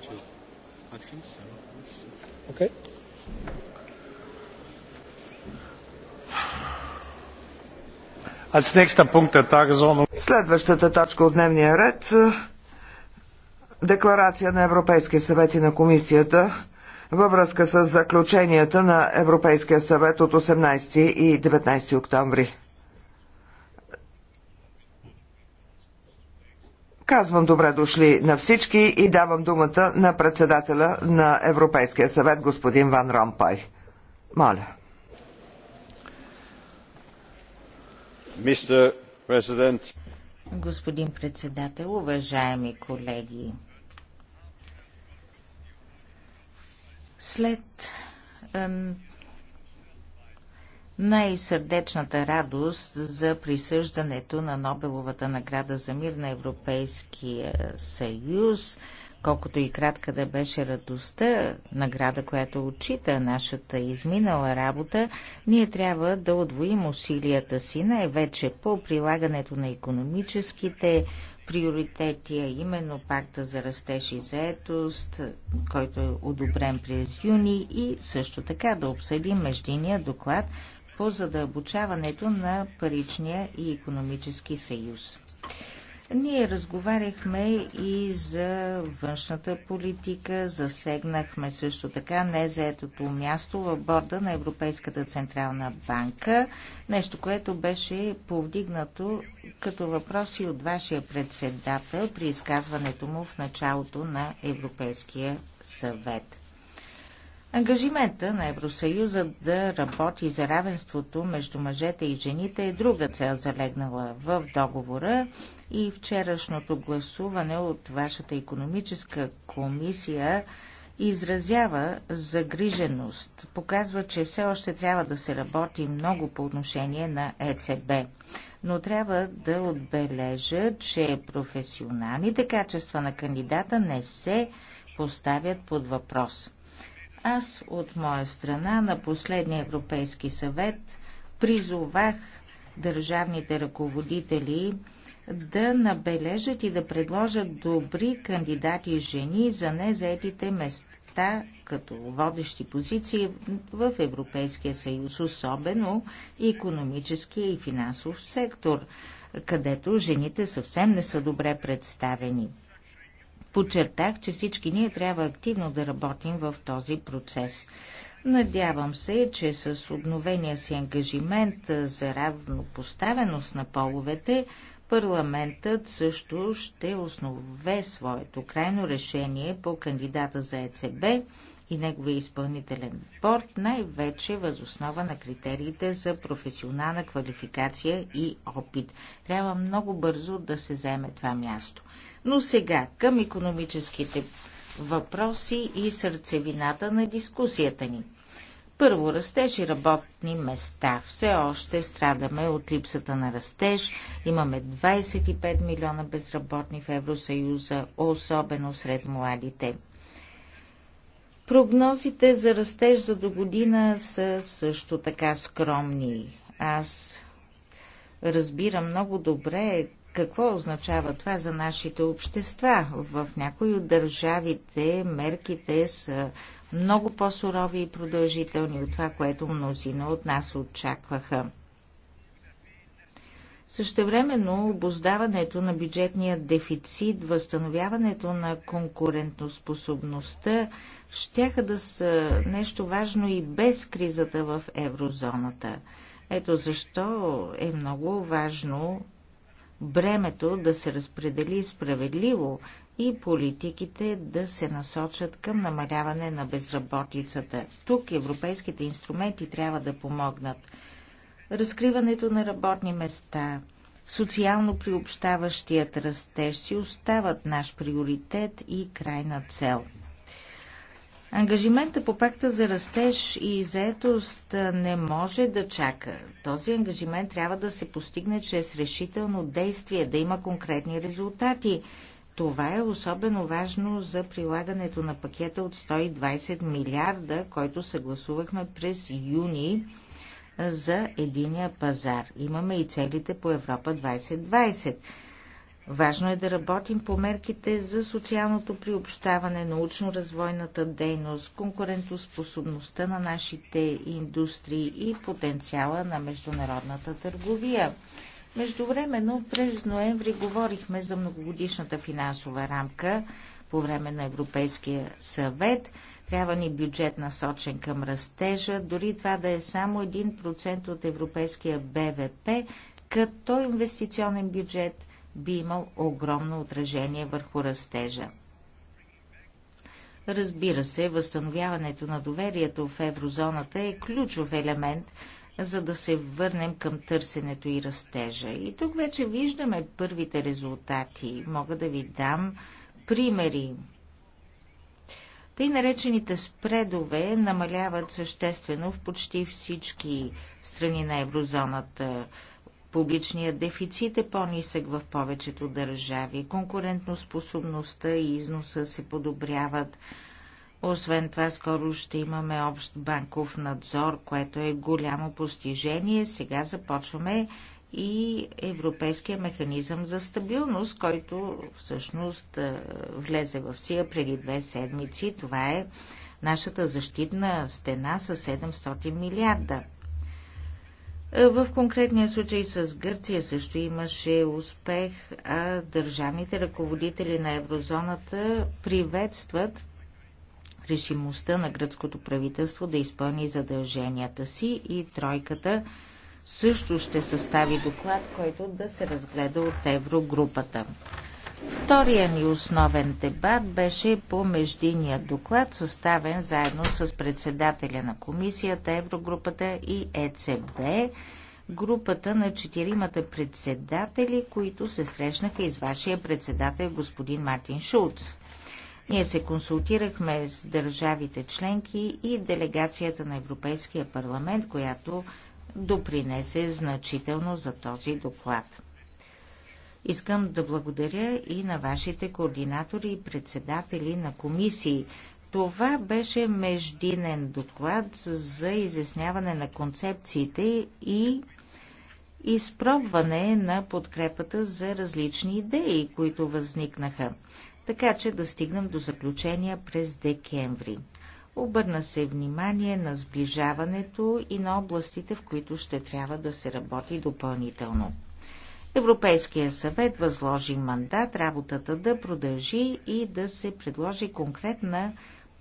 I think so. Okay. Следващата точка от дневния ред Декларация на Европейския съвет и на комисията във връзка с заключенията на Европейския съвет от 18 и 19 октомври. Казвам добре дошли на всички и давам думата на председателя на Европейския съвет, господин Ван Ромпай. Моля. Господин председател, уважаеми колеги, след най-сърдечната радост за присъждането на Нобеловата награда за мир на Европейския съюз, колкото и кратка да беше радостта, награда, която отчита нашата изминала работа, ние трябва да отвоим усилията си най-вече по прилагането на економическите приоритети, а именно пакта за растеж и заетост, който е одобрен през юни и също така да обсъдим междиния доклад по задълбочаването на паричния и економически съюз. Ние разговаряхме и за външната политика, засегнахме също така незаетото място в борда на Европейската Централна банка, нещо, което беше повдигнато като въпроси от вашия председател при изказването му в началото на Европейския съвет. Ангажимента на Евросъюза да работи за равенството между мъжете и жените е друга цел залегнала в договора и вчерашното гласуване от вашата економическа комисия изразява загриженост, показва, че все още трябва да се работи много по отношение на ЕЦБ. Но трябва да отбележа, че професионалните качества на кандидата не се поставят под въпрос. Аз от моя страна на последния Европейски съвет призовах държавните ръководители да набележат и да предложат добри кандидати жени за незаетите места като водещи позиции в Европейския съюз, особено економическия и финансов сектор, където жените съвсем не са добре представени подчертах, че всички ние трябва активно да работим в този процес. Надявам се, че с обновения си ангажимент за равнопоставеност на половете, парламентът също ще основе своето крайно решение по кандидата за ЕЦБ и неговия изпълнителен борт, най-вече възоснова на критериите за професионална квалификация и опит. Трябва много бързо да се заеме това място. Но сега към економическите въпроси и сърцевината на дискусията ни. Първо, растеж и работни места. Все още страдаме от липсата на растеж. Имаме 25 милиона безработни в Евросъюза, особено сред младите. Прогнозите за растеж за до година са също така скромни. Аз разбирам много добре какво означава това за нашите общества. В някои от държавите мерките са много по-сурови и продължителни от това, което мнозина от нас очакваха. Същевременно обоздаването на бюджетния дефицит, възстановяването на конкурентоспособността щяха да са нещо важно и без кризата в еврозоната. Ето защо е много важно бремето да се разпредели справедливо и политиките да се насочат към намаляване на безработицата. Тук европейските инструменти трябва да помогнат. Разкриването на работни места, социално приобщаващият растеж си остават наш приоритет и крайна цел. Ангажимента по пакта за растеж и заетост не може да чака. Този ангажимент трябва да се постигне чрез решително действие, да има конкретни резултати. Това е особено важно за прилагането на пакета от 120 милиарда, който съгласувахме през юни за единия пазар. Имаме и целите по Европа 2020. Важно е да работим по мерките за социалното приобщаване, научно-развойната дейност, конкурентоспособността на нашите индустрии и потенциала на международната търговия. Междувременно през ноември говорихме за многогодишната финансова рамка по време на Европейския съвет – трябва ни бюджет насочен към растежа, дори това да е само 1% от европейския БВП, като инвестиционен бюджет би имал огромно отражение върху растежа. Разбира се, възстановяването на доверието в еврозоната е ключов елемент, за да се върнем към търсенето и растежа. И тук вече виждаме първите резултати. Мога да ви дам примери. Тъй наречените спредове намаляват съществено в почти всички страни на еврозоната. Публичният дефицит е по-нисък в повечето държави. Конкурентноспособността и износа се подобряват. Освен това, скоро ще имаме общ банков надзор, което е голямо постижение. Сега започваме и Европейския механизъм за стабилност, който всъщност е, влезе в сила преди две седмици. Това е нашата защитна стена с 700 милиарда. Е, в конкретния случай с Гърция също имаше успех, а държавните ръководители на еврозоната приветстват решимостта на гръцкото правителство да изпълни задълженията си и тройката – също ще състави доклад, който да се разгледа от Еврогрупата. Втория ни основен дебат беше по междиния доклад, съставен заедно с председателя на комисията, Еврогрупата и ЕЦБ, групата на четиримата председатели, които се срещнаха и с вашия председател господин Мартин Шулц. Ние се консултирахме с държавите членки и делегацията на Европейския парламент, която допринесе значително за този доклад. Искам да благодаря и на вашите координатори и председатели на комисии. Това беше междинен доклад за изясняване на концепциите и изпробване на подкрепата за различни идеи, които възникнаха, така че да стигнем до заключения през декември. Обърна се внимание на сближаването и на областите, в които ще трябва да се работи допълнително. Европейския съвет възложи мандат работата да продължи и да се предложи конкретна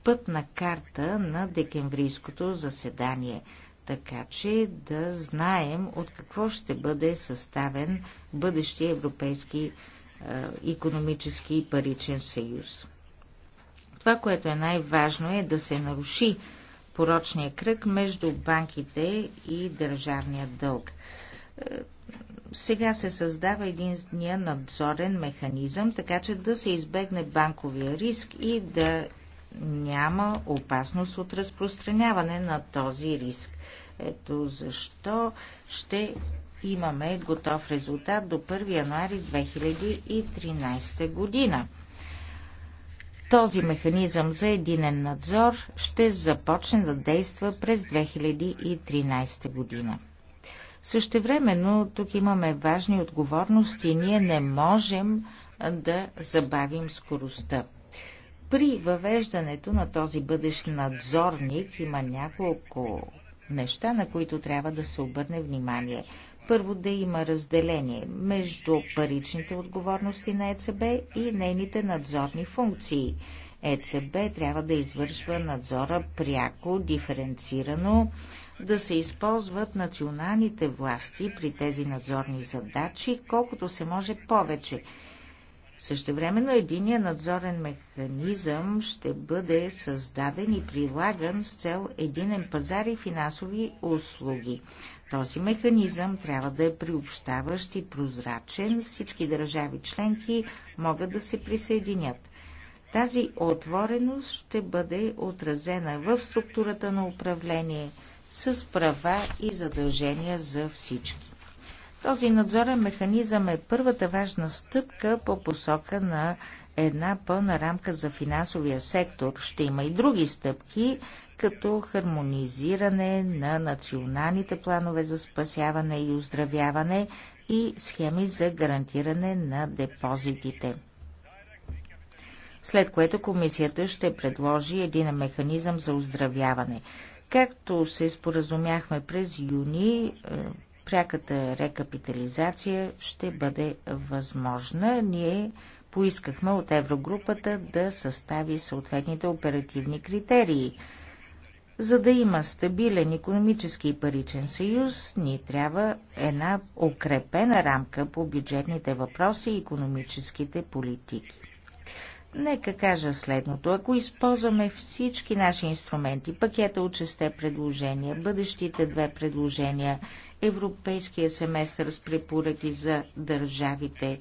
пътна карта на декемврийското заседание, така че да знаем от какво ще бъде съставен бъдещия Европейски економически и паричен съюз. Това, което е най-важно е да се наруши порочния кръг между банките и държавния дълг. Е, сега се създава единствения надзорен механизъм, така че да се избегне банковия риск и да няма опасност от разпространяване на този риск. Ето защо ще имаме готов резултат до 1 януари 2013 година. Този механизъм за единен надзор ще започне да действа през 2013 година. Същевременно тук имаме важни отговорности. Ние не можем да забавим скоростта. При въвеждането на този бъдещ надзорник има няколко неща, на които трябва да се обърне внимание първо да има разделение между паричните отговорности на ЕЦБ и нейните надзорни функции. ЕЦБ трябва да извършва надзора пряко, диференцирано, да се използват националните власти при тези надзорни задачи, колкото се може повече. Същевременно единия надзорен механизъм ще бъде създаден и прилаган с цел единен пазар и финансови услуги. Този механизъм трябва да е приобщаващ и прозрачен. Всички държави членки могат да се присъединят. Тази отвореност ще бъде отразена в структурата на управление с права и задължения за всички. Този надзорен механизъм е първата важна стъпка по посока на една пълна рамка за финансовия сектор. Ще има и други стъпки, като хармонизиране на националните планове за спасяване и оздравяване и схеми за гарантиране на депозитите. След което комисията ще предложи един механизъм за оздравяване. Както се споразумяхме през юни, е, пряката рекапитализация ще бъде възможна. Ние поискахме от Еврогрупата да състави съответните оперативни критерии за да има стабилен економически и паричен съюз, ни трябва една укрепена рамка по бюджетните въпроси и економическите политики. Нека кажа следното. Ако използваме всички наши инструменти, пакета от шесте предложения, бъдещите две предложения, европейския семестър с препоръки за държавите,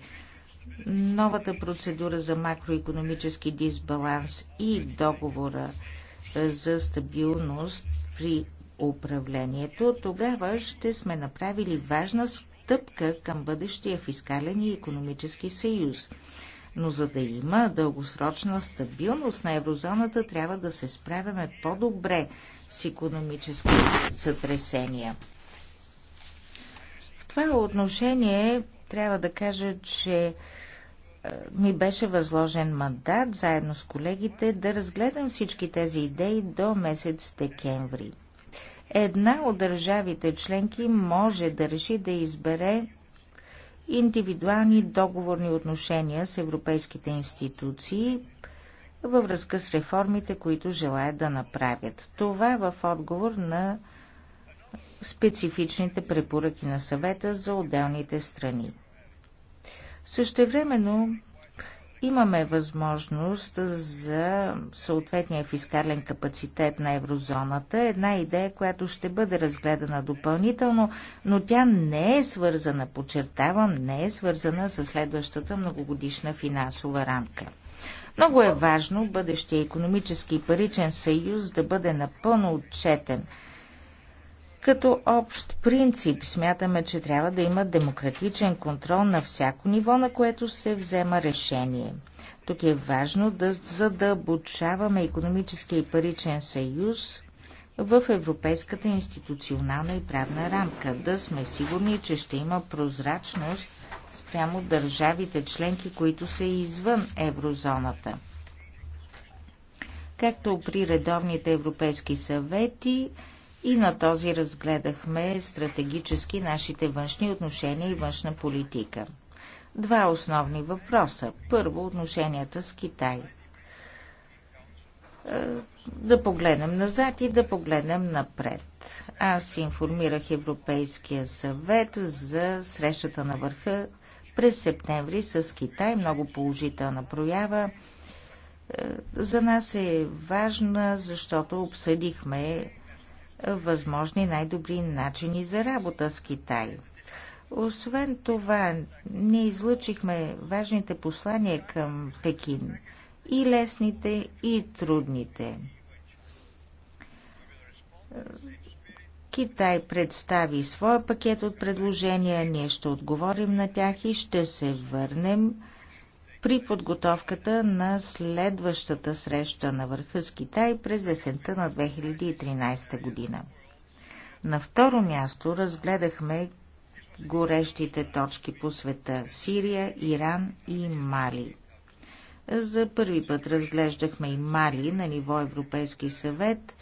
новата процедура за макроекономически дисбаланс и договора за стабилност при управлението, тогава ще сме направили важна стъпка към бъдещия фискален и економически съюз. Но за да има дългосрочна стабилност на еврозоната, трябва да се справяме по-добре с економически сътресения. В това отношение трябва да кажа, че ми беше възложен мандат заедно с колегите да разгледам всички тези идеи до месец декември. Една от държавите членки може да реши да избере индивидуални договорни отношения с европейските институции във връзка с реформите, които желаят да направят. Това е в отговор на специфичните препоръки на съвета за отделните страни. Същевременно имаме възможност за съответния фискален капацитет на еврозоната. Една идея, която ще бъде разгледана допълнително, но тя не е свързана, подчертавам, не е свързана с следващата многогодишна финансова рамка. Много е важно бъдещия економически и паричен съюз да бъде напълно отчетен – като общ принцип смятаме, че трябва да има демократичен контрол на всяко ниво, на което се взема решение. Тук е важно да задълбочаваме економическия и паричен съюз в европейската институционална и правна рамка. Да сме сигурни, че ще има прозрачност спрямо държавите членки, които са извън еврозоната. Както при редовните европейски съвети, и на този разгледахме стратегически нашите външни отношения и външна политика. Два основни въпроса. Първо, отношенията с Китай. Е, да погледнем назад и да погледнем напред. Аз информирах Европейския съвет за срещата на върха през септември с Китай. Много положителна проява. Е, за нас е важна, защото обсъдихме възможни най-добри начини за работа с Китай. Освен това, ние излъчихме важните послания към Пекин и лесните, и трудните. Китай представи своя пакет от предложения, ние ще отговорим на тях и ще се върнем при подготовката на следващата среща на върха с Китай през есента на 2013 година. На второ място разгледахме горещите точки по света – Сирия, Иран и Мали. За първи път разглеждахме и Мали на ниво Европейски съвет.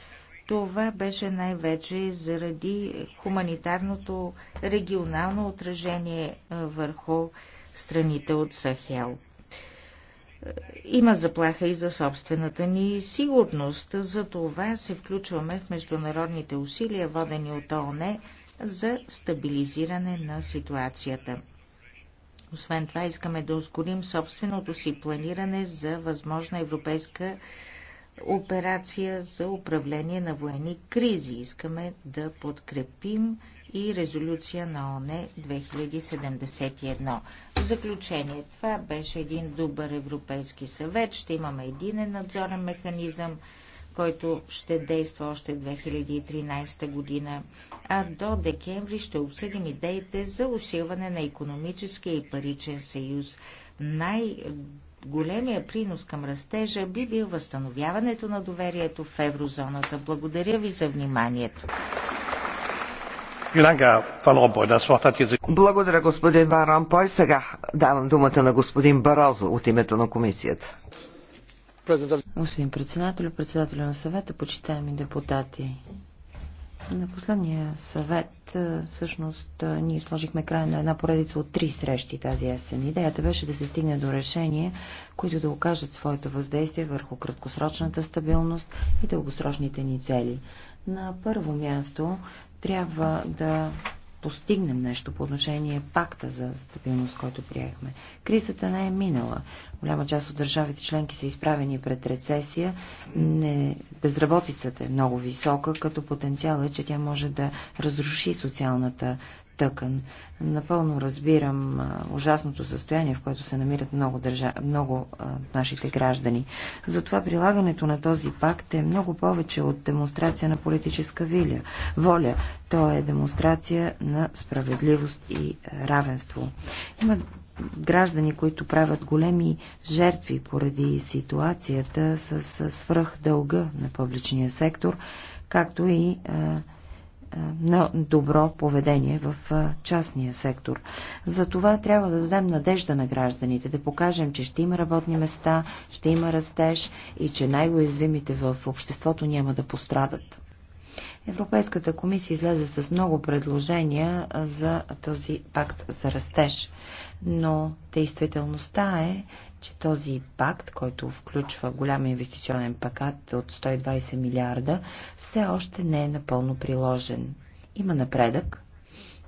Това беше най-вече заради хуманитарното регионално отражение върху страните от Сахел има заплаха и за собствената ни сигурност. За това се включваме в международните усилия, водени от ООН, за стабилизиране на ситуацията. Освен това, искаме да ускорим собственото си планиране за възможна европейска операция за управление на военни кризи. Искаме да подкрепим и резолюция на ОНЕ 2071. В заключение, това беше един добър европейски съвет. Ще имаме един надзорен механизъм, който ще действа още 2013 година, а до декември ще обсъдим идеите за усилване на економическия и паричен съюз. Най- големия принос към растежа би бил възстановяването на доверието в еврозоната. Благодаря ви за вниманието. Благодаря, господин Ван Ромпой. Сега давам думата на господин Барозо от името на комисията. Господин председател, председател на съвета, почитаеми депутати. На последния съвет, е, всъщност, е, ние сложихме край на една поредица от три срещи тази есен. Идеята беше да се стигне до решение, които да окажат своето въздействие върху краткосрочната стабилност и дългосрочните ни цели. На първо място трябва да постигнем нещо по отношение пакта за стабилност, който приехме. Кризата не е минала. Голяма част от държавите членки са изправени пред рецесия. Не... Безработицата е много висока, като потенциал е, че тя може да разруши социалната тъкан. Напълно разбирам ужасното състояние, в което се намират много, държа... много а, нашите граждани. Затова прилагането на този пакт е много повече от демонстрация на политическа виля, воля. То е демонстрация на справедливост и равенство. Има граждани, които правят големи жертви поради ситуацията с свръх дълга на публичния сектор, както и а, е, на добро поведение в е, частния сектор. За това трябва да дадем надежда на гражданите, да покажем, че ще има работни места, ще има растеж и че най-уязвимите в обществото няма да пострадат. Европейската комисия излезе с много предложения е, за този пакт за растеж, но действителността е, че този пакт, който включва голям инвестиционен пакет от 120 милиарда, все още не е напълно приложен. Има напредък,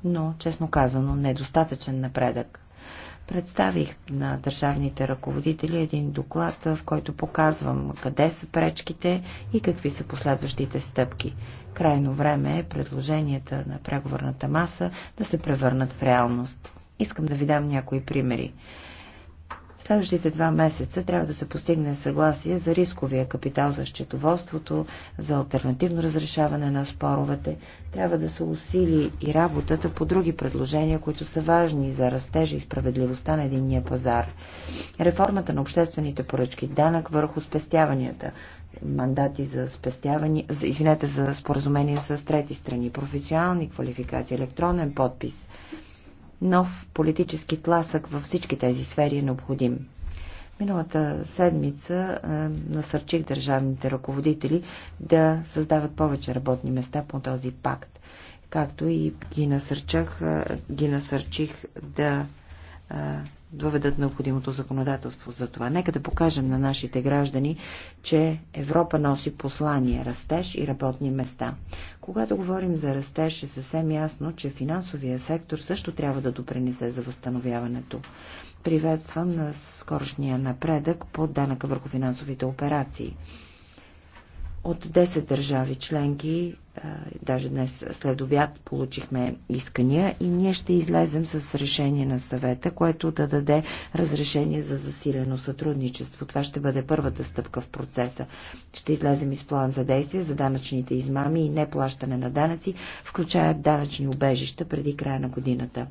но, честно казано, недостатъчен напредък. Представих на държавните ръководители един доклад, в който показвам къде са пречките и какви са последващите стъпки. Крайно време е предложенията на преговорната маса да се превърнат в реалност. Искам да ви дам някои примери. Следващите два месеца трябва да се постигне съгласие за рисковия капитал за счетоводството, за альтернативно разрешаване на споровете. Трябва да се усили и работата по други предложения, които са важни за растежа и справедливостта на единния пазар. Реформата на обществените поръчки, данък върху спестяванията, мандати за спестяване, извинете, за споразумение с трети страни, професионални квалификации, електронен подпис – нов политически тласък във всички тези сфери е необходим. Миналата седмица е, насърчих държавните ръководители да създават повече работни места по този пакт, както и ги насърчах, е, ги насърчих да е, въведат необходимото законодателство за това. Нека да покажем на нашите граждани, че Европа носи послание, растеж и работни места. Когато говорим за растеж, е съвсем ясно, че финансовия сектор също трябва да допринесе за възстановяването. Приветствам на скорошния напредък по данъка върху финансовите операции. От 10 държави членки, даже днес след обяд, получихме искания и ние ще излезем с решение на съвета, което да даде разрешение за засилено сътрудничество. Това ще бъде първата стъпка в процеса. Ще излезем из план за действие за данъчните измами и неплащане на данъци, включая данъчни убежища преди края на годината.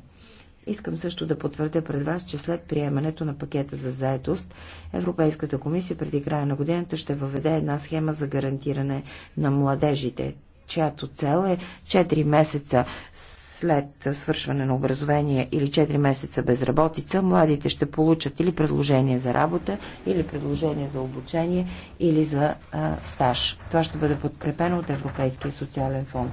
Искам също да потвърдя пред вас, че след приемането на пакета за заетост, Европейската комисия преди края на годината ще въведе една схема за гарантиране на младежите, чиято цел е 4 месеца след свършване на образование или 4 месеца безработица, младите ще получат или предложение за работа, или предложение за обучение, или за а, стаж. Това ще бъде подкрепено от Европейския социален фонд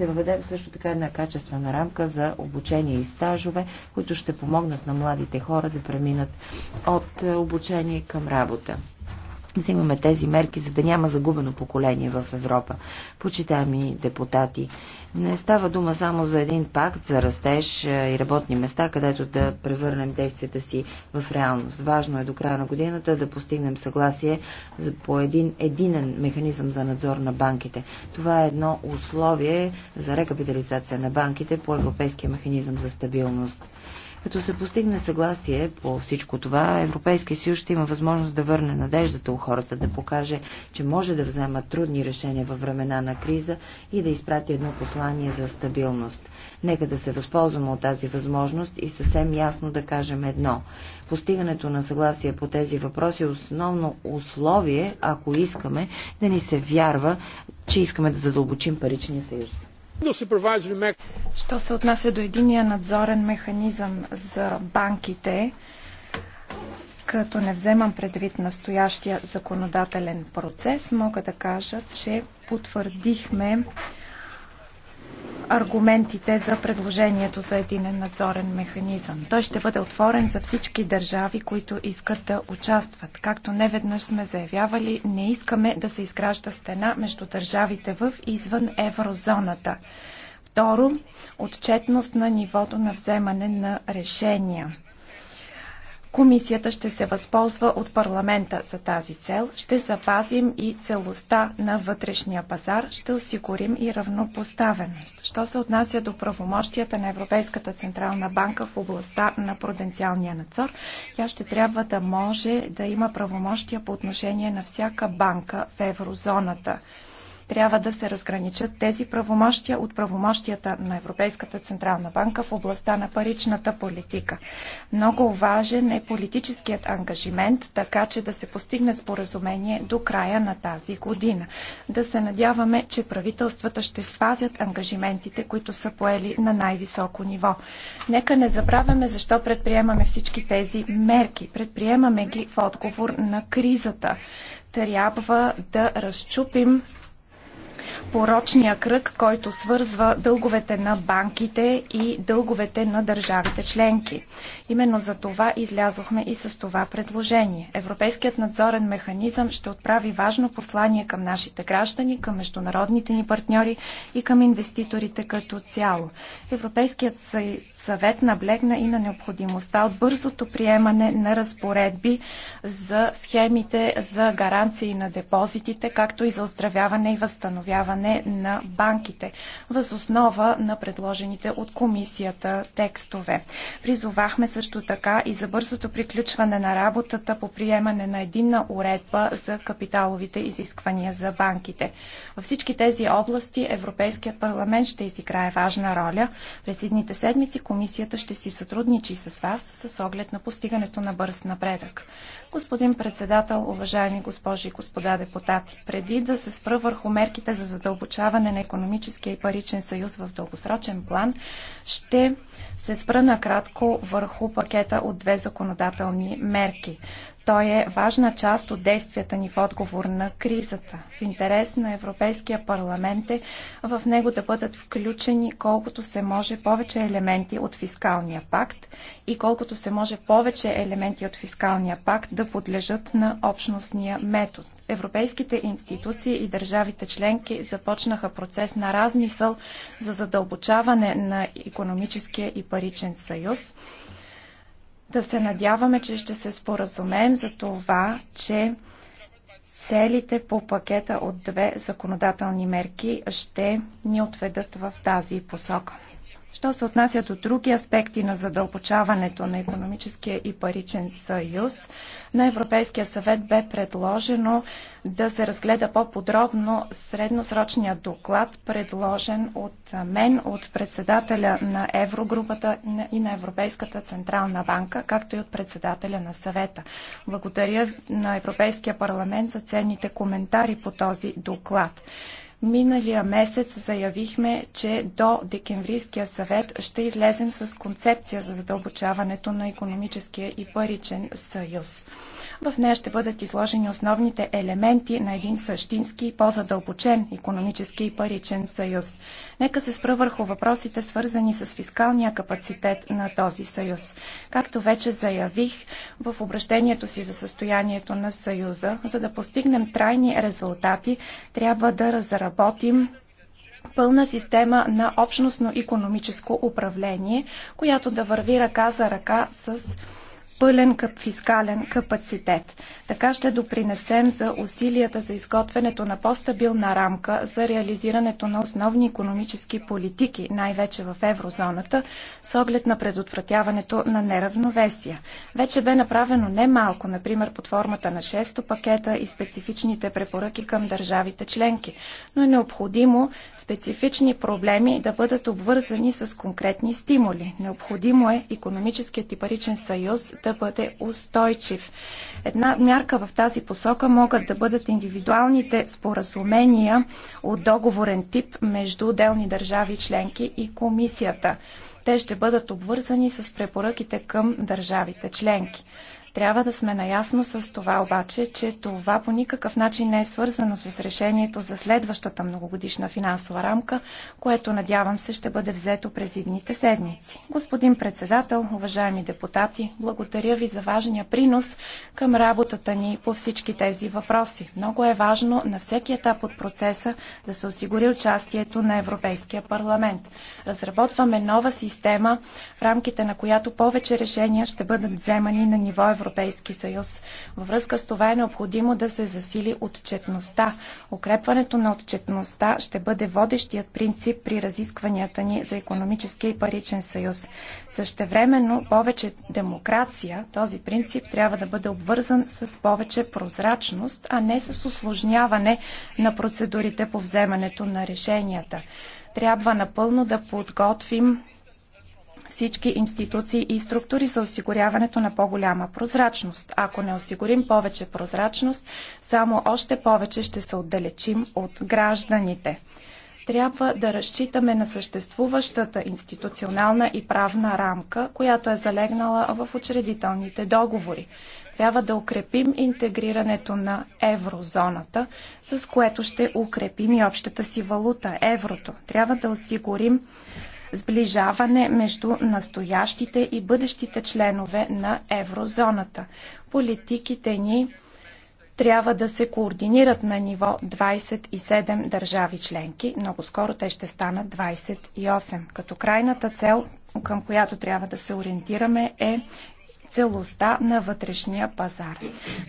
ще въведем също така една качествена рамка за обучение и стажове, които ще помогнат на младите хора да преминат от е, обучение към работа взимаме тези мерки, за да няма загубено поколение в Европа. Почитаеми депутати, не става дума само за един пакт за растеж и работни места, където да превърнем действията си в реалност. Важно е до края на годината да постигнем съгласие по един единен механизъм за надзор на банките. Това е едно условие за рекапитализация на банките по Европейския механизъм за стабилност. Като се постигне съгласие по всичко това, Европейския съюз ще има възможност да върне надеждата у хората, да покаже, че може да взема трудни решения във времена на криза и да изпрати едно послание за стабилност. Нека да се възползваме от тази възможност и съвсем ясно да кажем едно. Постигането на съгласие по тези въпроси е основно условие, ако искаме да ни се вярва, че искаме да задълбочим паричния съюз. Що се отнася до единия надзорен механизъм за банките, като не вземам предвид настоящия законодателен процес, мога да кажа, че потвърдихме аргументите за предложението за единен надзорен механизъм. Той ще бъде отворен за всички държави, които искат да участват. Както не веднъж сме заявявали, не искаме да се изгражда стена между държавите в и извън еврозоната. Второ, отчетност на нивото на вземане на решения. Комисията ще се възползва от парламента за тази цел. Ще запазим и целостта на вътрешния пазар, ще осигурим и равнопоставеност. Що се отнася до правомощията на Европейската Централна банка в областта на пруденциалния надзор, тя ще трябва да може да има правомощия по отношение на всяка банка в еврозоната трябва да се разграничат тези правомощия от правомощията на Европейската Централна банка в областта на паричната политика. Много важен е политическият ангажимент, така че да се постигне споразумение до края на тази година. Да се надяваме, че правителствата ще спазят ангажиментите, които са поели на най-високо ниво. Нека не забравяме защо предприемаме всички тези мерки. Предприемаме ги в отговор на кризата. Трябва да разчупим порочния кръг, който свързва дълговете на банките и дълговете на държавите членки. Именно за това излязохме и с това предложение. Европейският надзорен механизъм ще отправи важно послание към нашите граждани, към международните ни партньори и към инвеститорите като цяло. Европейският съвет наблегна и на необходимостта от бързото приемане на разпоредби за схемите за гаранции на депозитите, както и за оздравяване и възстановяване на банките, възоснова на предложените от комисията текстове. Призовахме се също така и за бързото приключване на работата по приемане на единна уредба за капиталовите изисквания за банките. Във всички тези области Европейският парламент ще изиграе важна роля. През едните седмици комисията ще си сътрудничи с вас с оглед на постигането на бърз напредък. Господин председател, уважаеми госпожи и господа депутати, преди да се спра върху мерките за задълбочаване на економическия и паричен съюз в дългосрочен план, ще се спра накратко върху пакета от две законодателни мерки. Той е важна част от действията ни в отговор на кризата. В интерес на Европейския парламент е в него да бъдат включени колкото се може повече елементи от фискалния пакт и колкото се може повече елементи от фискалния пакт да подлежат на общностния метод. Европейските институции и държавите членки започнаха процес на размисъл за задълбочаване на економическия и паричен съюз. Да се надяваме, че ще се споразумеем за това, че целите по пакета от две законодателни мерки ще ни отведат в тази посока. Що се отнася до други аспекти на задълбочаването на економическия и паричен съюз, на Европейския съвет бе предложено да се разгледа по-подробно средносрочният доклад, предложен от мен, от председателя на Еврогрупата и на Европейската централна банка, както и от председателя на съвета. Благодаря на Европейския парламент за ценните коментари по този доклад. Миналия месец заявихме, че до декемврийския съвет ще излезем с концепция за задълбочаването на економическия и паричен съюз. В нея ще бъдат изложени основните елементи на един същински и по-задълбочен економически и паричен съюз. Нека се спра върху въпросите, свързани с фискалния капацитет на този съюз. Както вече заявих в обращението си за състоянието на съюза, за да постигнем трайни резултати, трябва да разработим разработим пълна система на общностно економическо управление, която да върви ръка за ръка с пълен фискален капацитет. Така ще допринесем за усилията за изготвянето на по-стабилна рамка за реализирането на основни економически политики, най-вече в еврозоната, с оглед на предотвратяването на неравновесия. Вече бе направено немалко, например под формата на 6 пакета и специфичните препоръки към държавите членки, но е необходимо специфични проблеми да бъдат обвързани с конкретни стимули. Необходимо е економическият и паричен съюз да да бъде устойчив. Една мярка в тази посока могат да бъдат индивидуалните споразумения от договорен тип между отделни държави членки и комисията. Те ще бъдат обвързани с препоръките към държавите членки. Трябва да сме наясно с това обаче, че това по никакъв начин не е свързано с решението за следващата многогодишна финансова рамка, което надявам се ще бъде взето през идните седмици. Господин председател, уважаеми депутати, благодаря ви за важния принос към работата ни по всички тези въпроси. Много е важно на всеки етап от процеса да се осигури участието на Европейския парламент. Разработваме нова система, в рамките на която повече решения ще бъдат вземани на ниво Европейски съюз. Във връзка с това е необходимо да се засили отчетността. Укрепването на отчетността ще бъде водещият принцип при разискванията ни за економическия и паричен съюз. Същевременно повече демокрация, този принцип трябва да бъде обвързан с повече прозрачност, а не с осложняване на процедурите по вземането на решенията. Трябва напълно да подготвим всички институции и структури за осигуряването на по-голяма прозрачност. Ако не осигурим повече прозрачност, само още повече ще се отдалечим от гражданите. Трябва да разчитаме на съществуващата институционална и правна рамка, която е залегнала в учредителните договори. Трябва да укрепим интегрирането на еврозоната, с което ще укрепим и общата си валута, еврото. Трябва да осигурим сближаване между настоящите и бъдещите членове на еврозоната. Политиките ни трябва да се координират на ниво 27 държави членки. Много скоро те ще станат 28. Като крайната цел, към която трябва да се ориентираме е целостта на вътрешния пазар.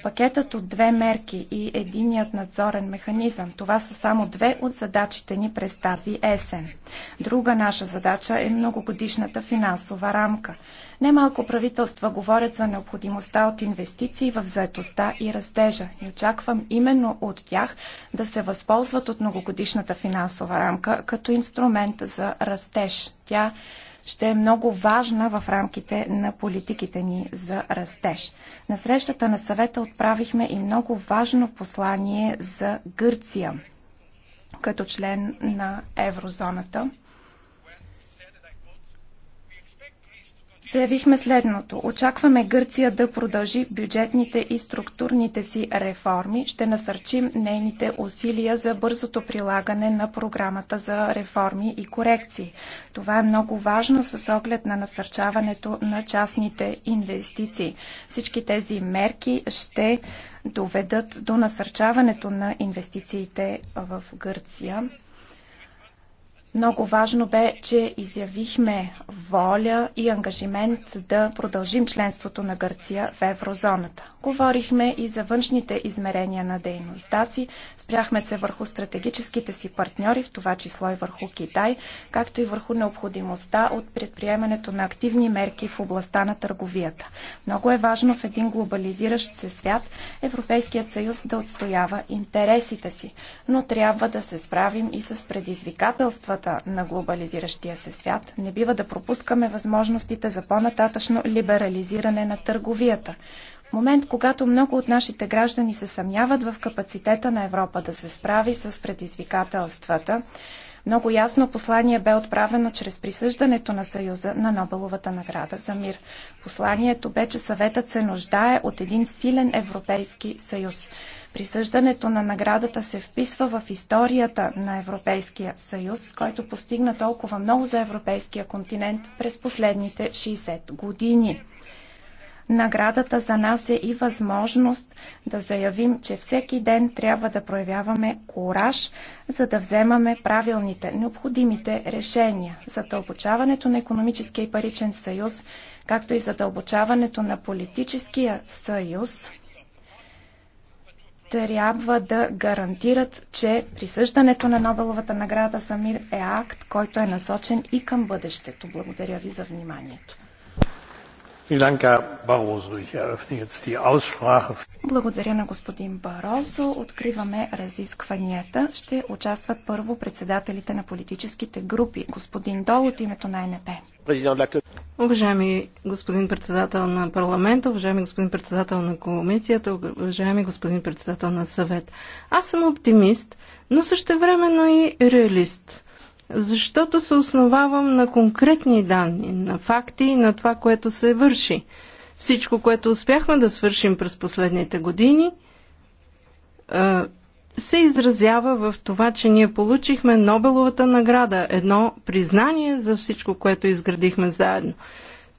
Пакетът от две мерки и единият надзорен механизъм, това са само две от задачите ни през тази есен. Друга наша задача е многогодишната финансова рамка. Немалко правителства говорят за необходимостта от инвестиции в заетостта и растежа и очаквам именно от тях да се възползват от многогодишната финансова рамка като инструмент за растеж. Тя ще е много важна в рамките на политиките ни за растеж. На срещата на съвета отправихме и много важно послание за Гърция като член на еврозоната. заявихме следното. Очакваме Гърция да продължи бюджетните и структурните си реформи. Ще насърчим нейните усилия за бързото прилагане на програмата за реформи и корекции. Това е много важно с оглед на насърчаването на частните инвестиции. Всички тези мерки ще доведат до насърчаването на инвестициите в Гърция. Много важно бе, че изявихме воля и ангажимент да продължим членството на Гърция в еврозоната. Говорихме и за външните измерения на дейността си, спряхме се върху стратегическите си партньори, в това число и върху Китай, както и върху необходимостта от предприемането на активни мерки в областта на търговията. Много е важно в един глобализиращ се свят Европейският съюз да отстоява интересите си, но трябва да се справим и с предизвикателствата силата на глобализиращия се свят, не бива да пропускаме възможностите за по-нататъчно либерализиране на търговията. В момент, когато много от нашите граждани се съмняват в капацитета на Европа да се справи с предизвикателствата, много ясно послание бе отправено чрез присъждането на Съюза на Нобеловата награда за мир. Посланието бе, че съветът се нуждае от един силен Европейски съюз. Присъждането на наградата се вписва в историята на Европейския съюз, който постигна толкова много за европейския континент през последните 60 години. Наградата за нас е и възможност да заявим, че всеки ден трябва да проявяваме кураж, за да вземаме правилните, необходимите решения. Задълбочаването на економическия и паричен съюз, както и задълбочаването на политическия съюз трябва да гарантират, че присъждането на Нобеловата награда за мир е акт, който е насочен и към бъдещето. Благодаря ви за вниманието. Благодаря на господин Барозо. Откриваме разискванията. Ще участват първо председателите на политическите групи. Господин Дол от името на НП. Уважаеми господин председател на парламента, уважаеми господин председател на комисията, уважаеми господин председател на съвет. Аз съм оптимист, но същевременно и реалист защото се основавам на конкретни данни, на факти и на това, което се върши. Всичко, което успяхме да свършим през последните години, се изразява в това, че ние получихме Нобеловата награда, едно признание за всичко, което изградихме заедно.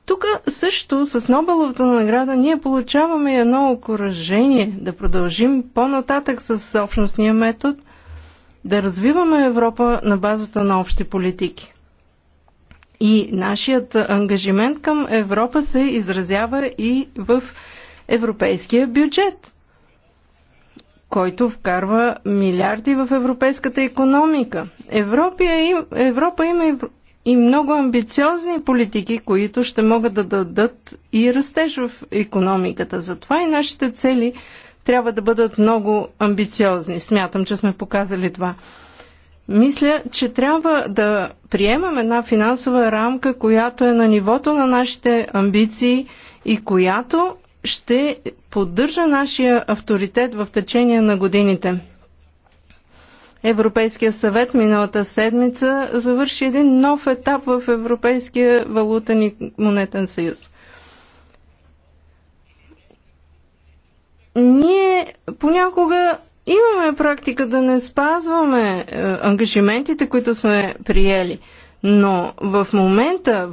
Тук също с Нобеловата награда ние получаваме едно окоръжение да продължим по-нататък с общностния метод, да развиваме Европа на базата на общи политики. И нашият ангажимент към Европа се изразява и в европейския бюджет който вкарва милиарди в европейската економика. Европия, е Европа има и много амбициозни политики, които ще могат да дадат и растеж в економиката. Затова и нашите цели трябва да бъдат много амбициозни. Смятам, че сме показали това. Мисля, че трябва да приемам една финансова рамка, която е на нивото на нашите амбиции и която ще поддържа нашия авторитет в течение на годините. Европейския съвет миналата седмица завърши един нов етап в Европейския валутен и монетен съюз. Ние понякога имаме практика да не спазваме е, ангажиментите, които сме приели. Но в момента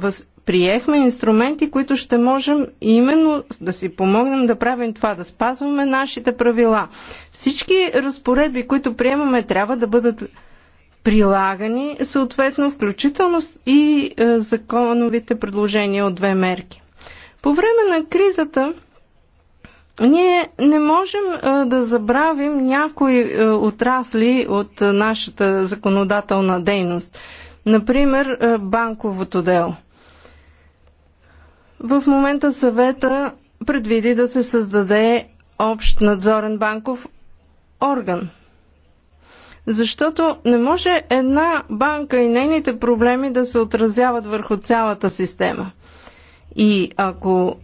приехме инструменти, които ще можем именно да си помогнем да правим това, да спазваме нашите правила. Всички разпоредби, които приемаме, трябва да бъдат прилагани, съответно, включително и е, законовите предложения от две мерки. По време на кризата ние не можем е, да забравим някои е, отрасли от нашата законодателна дейност. Например, банковото дело – в момента съвета предвиди да се създаде общ надзорен банков орган. Защото не може една банка и нейните проблеми да се отразяват върху цялата система. И ако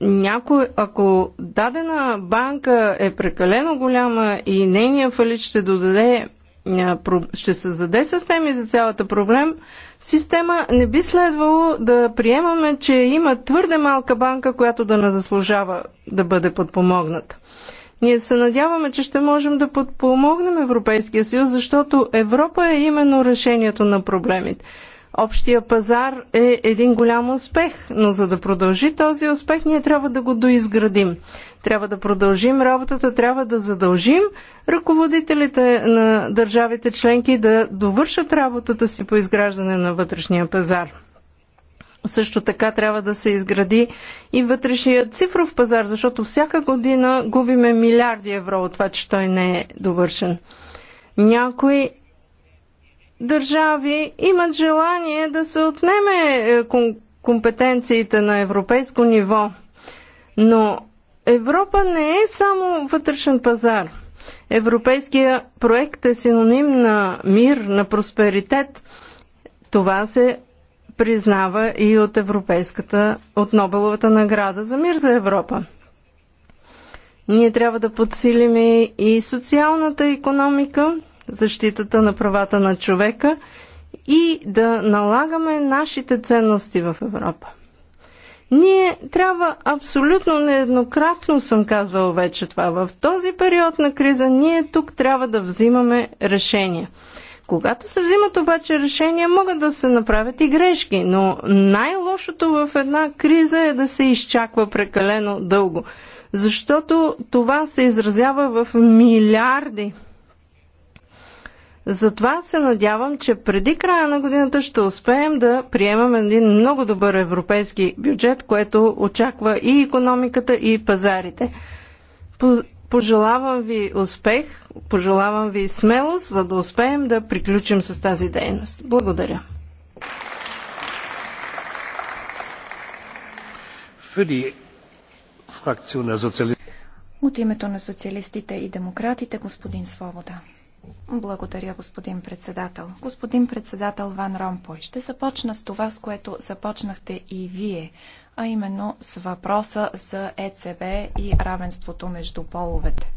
някой, ако дадена банка е прекалено голяма и нейния фалит ще ще създаде съвсем и за цялата проблем, система не би следвало да приемаме, че има твърде малка банка, която да не заслужава да бъде подпомогната. Ние се надяваме, че ще можем да подпомогнем Европейския съюз, защото Европа е именно решението на проблемите. Общия пазар е един голям успех, но за да продължи този успех, ние трябва да го доизградим. Трябва да продължим работата, трябва да задължим ръководителите на държавите членки да довършат работата си по изграждане на вътрешния пазар. Също така трябва да се изгради и вътрешният цифров пазар, защото всяка година губиме милиарди евро от това, че той не е довършен. Някои държави имат желание да се отнеме е, компетенциите на европейско ниво. Но Европа не е само вътрешен пазар. Европейския проект е синоним на мир, на просперитет. Това се признава и от Европейската, от Нобеловата награда за мир за Европа. Ние трябва да подсилим и социалната економика, защитата на правата на човека и да налагаме нашите ценности в Европа. Ние трябва абсолютно нееднократно съм казвал вече това. В този период на криза ние тук трябва да взимаме решения. Когато се взимат обаче решения, могат да се направят и грешки, но най-лошото в една криза е да се изчаква прекалено дълго, защото това се изразява в милиарди затова се надявам, че преди края на годината ще успеем да приемем един много добър европейски бюджет, което очаква и економиката, и пазарите. Пожелавам ви успех, пожелавам ви смелост, за да успеем да приключим с тази дейност. Благодаря. От името на социалистите и демократите, господин Свобода. Благодаря, господин председател. Господин председател Ван Ромпой, ще започна с това, с което започнахте и вие, а именно с въпроса за ЕЦБ и равенството между половете.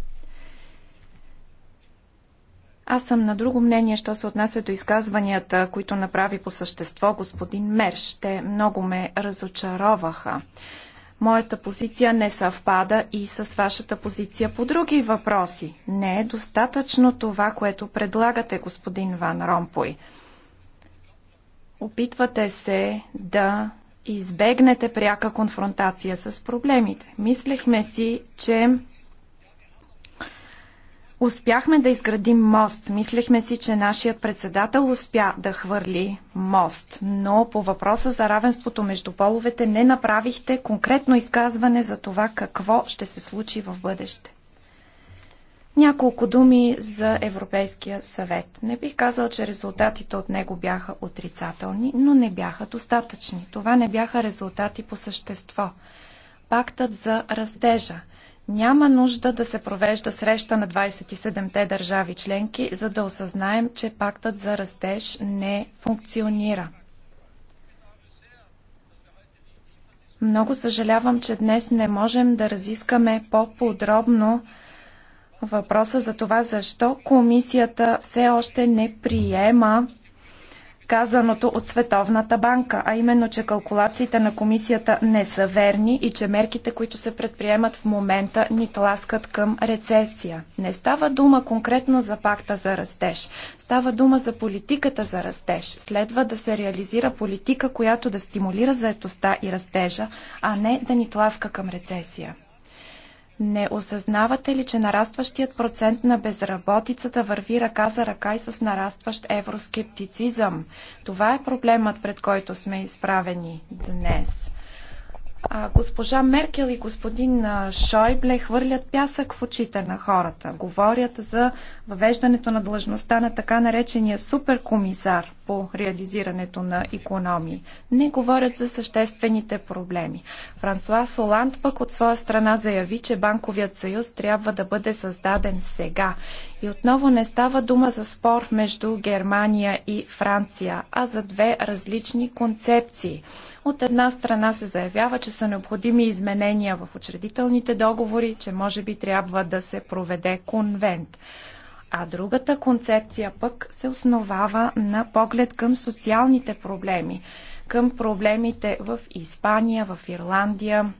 Аз съм на друго мнение, що се отнася до изказванията, които направи по същество господин Мерш. Те много ме разочароваха моята позиция не съвпада и с вашата позиция по други въпроси. Не е достатъчно това, което предлагате, господин Ван Ромпой. Опитвате се да избегнете пряка конфронтация с проблемите. Мислехме си, че Успяхме да изградим мост. Мислехме си, че нашият председател успя да хвърли мост, но по въпроса за равенството между половете не направихте конкретно изказване за това какво ще се случи в бъдеще. Няколко думи за Европейския съвет. Не бих казал, че резултатите от него бяха отрицателни, но не бяха достатъчни. Това не бяха резултати по същество. Пактът за растежа – няма нужда да се провежда среща на 27-те държави членки, за да осъзнаем, че пактът за растеж не функционира. Много съжалявам, че днес не можем да разискаме по-подробно въпроса за това защо комисията все още не приема казаното от Световната банка, а именно, че калкулациите на комисията не са верни и че мерките, които се предприемат в момента, ни тласкат към рецесия. Не става дума конкретно за пакта за растеж. Става дума за политиката за растеж. Следва да се реализира политика, която да стимулира заетостта и растежа, а не да ни тласка към рецесия. Не осъзнавате ли, че нарастващият процент на безработицата върви ръка за ръка и с нарастващ евроскептицизъм? Това е проблемът, пред който сме изправени днес госпожа Меркел и господин Шойбле хвърлят пясък в очите на хората. Говорят за въвеждането на длъжността на така наречения суперкомисар по реализирането на економии. Не говорят за съществените проблеми. Франсуа Соланд пък от своя страна заяви, че Банковият съюз трябва да бъде създаден сега. И отново не става дума за спор между Германия и Франция, а за две различни концепции – от една страна се заявява, че са необходими изменения в учредителните договори, че може би трябва да се проведе конвент. А другата концепция пък се основава на поглед към социалните проблеми, към проблемите в Испания, в Ирландия,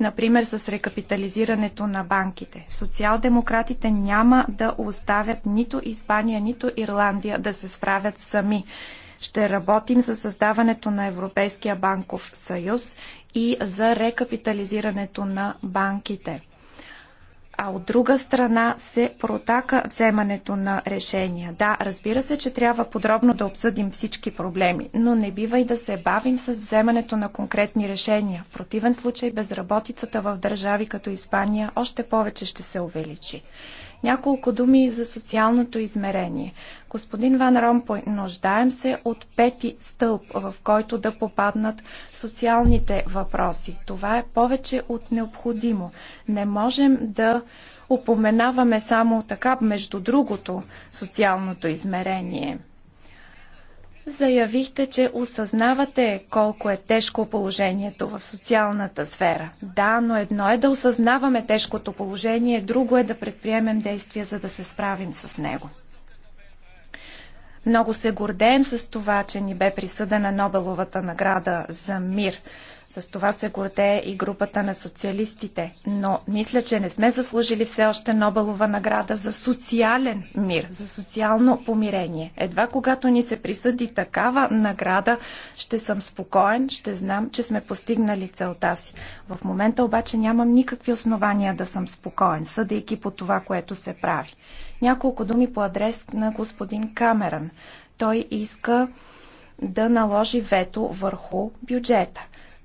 например с рекапитализирането на банките. Социал-демократите няма да оставят нито Испания, нито Ирландия да се справят сами. Ще работим за създаването на Европейския банков съюз и за рекапитализирането на банките. А от друга страна се протака вземането на решения. Да, разбира се, че трябва подробно да обсъдим всички проблеми, но не бива и да се бавим с вземането на конкретни решения. В противен случай безработицата в държави като Испания още повече ще се увеличи. Няколко думи за социалното измерение. Господин Ван Ромпой, нуждаем се от пети стълб, в който да попаднат социалните въпроси. Това е повече от необходимо. Не можем да упоменаваме само така, между другото, социалното измерение – Заявихте, че осъзнавате колко е тежко положението в социалната сфера. Да, но едно е да осъзнаваме тежкото положение, друго е да предприемем действия, за да се справим с него. Много се гордеем с това, че ни бе присъдена Нобеловата награда за мир – с това се гордее и групата на социалистите. Но мисля, че не сме заслужили все още Нобелова награда за социален мир, за социално помирение. Едва когато ни се присъди такава награда, ще съм спокоен, ще знам, че сме постигнали целта си. В момента обаче нямам никакви основания да съм спокоен, съдейки по това, което се прави. Няколко думи по адрес на господин Камеран. Той иска да наложи вето върху бюджета.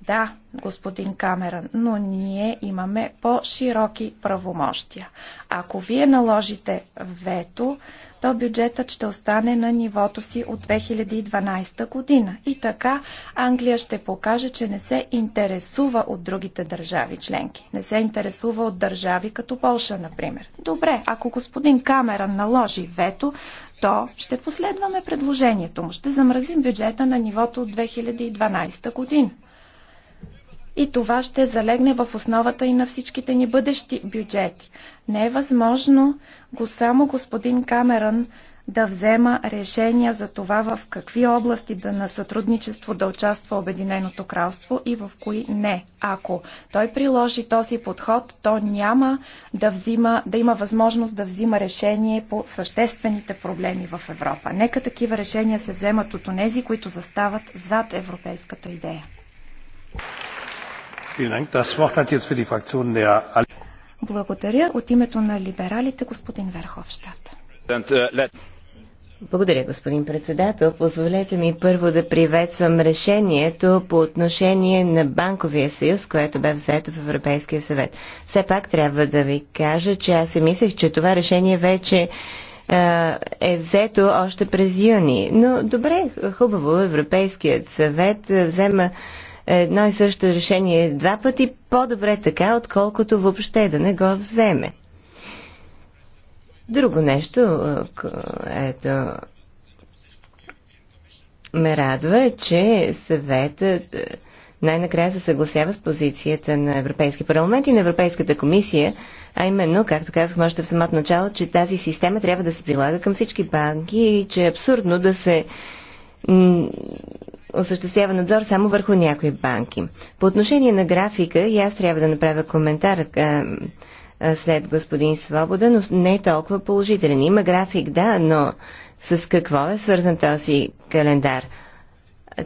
Да, господин Камеран, но ние имаме по-широки правомощия. Ако вие наложите вето, то бюджетът ще остане на нивото си от 2012 година. И така Англия ще покаже, че не се интересува от другите държави членки. Не се интересува от държави като Полша, например. Добре, ако господин Камеран наложи вето, то ще последваме предложението му. Ще замразим бюджета на нивото от 2012 година и това ще залегне в основата и на всичките ни бъдещи бюджети. Не е възможно го само господин Камерън да взема решения за това в какви области да на сътрудничество да участва Обединеното кралство и в кои не. Ако той приложи този подход, то няма да, взима, да има възможност да взима решение по съществените проблеми в Европа. Нека такива решения се вземат от онези, които застават зад европейската идея. Благодаря. От името на либералите, господин Верховщад. Благодаря, господин председател. Позволете ми първо да приветствам решението по отношение на Банковия съюз, което бе взето в Европейския съвет. Все пак трябва да ви кажа, че аз си мислех, че това решение вече е взето още през юни. Но добре, хубаво, Европейският съвет взема едно и също решение е два пъти, по-добре така, отколкото въобще да не го вземе. Друго нещо, ето, ме радва е, че съветът най-накрая се съгласява с позицията на Европейски парламент и на Европейската комисия, а именно, както казахме още в самото начало, че тази система трябва да се прилага към всички банки и че е абсурдно да се осъществява надзор само върху някои банки. По отношение на графика, и аз трябва да направя коментар след господин Свобода, но не е толкова положителен. Има график, да, но с какво е свързан този календар,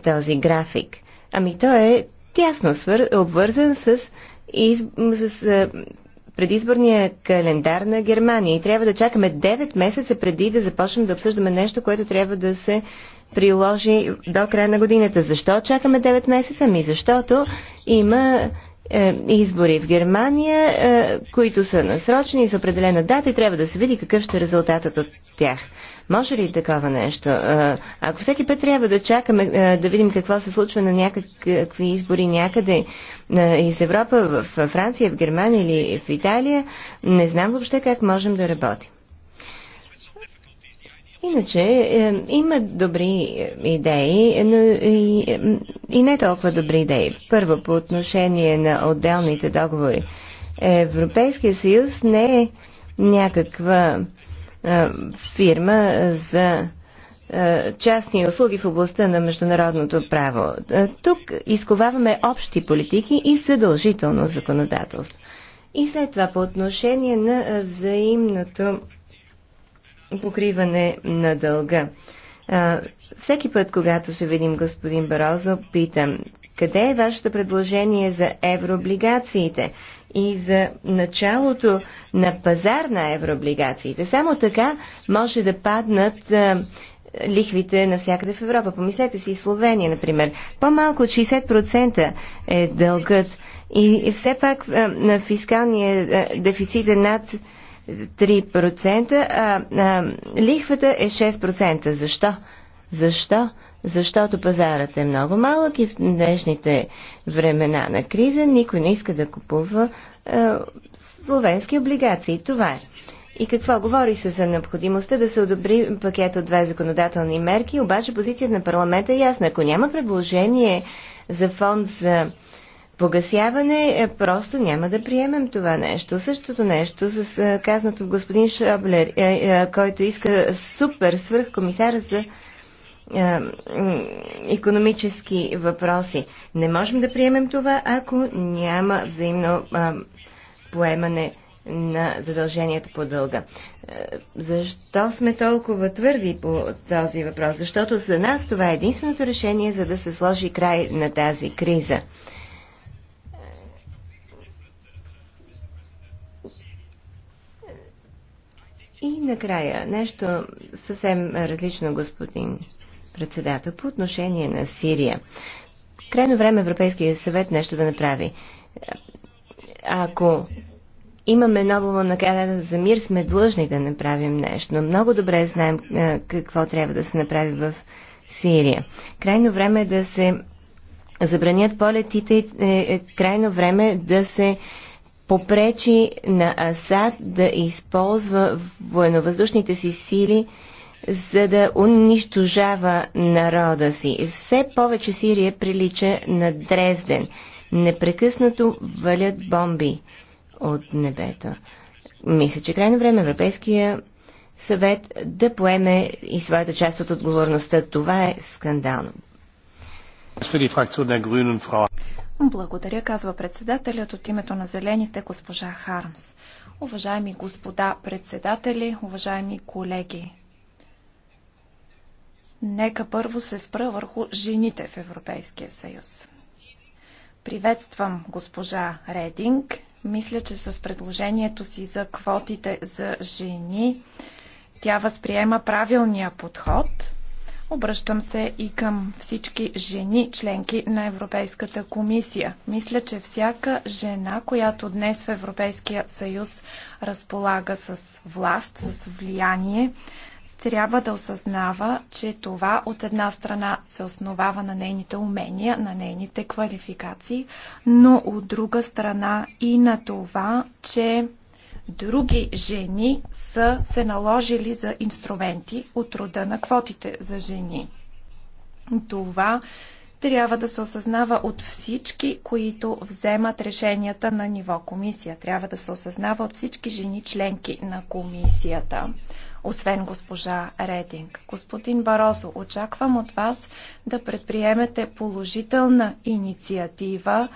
този график? Ами той е тясно свър... обвързан с, из... с предизборния календар на Германия и трябва да чакаме 9 месеца преди да започнем да обсъждаме нещо, което трябва да се приложи до края на годината. Защо чакаме 9 месеца? Ми защото има е, избори в Германия, е, които са насрочени с определена дата и трябва да се види какъв ще е резултатът от тях. Може ли такова нещо? Е, ако всеки път трябва да чакаме е, да видим какво се случва на някакви избори някъде е, из Европа, в Франция, в Германия или в Италия, не знам въобще как можем да работим. Иначе е, има добри е, идеи, но и, е, и не толкова добри идеи. Първо, по отношение на отделните договори. Европейския съюз не е някаква фирма за частни услуги в областта на международното право. Тук изковаваме общи политики и задължително законодателство. И след това по отношение на взаимното покриване на дълга. А, всеки път, когато се видим, господин Барозо, питам, къде е вашето предложение за еврооблигациите и за началото на пазар на еврооблигациите? Само така може да паднат а, лихвите навсякъде в Европа. Помислете си Словения, например. По-малко от 60% е дългът и все пак а, на фискалния дефицит е над 3%, а, а лихвата е 6%. Защо? Защо? Защото пазарът е много малък и в днешните времена на криза никой не иска да купува а, словенски облигации. Това е. И какво говори се за необходимостта да се одобри пакет от две законодателни мерки, обаче позицията на парламента е ясна. Ако няма предложение за фонд за погасяване, е, просто няма да приемем това нещо. Същото нещо с е, казаното от господин Шоблер, е, който иска супер свръхкомисар за економически въпроси. Не можем да приемем това, ако няма взаимно поемане на задълженията по дълга. Защо сме толкова твърди по този въпрос? Защото за нас това е единственото решение, за да се сложи край на тази криза. И накрая, нещо съвсем различно, господин председател, по отношение на Сирия. Крайно време Европейския съвет нещо да направи. Ако имаме ново накара за мир, сме длъжни да направим нещо. Но много добре знаем какво трябва да се направи в Сирия. Крайно време е да се забранят полетите, е, е, крайно време е да се попречи на Асад да използва военновъздушните си сили, за да унищожава народа си. Все повече Сирия прилича на Дрезден. Непрекъснато валят бомби от небето. Мисля, че е крайно време Европейския съвет да поеме и своята част от отговорността. Това е скандално. Благодаря, казва председателят от името на Зелените, госпожа Хармс. Уважаеми господа председатели, уважаеми колеги, нека първо се спра върху жените в Европейския съюз. Приветствам госпожа Рединг. Мисля, че с предложението си за квотите за жени тя възприема правилния подход – Обръщам се и към всички жени, членки на Европейската комисия. Мисля, че всяка жена, която днес в Европейския съюз разполага с власт, с влияние, трябва да осъзнава, че това от една страна се основава на нейните умения, на нейните квалификации, но от друга страна и на това, че други жени са се наложили за инструменти от рода на квотите за жени. Това трябва да се осъзнава от всички, които вземат решенията на ниво комисия. Трябва да се осъзнава от всички жени членки на комисията, освен госпожа Рединг. Господин Барозо, очаквам от вас да предприемете положителна инициатива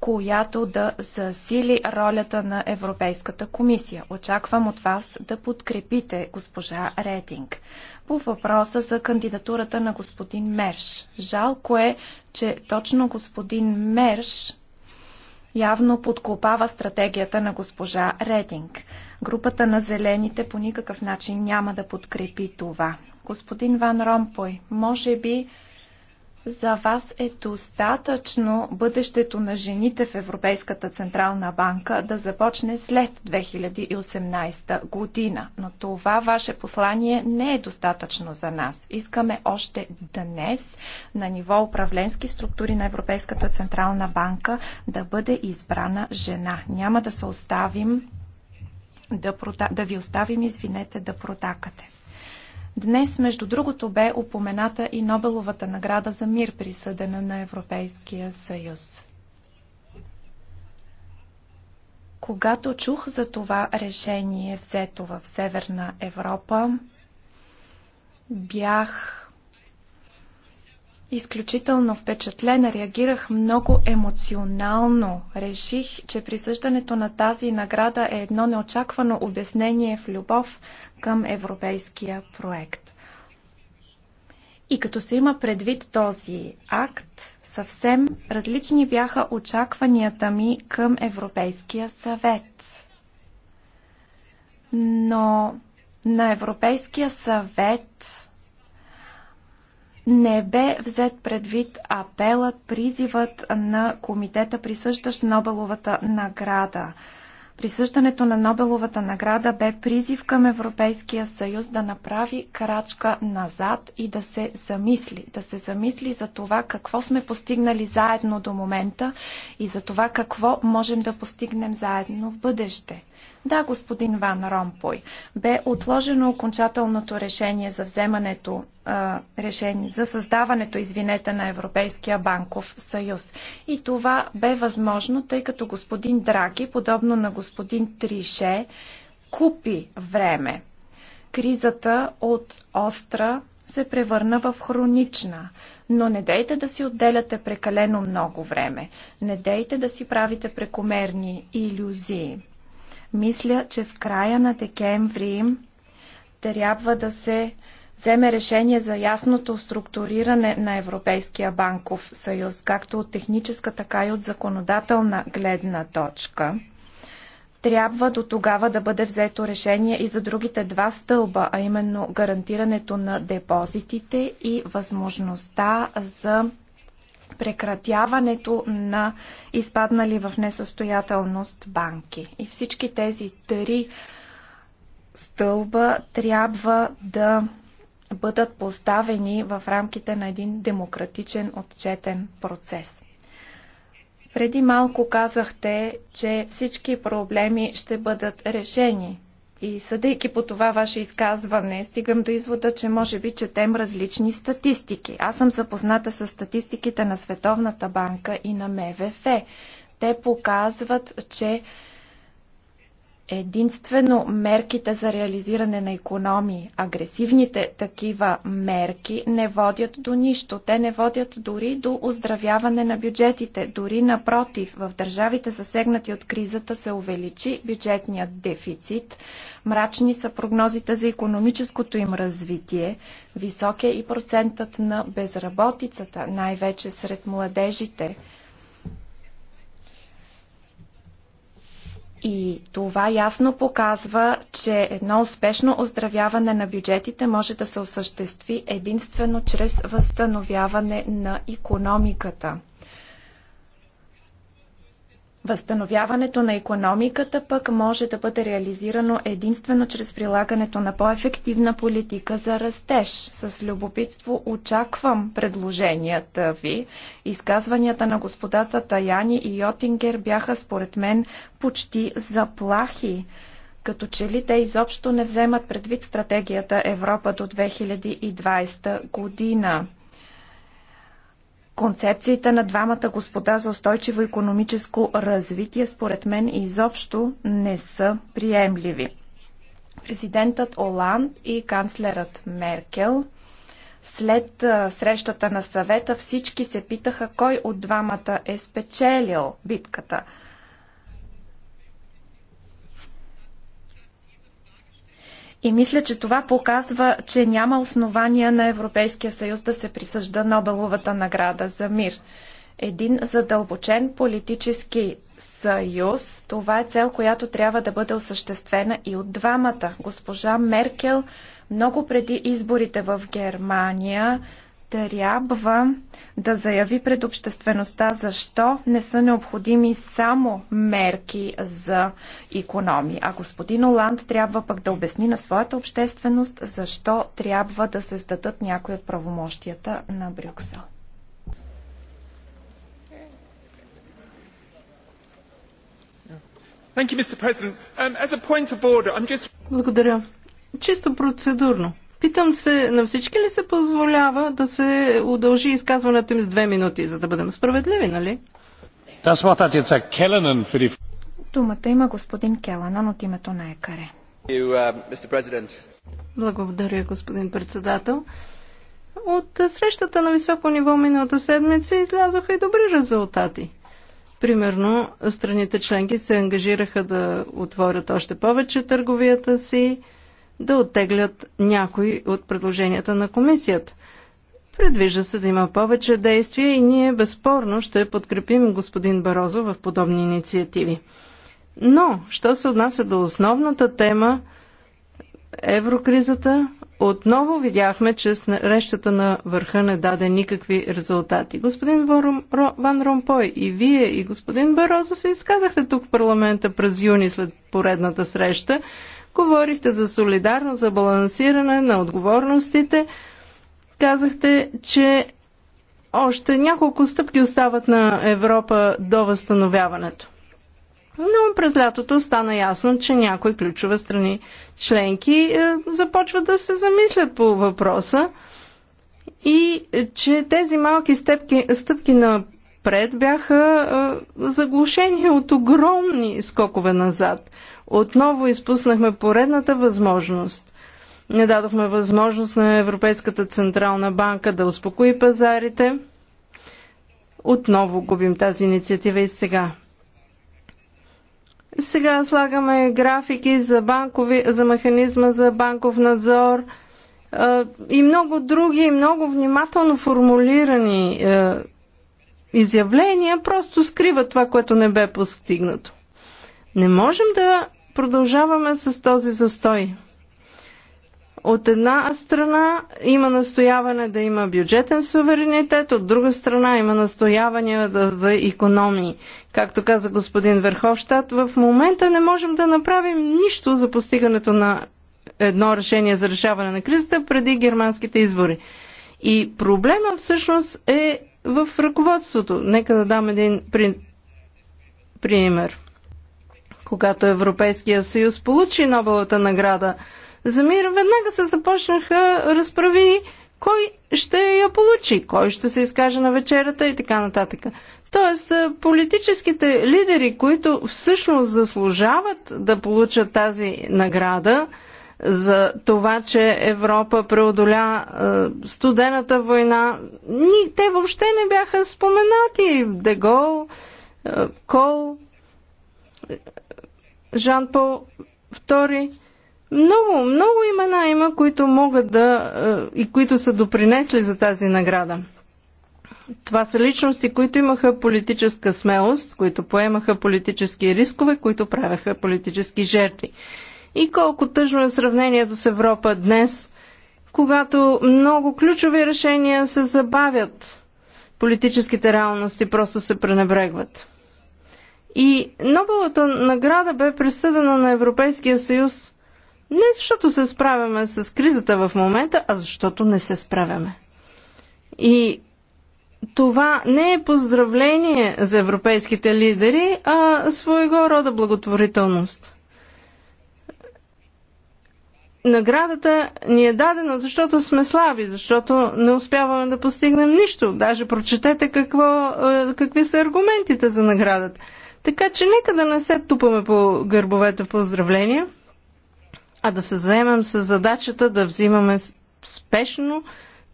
която да засили ролята на Европейската комисия. Очаквам от вас да подкрепите госпожа Рединг. По въпроса за кандидатурата на господин Мерш. Жалко е, че точно господин Мерш явно подкопава стратегията на госпожа Рединг. Групата на зелените по никакъв начин няма да подкрепи това. Господин Ван Ромпой, може би за вас е достатъчно бъдещето на жените в Европейската Централна банка да започне след 2018 година. Но това ваше послание не е достатъчно за нас. Искаме още днес на ниво управленски структури на Европейската Централна банка да бъде избрана жена. Няма да се оставим да, прода... да ви оставим, извинете, да протакате. Днес, между другото, бе упомената и Нобеловата награда за мир, присъдена на Европейския съюз. Когато чух за това решение, взето в Северна Европа, бях изключително впечатлена, реагирах много емоционално. Реших, че присъждането на тази награда е едно неочаквано обяснение в любов към европейския проект. И като се има предвид този акт, съвсем различни бяха очакванията ми към Европейския съвет. Но на Европейския съвет не бе взет предвид апелът, призивът на комитета, присъщащ Нобеловата награда – Присъждането на Нобеловата награда бе призив към Европейския съюз да направи крачка назад и да се замисли. Да се замисли за това какво сме постигнали заедно до момента и за това какво можем да постигнем заедно в бъдеще. Да, господин Ван Ромпой, бе отложено окончателното решение за вземането решение за създаването, извинете, на Европейския банков съюз. И това бе възможно, тъй като господин Драги, подобно на господин Трише, купи време. Кризата от остра се превърна в хронична. Но не дейте да си отделяте прекалено много време. Не дейте да си правите прекомерни иллюзии. Мисля, че в края на декември трябва да се вземе решение за ясното структуриране на Европейския банков съюз, както от техническа, така и от законодателна гледна точка. Трябва до тогава да бъде взето решение и за другите два стълба, а именно гарантирането на депозитите и възможността за прекратяването на изпаднали в несъстоятелност банки. И всички тези три стълба трябва да бъдат поставени в рамките на един демократичен отчетен процес. Преди малко казахте, че всички проблеми ще бъдат решени. И съдейки по това ваше изказване, стигам до извода, че може би четем различни статистики. Аз съм запозната с статистиките на Световната банка и на МВФ. Те показват, че единствено мерките за реализиране на економии, агресивните такива мерки не водят до нищо. Те не водят дори до оздравяване на бюджетите. Дори напротив, в държавите засегнати от кризата се увеличи бюджетният дефицит. Мрачни са прогнозите за економическото им развитие. Висок е и процентът на безработицата, най-вече сред младежите. И това ясно показва, че едно успешно оздравяване на бюджетите може да се осъществи единствено чрез възстановяване на економиката. Възстановяването на економиката пък може да бъде реализирано единствено чрез прилагането на по-ефективна политика за растеж. С любопитство очаквам предложенията ви. Изказванията на господата Таяни и Йотингер бяха според мен почти заплахи като че ли те изобщо не вземат предвид стратегията Европа до 2020 година концепциите на двамата господа за устойчиво економическо развитие, според мен, изобщо не са приемливи. Президентът Оланд и канцлерът Меркел след срещата на съвета всички се питаха кой от двамата е спечелил битката – И мисля, че това показва, че няма основания на Европейския съюз да се присъжда Нобеловата награда за мир. Един задълбочен политически съюз, това е цел, която трябва да бъде осъществена и от двамата. Госпожа Меркел много преди изборите в Германия трябва да заяви пред обществеността защо не са необходими само мерки за економии. А господин Оланд трябва пък да обясни на своята общественост защо трябва да се сдадат някои от правомощията на Брюксел. Um, Благодаря. Чисто процедурно. Питам се, на всички ли се позволява да се удължи изказването им с две минути, за да бъдем справедливи, нали? Думата има господин Келанан от името на ЕКАРЕ. Uh, Благодаря, господин председател. От срещата на високо ниво миналата седмица излязоха и добри резултати. Примерно, страните членки се ангажираха да отворят още повече търговията си, да оттеглят някои от предложенията на комисията. Предвижда се да има повече действия и ние безспорно ще подкрепим господин Барозо в подобни инициативи. Но, що се отнася до основната тема еврокризата, отново видяхме, че срещата на върха не даде никакви резултати. Господин Ван Ромпой и вие и господин Барозо се изказахте тук в парламента през юни след поредната среща Говорихте за солидарност, за балансиране на отговорностите. Казахте, че още няколко стъпки остават на Европа до възстановяването. Но през лятото стана ясно, че някои ключове страни членки е, започват да се замислят по въпроса и е, че тези малки стъпки, стъпки напред бяха е, заглушени от огромни скокове назад отново изпуснахме поредната възможност. Не дадохме възможност на Европейската Централна банка да успокои пазарите. Отново губим тази инициатива и сега. Сега слагаме графики за, банкови, за механизма за банков надзор и много други, много внимателно формулирани изявления просто скриват това, което не бе постигнато. Не можем да продължаваме с този застой. От една страна има настояване да има бюджетен суверенитет, от друга страна има настояване да, за економии. Както каза господин Верховщад, в момента не можем да направим нищо за постигането на едно решение за решаване на кризата преди германските избори. И проблема всъщност е в ръководството. Нека да дам един при... пример когато Европейския съюз получи Нобелата награда за мир, веднага се започнаха разправи кой ще я получи, кой ще се изкаже на вечерята и така нататък. Тоест, е, политическите лидери, които всъщност заслужават да получат тази награда за това, че Европа преодоля е, студената война, ни, те въобще не бяха споменати. Дегол, е, Кол, Жан Пол II. Много, много имена има, които могат да е, и които са допринесли за тази награда. Това са личности, които имаха политическа смелост, които поемаха политически рискове, които правяха политически жертви. И колко тъжно е сравнението с Европа днес, когато много ключови решения се забавят, политическите реалности просто се пренебрегват. И Нобелата награда бе присъдена на Европейския съюз не защото се справяме с кризата в момента, а защото не се справяме. И това не е поздравление за европейските лидери, а своего рода благотворителност. Наградата ни е дадена, защото сме слаби, защото не успяваме да постигнем нищо. Даже прочетете какво, е, какви са аргументите за наградата. Така че нека да не се тупаме по гърбовете поздравления, а да се заемем с задачата да взимаме спешно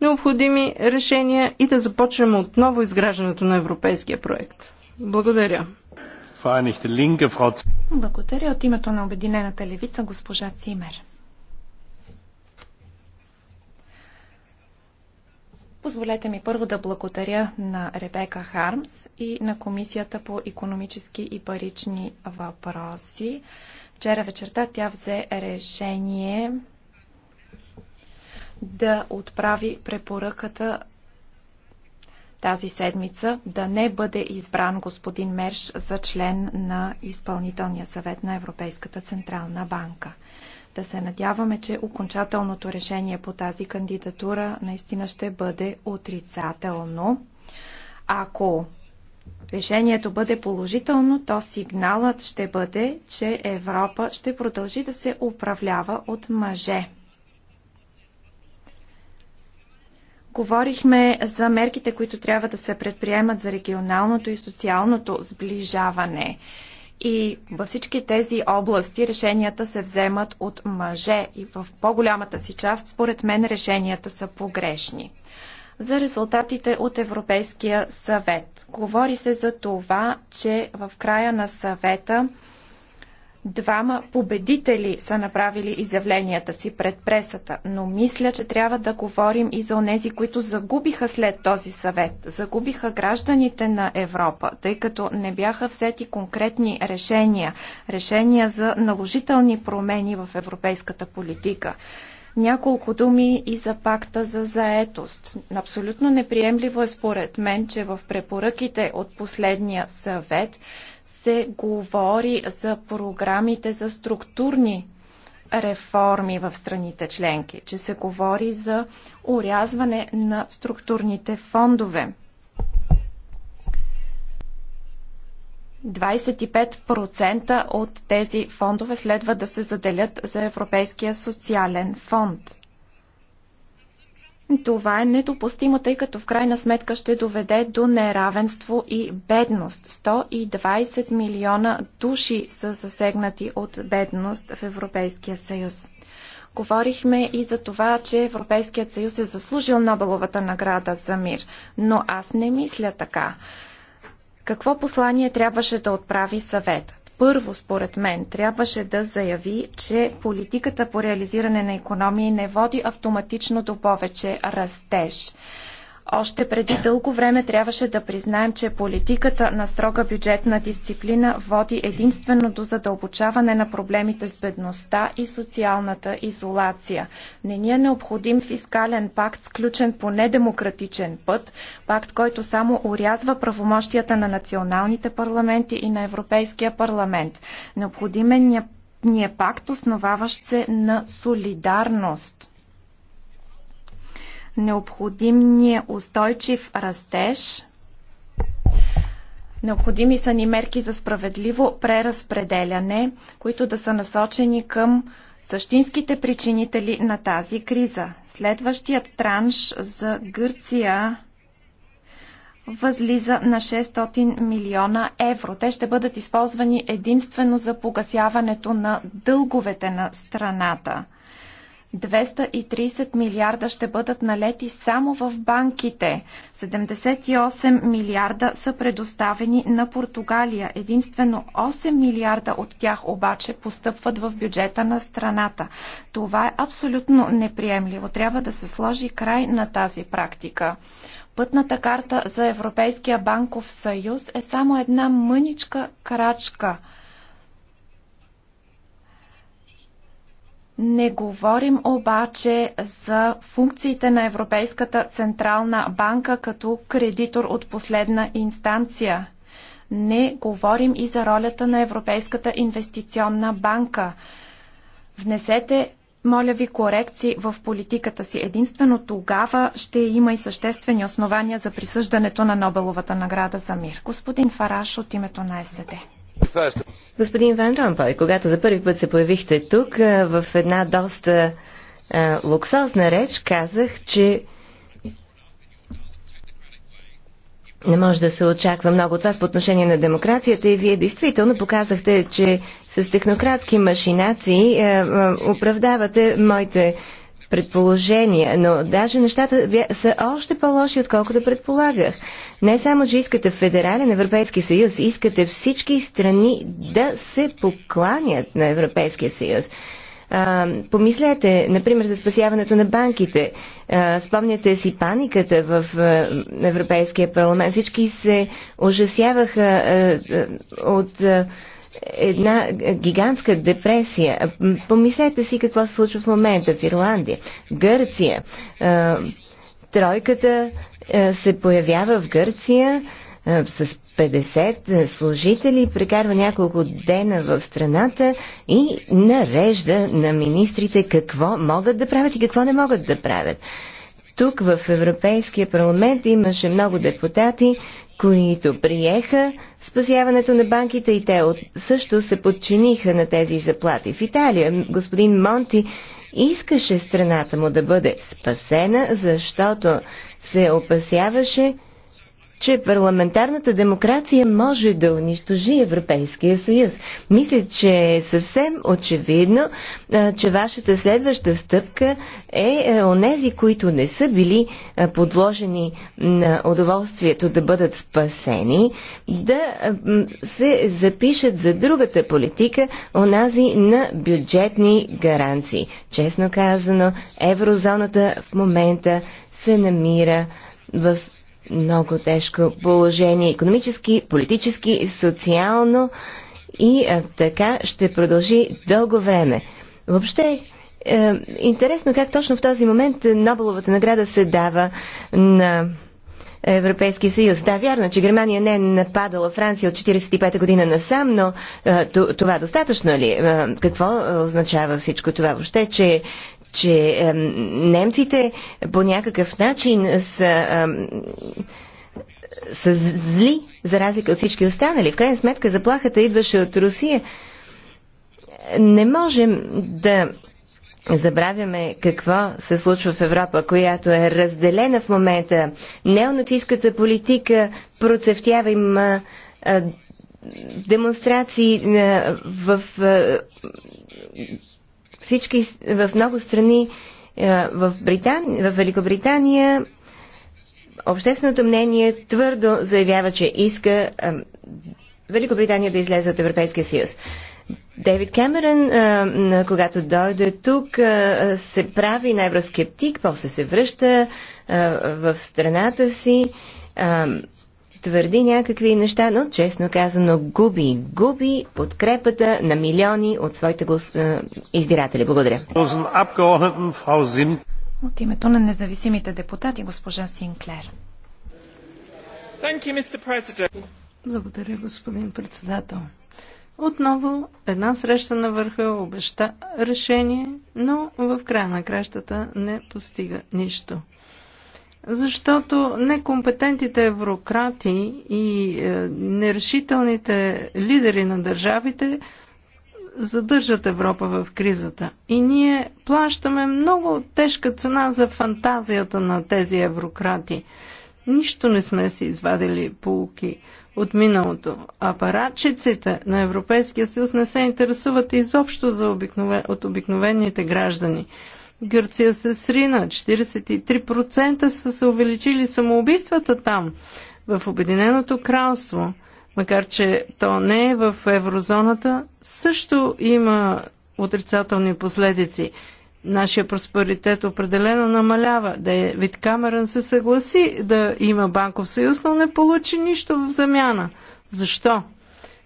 необходими решения и да започнем отново изграждането на европейския проект. Благодаря. Благодаря от името на Обединената левица госпожа Цимер. Позволете ми първо да благодаря на Ребека Хармс и на Комисията по економически и парични въпроси. Вчера вечерта тя взе решение да отправи препоръката тази седмица да не бъде избран господин Мерш за член на Изпълнителния съвет на Европейската Централна банка. Да се надяваме, че окончателното решение по тази кандидатура наистина ще бъде отрицателно. Ако решението бъде положително, то сигналът ще бъде, че Европа ще продължи да се управлява от мъже. Говорихме за мерките, които трябва да се предприемат за регионалното и социалното сближаване. И във всички тези области решенията се вземат от мъже и в по-голямата си част, според мен, решенията са погрешни. За резултатите от Европейския съвет. Говори се за това, че в края на съвета Двама победители са направили изявленията си пред пресата, но мисля, че трябва да говорим и за онези, които загубиха след този съвет. Загубиха гражданите на Европа, тъй като не бяха взети конкретни решения. Решения за наложителни промени в европейската политика. Няколко думи и за пакта за заетост. Абсолютно неприемливо е според мен, че в препоръките от последния съвет се говори за програмите за структурни реформи в страните членки, че се говори за урязване на структурните фондове. 25% от тези фондове следва да се заделят за Европейския социален фонд. Това е недопустимо, тъй като в крайна сметка ще доведе до неравенство и бедност. 120 милиона души са засегнати от бедност в Европейския съюз. Говорихме и за това, че Европейският съюз е заслужил Нобеловата награда за мир, но аз не мисля така. Какво послание трябваше да отправи съветът? първо, според мен, трябваше да заяви, че политиката по реализиране на економии не води автоматично до повече растеж. Още преди дълго време трябваше да признаем, че политиката на строга бюджетна дисциплина води единствено до задълбочаване на проблемите с бедността и социалната изолация. Не ни е необходим фискален пакт, сключен по недемократичен път, пакт, който само урязва правомощията на националните парламенти и на Европейския парламент. Необходимен ни е пакт, основаващ се на солидарност – необходимния устойчив растеж. Необходими са ни мерки за справедливо преразпределяне, които да са насочени към същинските причинители на тази криза. Следващият транш за Гърция възлиза на 600 милиона евро. Те ще бъдат използвани единствено за погасяването на дълговете на страната. 230 милиарда ще бъдат налети само в банките. 78 милиарда са предоставени на Португалия. Единствено 8 милиарда от тях обаче постъпват в бюджета на страната. Това е абсолютно неприемливо. Трябва да се сложи край на тази практика. Пътната карта за Европейския банков съюз е само една мъничка крачка – Не говорим обаче за функциите на Европейската централна банка като кредитор от последна инстанция. Не говорим и за ролята на Европейската инвестиционна банка. Внесете, моля ви, корекции в политиката си. Единствено тогава ще има и съществени основания за присъждането на Нобеловата награда за мир. Господин Фараш от името на СД. Господин Ван Ромпой, когато за първи път се появихте тук, в една доста а, луксозна реч казах, че не може да се очаква много от вас по отношение на демокрацията и вие действително показахте, че с технократски машинации оправдавате моите предположения, но даже нещата са още по-лоши, отколкото предполагах. Не само, че искате федерален Европейски съюз, искате всички страни да се покланят на Европейския съюз. А, помислете, например, за спасяването на банките. А, спомняте си паниката в а, Европейския парламент. Всички се ужасяваха а, от а, една гигантска депресия. Помислете си какво се случва в момента в Ирландия, Гърция. Тройката се появява в Гърция с 50 служители, прекарва няколко дена в страната и нарежда на министрите какво могат да правят и какво не могат да правят. Тук в Европейския парламент имаше много депутати, които приеха спасяването на банките и те от... също се подчиниха на тези заплати. В Италия господин Монти искаше страната му да бъде спасена, защото се опасяваше, че парламентарната демокрация може да унищожи Европейския съюз. Мисля, че е съвсем очевидно, че вашата следваща стъпка е, е онези, които не са били подложени на удоволствието да бъдат спасени, да се запишат за другата политика, онази на бюджетни гаранции. Честно казано, еврозоната в момента се намира в много тежко положение економически, политически, социално и а, така ще продължи дълго време. Въобще, е, интересно как точно в този момент Нобеловата награда се дава на Европейския съюз. Да, вярно, че Германия не е нападала Франция от 1945 година насам, но е, това достатъчно ли? Е? е, какво означава всичко това въобще, че че е, немците по някакъв начин са, е, са зли, за разлика от всички останали. В крайна сметка заплахата идваше от Русия. Не можем да забравяме какво се случва в Европа, която е разделена в момента. Неонацистската политика процъфтява има е, демонстрации е, в е, всички в много страни е, в, Британ... в Великобритания общественото мнение твърдо заявява, че иска е, Великобритания да излезе от Европейския съюз. Дейвид Камерън, е, когато дойде тук, се прави на евроскептик, после се връща в страната си твърди някакви неща, но честно казано губи, губи подкрепата на милиони от своите глас... Е, избиратели. Благодаря. От името на независимите депутати, госпожа Синклер. Благодаря, господин председател. Отново една среща на върха обеща решение, но в края на кращата не постига нищо защото некомпетентните еврократи и е, нерешителните лидери на държавите задържат Европа в кризата. И ние плащаме много тежка цена за фантазията на тези еврократи. Нищо не сме си извадили полуки от миналото. Апаратчиците на Европейския съюз не се интересуват изобщо за обикновен... от обикновените граждани. Гърция се срина. 43% са се увеличили самоубийствата там, в Обединеното кралство. Макар, че то не е в еврозоната, също има отрицателни последици. Нашия просперитет определено намалява. Е, Вид Камерън се съгласи да има банков съюз, но не получи нищо в замяна. Защо?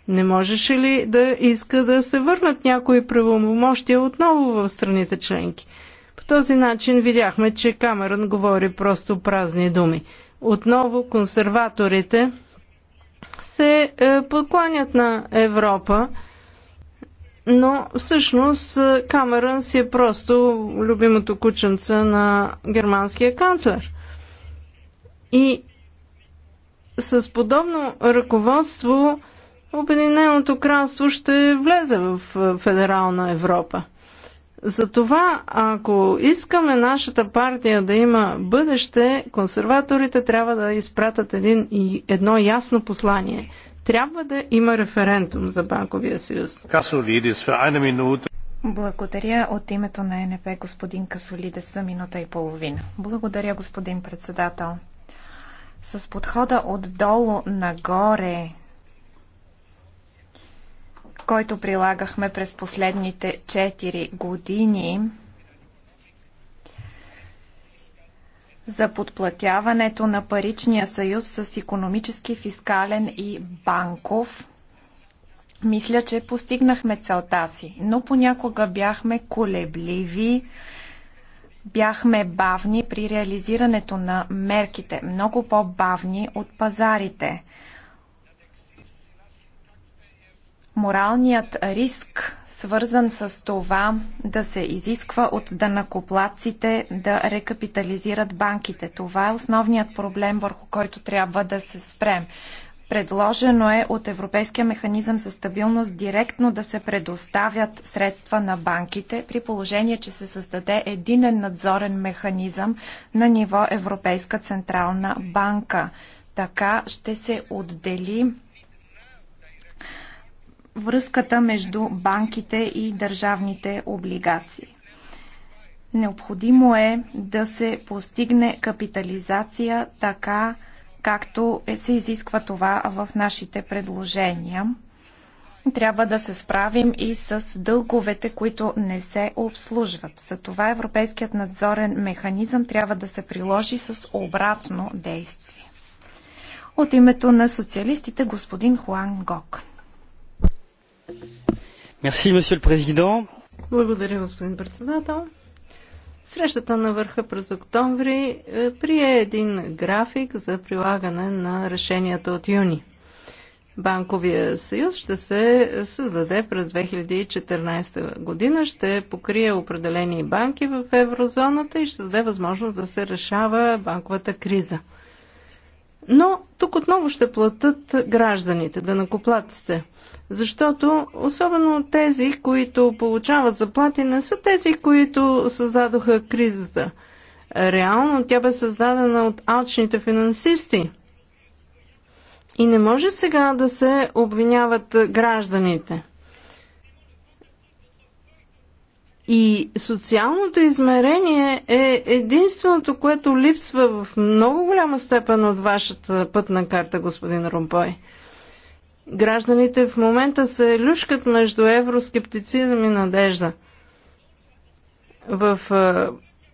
Не можеше ли да иска да се върнат някои правомощия отново в страните членки? този начин видяхме, че Камерън говори просто празни думи. Отново консерваторите се е, подкланят на Европа, но всъщност е, Камерън си е просто любимото кученце на германския канцлер. И с подобно ръководство Обединеното кралство ще влезе в е, федерална Европа. Затова, ако искаме нашата партия да има бъдеще, консерваторите трябва да изпратят един, едно ясно послание. Трябва да има референдум за банковия съюз. Благодаря от името на НП господин Касолидес за минута и половина. Благодаря господин председател. С подхода отдолу нагоре който прилагахме през последните 4 години за подплатяването на паричния съюз с економически, фискален и банков мисля, че постигнахме целта си, но понякога бяхме колебливи, бяхме бавни при реализирането на мерките, много по-бавни от пазарите. Моралният риск, свързан с това да се изисква от данакоплаците да рекапитализират банките, това е основният проблем, върху който трябва да се спрем. Предложено е от Европейския механизъм за стабилност директно да се предоставят средства на банките при положение, че се създаде единен надзорен механизъм на ниво Европейска централна банка. Така ще се отдели връзката между банките и държавните облигации. Необходимо е да се постигне капитализация така, както е, се изисква това в нашите предложения. Трябва да се справим и с дълговете, които не се обслужват. Затова Европейският надзорен механизъм трябва да се приложи с обратно действие. От името на социалистите господин Хуан Гок. Благодаря, господин председател. Срещата на върха през октомври е, прие един график за прилагане на решенията от юни. Банковия съюз ще се създаде през 2014 година, ще покрие определени банки в еврозоната и ще даде възможност да се решава банковата криза – но тук отново ще платят гражданите, да накоплатите. Защото особено тези, които получават заплати, не са тези, които създадоха кризата. Реално тя бе създадена от алчните финансисти. И не може сега да се обвиняват гражданите. И социалното измерение е единственото, което липсва в много голяма степен от вашата пътна карта, господин Румпой. Гражданите в момента се люшкат между евроскептицизъм и надежда. В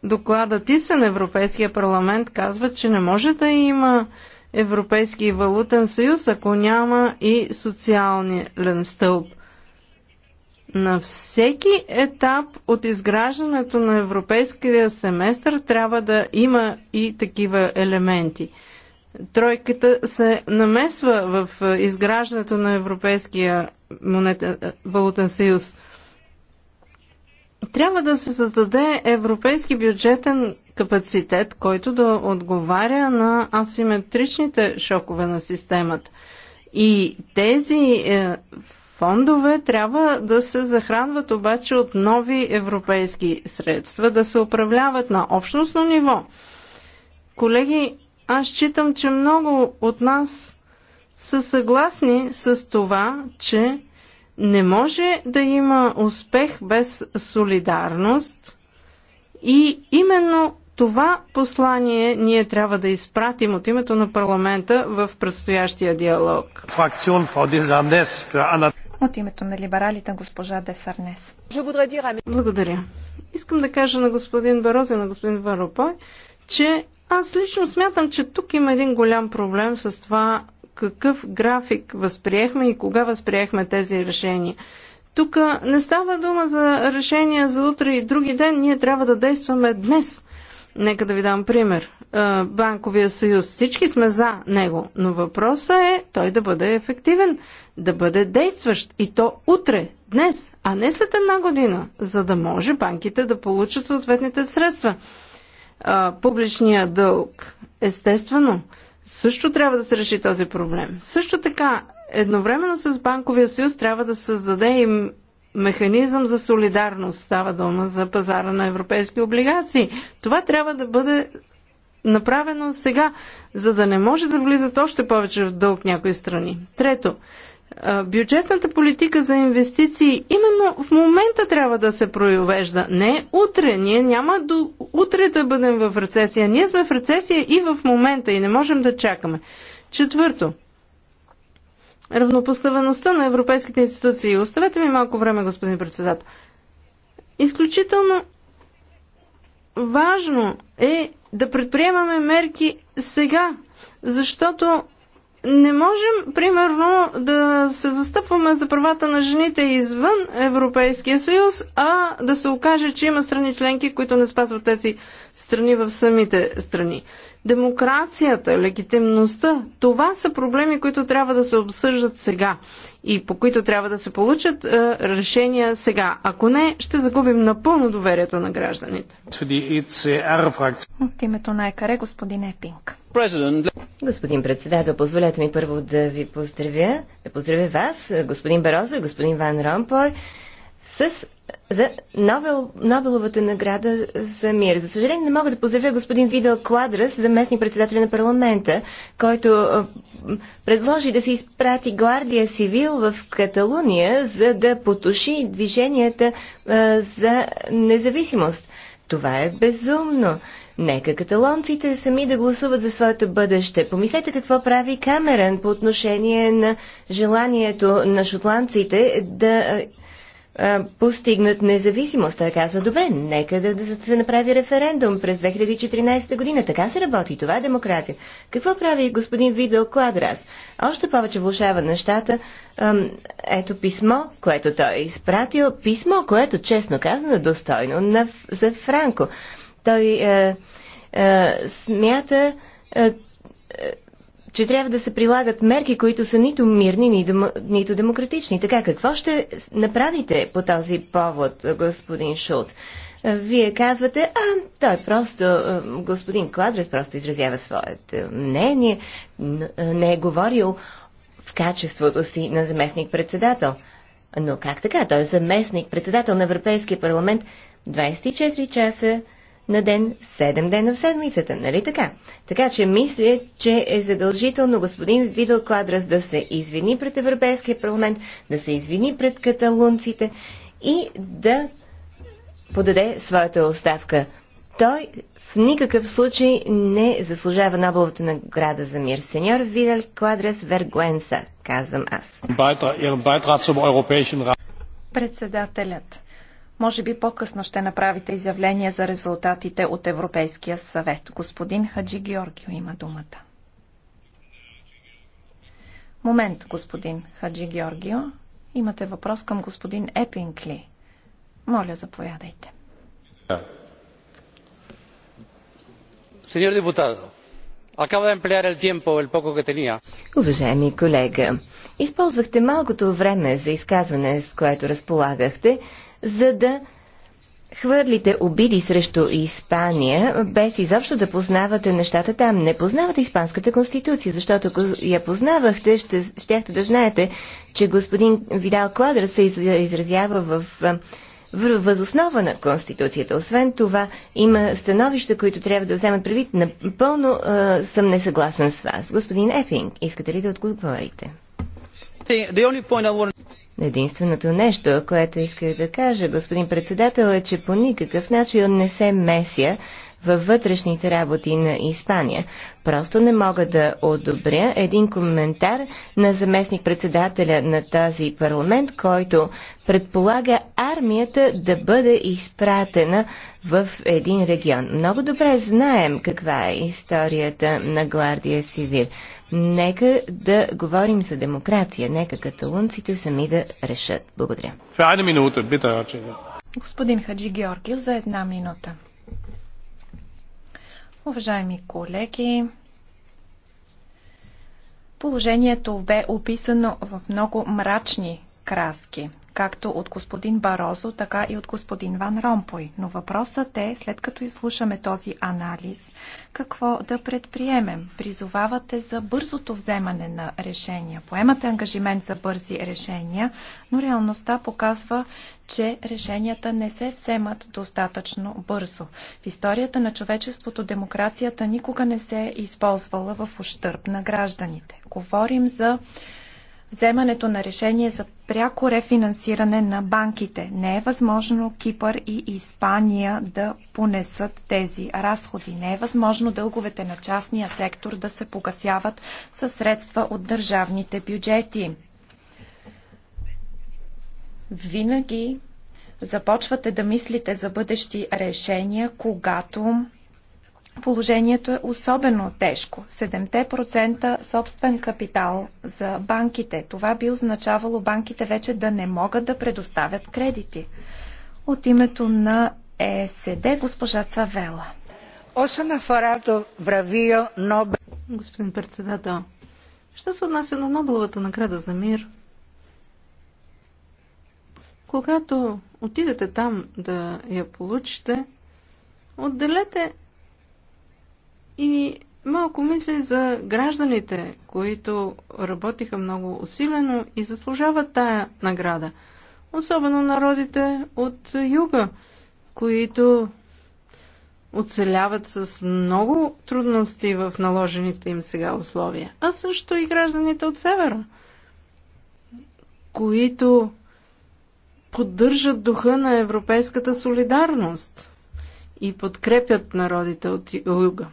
доклада Тисен Европейския парламент казва, че не може да има Европейски валутен съюз, ако няма и социалния стълб – на всеки етап от изграждането на европейския семестър трябва да има и такива елементи. Тройката се намесва в е, изграждането на Европейския монетен, валутен съюз. Трябва да се създаде европейски бюджетен капацитет, който да отговаря на асиметричните шокове на системата. И тези е, фондове трябва да се захранват обаче от нови европейски средства, да се управляват на общностно ниво. Колеги, аз считам, че много от нас са съгласни с това, че не може да има успех без солидарност и именно това послание ние трябва да изпратим от името на парламента в предстоящия диалог. От името на либералите госпожа Десарнес. Благодаря. Искам да кажа на господин Барози и на господин Варопой, че аз лично смятам, че тук има един голям проблем с това какъв график възприехме и кога възприехме тези решения. Тук не става дума за решения за утре и други ден, ние трябва да действаме днес – Нека да ви дам пример. Е, Банковия съюз. Всички сме за него, но въпросът е той да бъде ефективен, да бъде действащ и то утре, днес, а не след една година, за да може банките да получат съответните средства. Е, публичния дълг, естествено, също трябва да се реши този проблем. Също така, едновременно с Банковия съюз трябва да създаде и механизъм за солидарност. Става дума за пазара на европейски облигации. Това трябва да бъде направено сега, за да не може да влизат още повече в дълг някои страни. Трето, бюджетната политика за инвестиции именно в момента трябва да се провежда. Не утре. Ние няма до утре да бъдем в рецесия. Ние сме в рецесия и в момента и не можем да чакаме. Четвърто, равнопоставеността на европейските институции. Оставете ми малко време, господин председател. Изключително важно е да предприемаме мерки сега, защото не можем, примерно, да се застъпваме за правата на жените извън Европейския съюз, а да се окаже, че има страни членки, които не спазват тези страни в самите страни демокрацията, легитимността. Това са проблеми, които трябва да се обсъждат сега и по които трябва да се получат е, решения сега. Ако не, ще загубим напълно доверието на гражданите. От името на ЕКАРЕ, господин Епинг. Господин председател, позволете ми първо да ви поздравя, да поздравя вас, господин Барозо и господин Ван Ромпой с за Нобел, Нобеловата награда за мир. За съжаление, не мога да поздравя господин Видел Квадрас, заместник председател на парламента, който предложи да се изпрати гвардия Сивил в Каталуния, за да потуши движенията а, за независимост. Това е безумно. Нека каталонците сами да гласуват за своето бъдеще. Помислете какво прави Камерън по отношение на желанието на шотландците да постигнат независимост. Той казва, добре, нека да, да се направи референдум през 2014 година. Така се работи. Това е демокрация. Какво прави господин Видел Квадрас? Още повече влушава нещата. Ам, ето писмо, което той е изпратил. Писмо, което, честно казано, достойно на, за Франко. Той а, е, а, е, смята, а, е, че трябва да се прилагат мерки, които са нито мирни, нито, демократични. Така, какво ще направите по този повод, господин Шулц? Вие казвате, а той просто, господин Квадрес просто изразява своето мнение, не е говорил в качеството си на заместник-председател. Но как така? Той е заместник-председател на Европейския парламент 24 часа на ден, 7 дена в седмицата, нали така? Така че мисля, че е задължително господин Видал Квадрас да се извини пред Европейския парламент, да се извини пред каталунците и да подаде своята оставка. Той в никакъв случай не заслужава Нобеловата награда за мир. Сеньор Видал Квадрас Вергуенса, казвам аз. Председателят. Може би по-късно ще направите изявление за резултатите от Европейския съвет. Господин Хаджи Георгио има думата. Момент, господин Хаджи Георгио. Имате въпрос към господин Епинкли. Моля, заповядайте. Сеньор депутат, Acaba de emplear el tiempo, el poco que tenía. Уважаеми колега, използвахте малкото време за изказване, с което разполагахте, за да хвърлите обиди срещу Испания, без изобщо да познавате нещата там. Не познавате Испанската конституция, защото ако я познавахте, ще, щяхте да знаете, че господин Видал Квадра се изразява в, възоснова на Конституцията. Освен това, има становища, които трябва да вземат предвид. Напълно а, съм несъгласен с вас. Господин Епинг, искате ли да отговорите? Единственото нещо, което исках да кажа, господин председател, е, че по никакъв начин не се меся във вътрешните работи на Испания. Просто не мога да одобря един коментар на заместник-председателя на този парламент, който предполага армията да бъде изпратена в един регион. Много добре знаем каква е историята на Гвардия Сивир. Нека да говорим за демокрация. Нека каталунците сами да решат. Благодаря. Господин Хаджи Георгиев за една минута. Уважаеми колеги, положението бе описано в много мрачни краски както от господин Барозо, така и от господин Ван Ромпой. Но въпросът е, след като изслушаме този анализ, какво да предприемем? Призовавате за бързото вземане на решения. Поемате ангажимент за бързи решения, но реалността показва, че решенията не се вземат достатъчно бързо. В историята на човечеството демокрацията никога не се е използвала в ущърп на гражданите. Говорим за вземането на решение за пряко рефинансиране на банките. Не е възможно Кипър и Испания да понесат тези разходи. Не е възможно дълговете на частния сектор да се погасяват със средства от държавните бюджети. Винаги започвате да мислите за бъдещи решения, когато положението е особено тежко. 7% собствен капитал за банките. Това би означавало банките вече да не могат да предоставят кредити. От името на ЕСД госпожа Цавела. Господин председател, що се отнася на Нобеловата награда за мир? Когато отидете там да я получите, отделете и малко мисля за гражданите, които работиха много усилено и заслужават тая награда. Особено народите от юга, които оцеляват с много трудности в наложените им сега условия. А също и гражданите от севера, които поддържат духа на европейската солидарност и подкрепят народите от юга.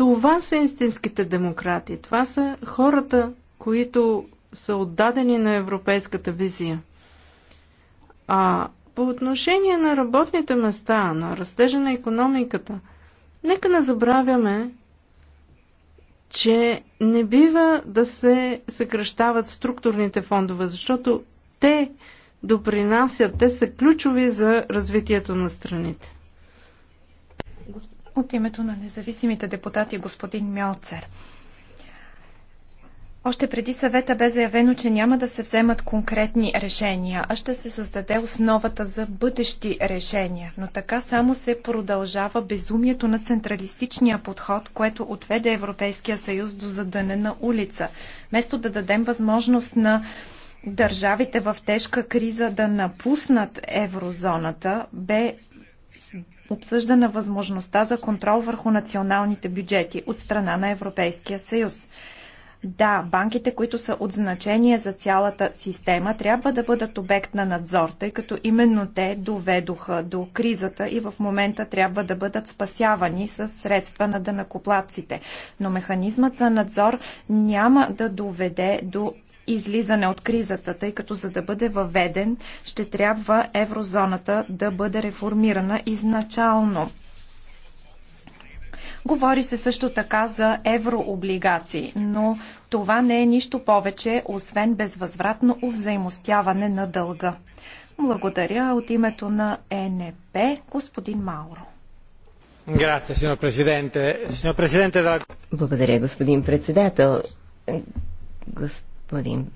Това са истинските демократи. Това са хората, които са отдадени на европейската визия. А по отношение на работните места, на растежа на економиката, нека не забравяме, че не бива да се съкръщават структурните фондове, защото те допринасят, те са ключови за развитието на страните. От името на независимите депутати господин Мьолцер. Още преди съвета бе заявено, че няма да се вземат конкретни решения, а ще се създаде основата за бъдещи решения. Но така само се продължава безумието на централистичния подход, което отведе Европейския съюз до задънена улица. Вместо да дадем възможност на държавите в тежка криза да напуснат еврозоната, бе обсъждана възможността за контрол върху националните бюджети от страна на Европейския съюз. Да, банките, които са от значение за цялата система, трябва да бъдат обект на надзор, тъй като именно те доведоха до кризата и в момента трябва да бъдат спасявани с средства на дънакоплатците. Но механизмът за надзор няма да доведе до излизане от кризата, тъй като за да бъде въведен, ще трябва еврозоната да бъде реформирана изначално. Говори се също така за еврооблигации, но това не е нищо повече, освен безвъзвратно взаимостяване на дълга. Благодаря от името на ЕНП, господин Мауро. Благодаря, господин председател. Господин господин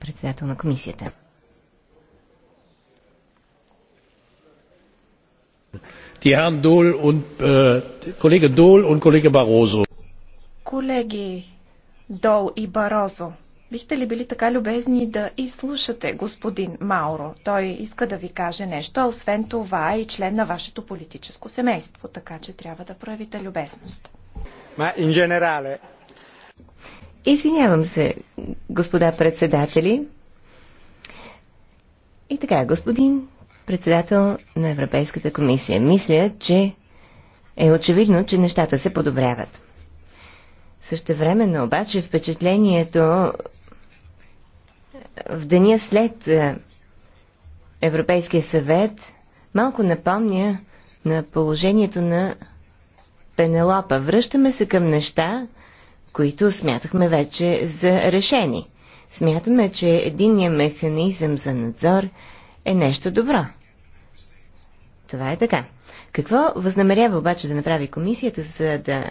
председател на комисията. Äh, Колеги Дол и Барозо, Бихте ли били така любезни да изслушате господин Мауро? Той иска да ви каже нещо, освен това е и член на вашето политическо семейство, така че трябва да проявите любезност. Ма, ин генерале... Извинявам се, господа председатели. И така, господин председател на Европейската комисия, мисля, че е очевидно, че нещата се подобряват. Същевременно обаче впечатлението в деня след е, Европейския съвет малко напомня на положението на Пенелопа. Връщаме се към неща, които смятахме вече за решени. Смятаме, че единният механизъм за надзор е нещо добро. Това е така. Какво възнамерява обаче да направи комисията, за да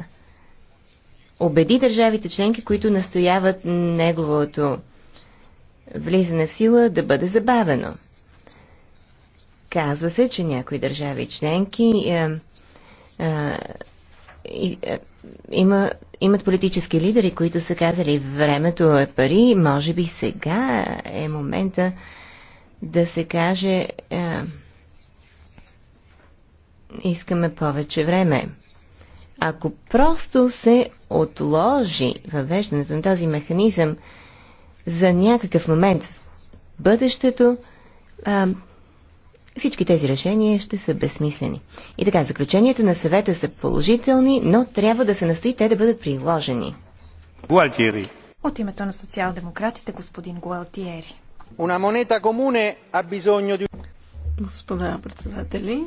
убеди държавите членки, които настояват неговото влизане в сила да бъде забавено. Казва се, че някои държави членки е, е, е, има, имат политически лидери, които са казали времето е пари, може би сега е момента да се каже е, искаме повече време. Ако просто се отложи въвеждането на този механизъм за някакъв момент в бъдещето, а, всички тези решения ще са безсмислени. И така, заключенията на съвета са положителни, но трябва да се настои те да бъдат приложени. Гуалтиери. От името на социал-демократите, господин Гуалтиери. Una moneta comune ha bisogno di... Господа председатели,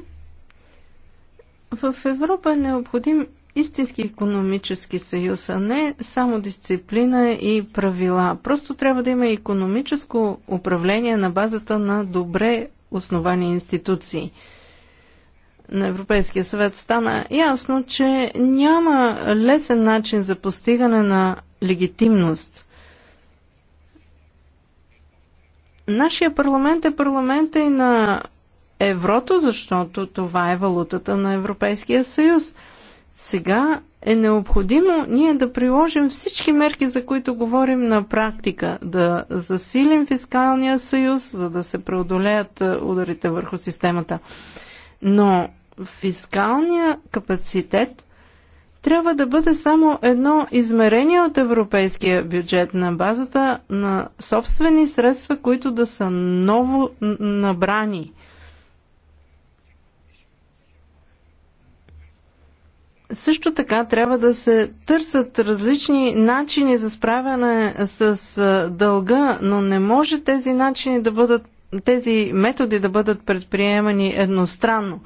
в Европа е необходим истински економически съюз, а не само дисциплина и правила. Просто трябва да има економическо управление на базата на добре основани институции на Европейския съвет стана ясно, че няма лесен начин за постигане на легитимност. Нашия парламент е парламента и на еврото, защото това е валутата на Европейския съюз – сега е необходимо ние да приложим всички мерки, за които говорим на практика. Да засилим фискалния съюз, за да се преодолеят е, ударите върху системата. Но фискалния капацитет трябва да бъде само едно измерение от европейския бюджет на базата на собствени средства, които да са ново набрани. Също така трябва да се търсят различни начини за справяне с дълга, но не може тези начини да бъдат, тези методи да бъдат предприемани едностранно.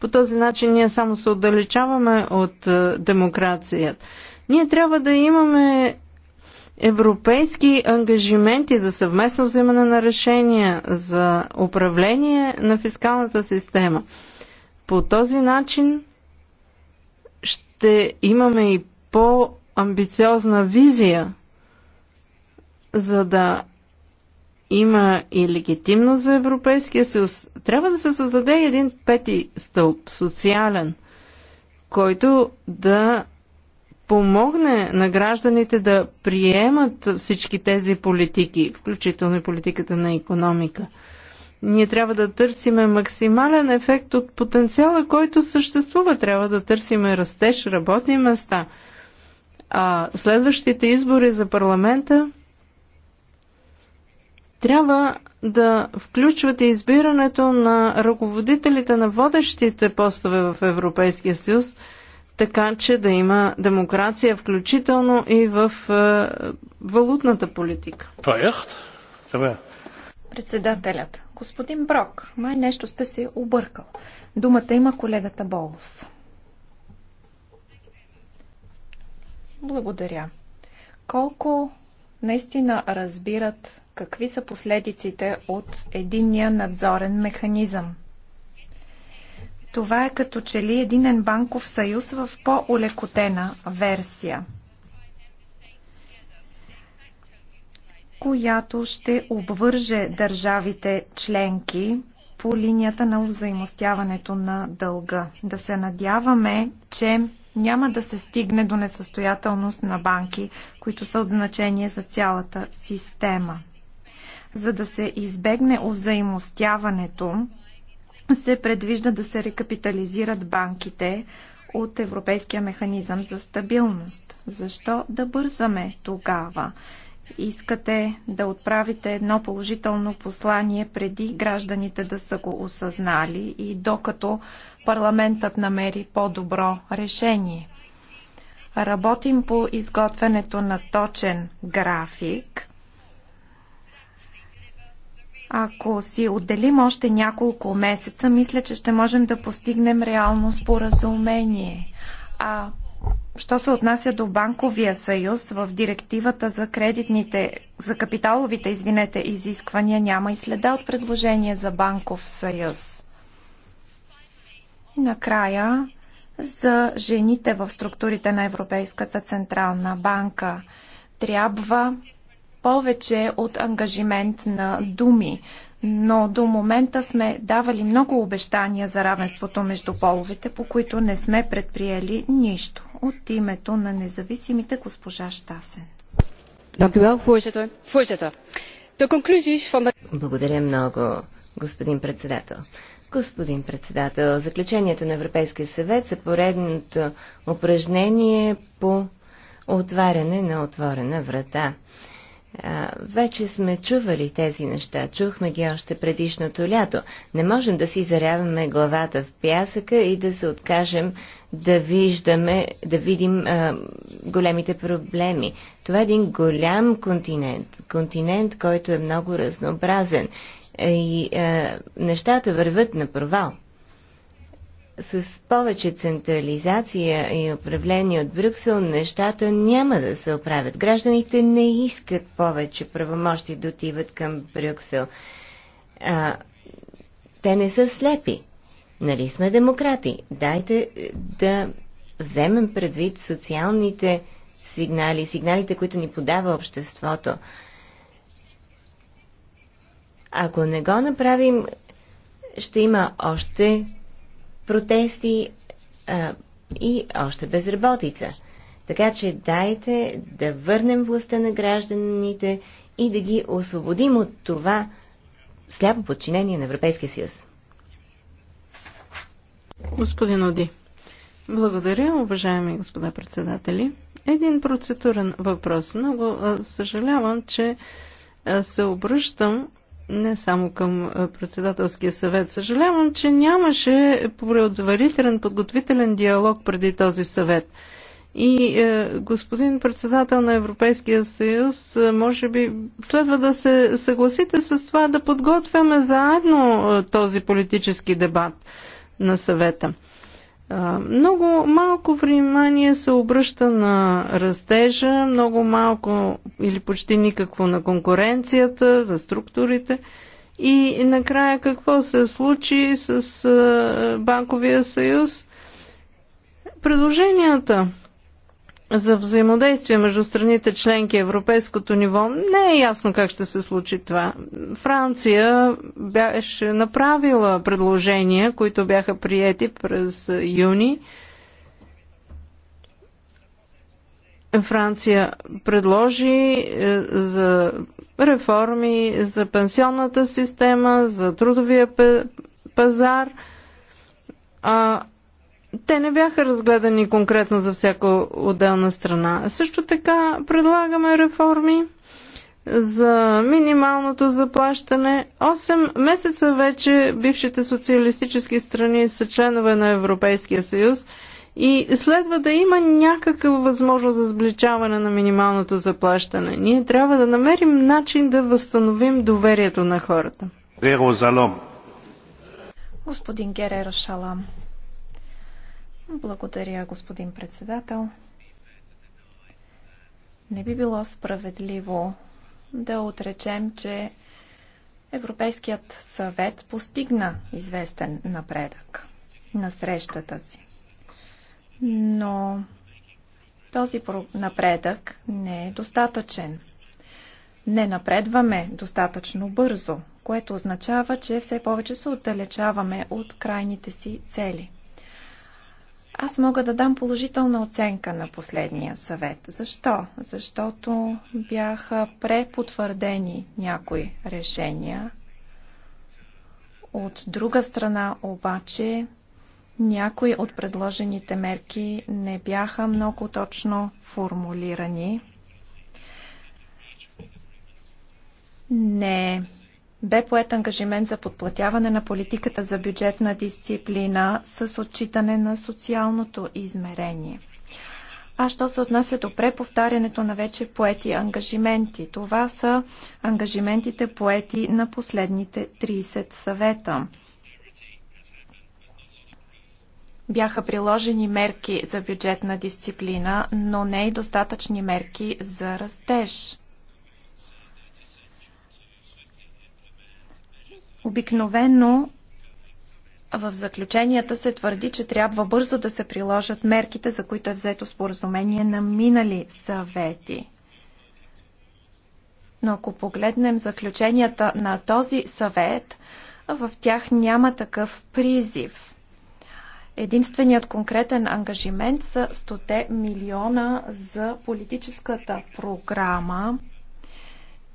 По този начин ние само се отдалечаваме от демокрацията. Ние трябва да имаме европейски ангажименти за съвместно взимане на решения, за управление на фискалната система. По този начин ще имаме и по-амбициозна визия, за да има и легитимност за Европейския съюз. Трябва да се създаде един пети стълб, социален, който да помогне на гражданите да приемат всички тези политики, включително и политиката на економика – ние трябва да търсиме максимален ефект от потенциала, който съществува. Трябва да търсиме растеж, работни места. А следващите избори за парламента трябва да включвате избирането на ръководителите на водещите постове в Европейския съюз, така че да има демокрация, включително и в е, валутната политика. Председателят. Господин Брок, май нещо сте се объркал. Думата има колегата Болс. Благодаря. Колко наистина разбират какви са последиците от единния надзорен механизъм? Това е като че ли единен банков съюз в по-олекотена версия – която ще обвърже държавите членки по линията на взаимостяването на дълга. Да се надяваме, че няма да се стигне до несъстоятелност на банки, които са от значение за цялата система. За да се избегне взаимостяването, се предвижда да се рекапитализират банките от Европейския механизъм за стабилност. Защо да бързаме тогава? искате да отправите едно положително послание преди гражданите да са го осъзнали и докато парламентът намери по-добро решение. Работим по изготвянето на точен график. Ако си отделим още няколко месеца, мисля, че ще можем да постигнем реално споразумение. А Що се отнася до банковия съюз, в директивата за кредитните, за капиталовите, извинете, изисквания няма и следа от предложение за банков съюз. И накрая за жените в структурите на Европейската централна банка. Трябва повече от ангажимент на думи, но до момента сме давали много обещания за равенството между половете, по които не сме предприели нищо. От името на независимите госпожа Штасен. Благодаря много, господин председател. Господин председател, заключенията на Европейския съвет са поредното упражнение по отваряне на отворена врата. А, вече сме чували тези неща, чухме ги още предишното лято. Не можем да си заряваме главата в пясъка и да се откажем да виждаме, да видим а, големите проблеми. Това е един голям континент, континент, който е много разнообразен е, и а, нещата върват на провал. С повече централизация и управление от Брюксел нещата няма да се оправят. Гражданите не искат повече правомощи да отиват към Брюксел. А, те не са слепи. Нали сме демократи? Дайте е, да вземем предвид социалните сигнали, сигналите, които ни подава обществото. Ако не го направим, ще има още протести а, и още безработица. Така че дайте да върнем властта на гражданите и да ги освободим от това сляпо подчинение на Европейския съюз. Господин Оди. Благодаря, уважаеми господа председатели. Един процедурен въпрос. Много съжалявам, че се обръщам не само към председателския съвет. Съжалявам, че нямаше предварителен подготвителен диалог преди този съвет. И е, господин председател на Европейския съюз, е, може би следва да се съгласите с това да подготвяме заедно е, този политически дебат на съвета. Много малко внимание се обръща на растежа, много малко или почти никакво на конкуренцията, на структурите. И накрая какво се случи с Банковия съюз? Предложенията за взаимодействие между страните членки европейското ниво, не е ясно как ще се случи това. Франция беше направила предложения, които бяха приети през юни. Франция предложи е, за реформи за пенсионната система, за трудовия пазар. А те не бяха разгледани конкретно за всяка отделна страна. Също така предлагаме реформи за минималното заплащане. 8 месеца вече бившите социалистически страни са членове на Европейския съюз и следва да има някаква възможност за сближаване на минималното заплащане. Ние трябва да намерим начин да възстановим доверието на хората. Господин Герера, Шалам. Благодаря, господин председател. Не би било справедливо да отречем, че Европейският съвет постигна известен напредък на срещата си. Но този напредък не е достатъчен. Не напредваме достатъчно бързо, което означава, че все повече се отдалечаваме от крайните си цели. Аз мога да дам положителна оценка на последния съвет. Защо? Защото бяха препотвърдени някои решения. От друга страна обаче някои от предложените мерки не бяха много точно формулирани. Не бе поет ангажимент за подплатяване на политиката за бюджетна дисциплина с отчитане на социалното измерение. А що се отнася до преповтарянето на вече поети ангажименти? Това са ангажиментите поети на последните 30 съвета. Бяха приложени мерки за бюджетна дисциплина, но не и достатъчни мерки за растеж. Обикновено в заключенията се твърди, че трябва бързо да се приложат мерките, за които е взето споразумение на минали съвети. Но ако погледнем заключенията на този съвет, в тях няма такъв призив. Единственият конкретен ангажимент са 100 милиона за политическата програма.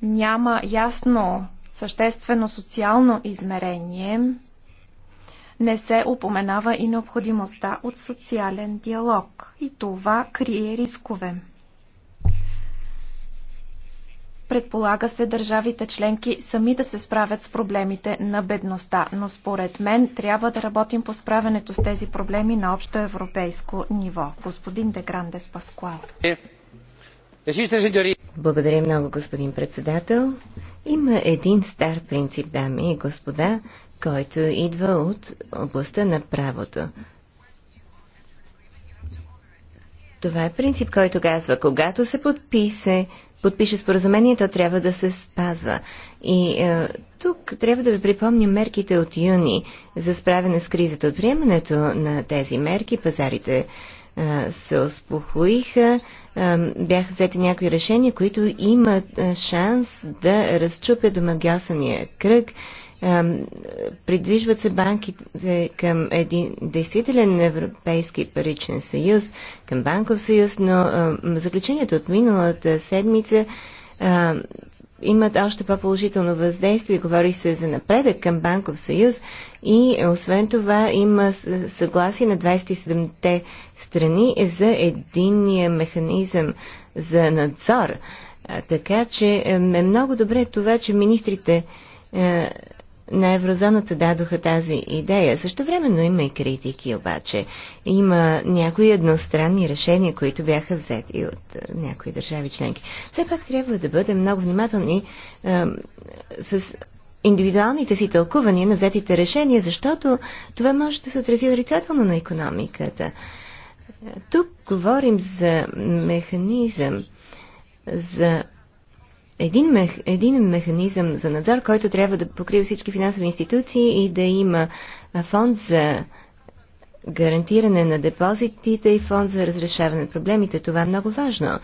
Няма ясно съществено социално измерение, не се упоменава и необходимостта от социален диалог. И това крие рискове. Предполага се държавите членки сами да се справят с проблемите на бедността, но според мен трябва да работим по справянето с тези проблеми на общо европейско ниво. Господин Деграндес Паскуал. Благодаря много, господин председател. Има един стар принцип, дами и господа, който идва от областта на правото. Това е принцип, който казва, когато се подписе, подпише споразумението, трябва да се спазва. И е, тук трябва да ви припомня мерките от юни за справяне с кризата. От приемането на тези мерки пазарите се успокоиха, бяха взети някои решения, които имат шанс да разчупят домагиосания кръг. Придвижват се банките към един действителен европейски паричен съюз, към банков съюз, но заключението от миналата седмица имат още по-положително въздействие. Говори се за напредък към Банков съюз и освен това има съгласие на 27-те страни за единния механизъм за надзор. Така че е много добре това, че министрите е, на еврозоната дадоха тази идея. Също времено има и критики, обаче. Има някои едностранни решения, които бяха взети от е, някои държави членки. Все пак трябва да бъдем много внимателни е, с индивидуалните си тълкувания на взетите решения, защото това може да се отрази отрицателно на економиката. Тук говорим за механизъм, за един, мех, един механизъм за надзор, който трябва да покрива всички финансови институции и да има фонд за гарантиране на депозитите и фонд за разрешаване на проблемите. Това е много важно.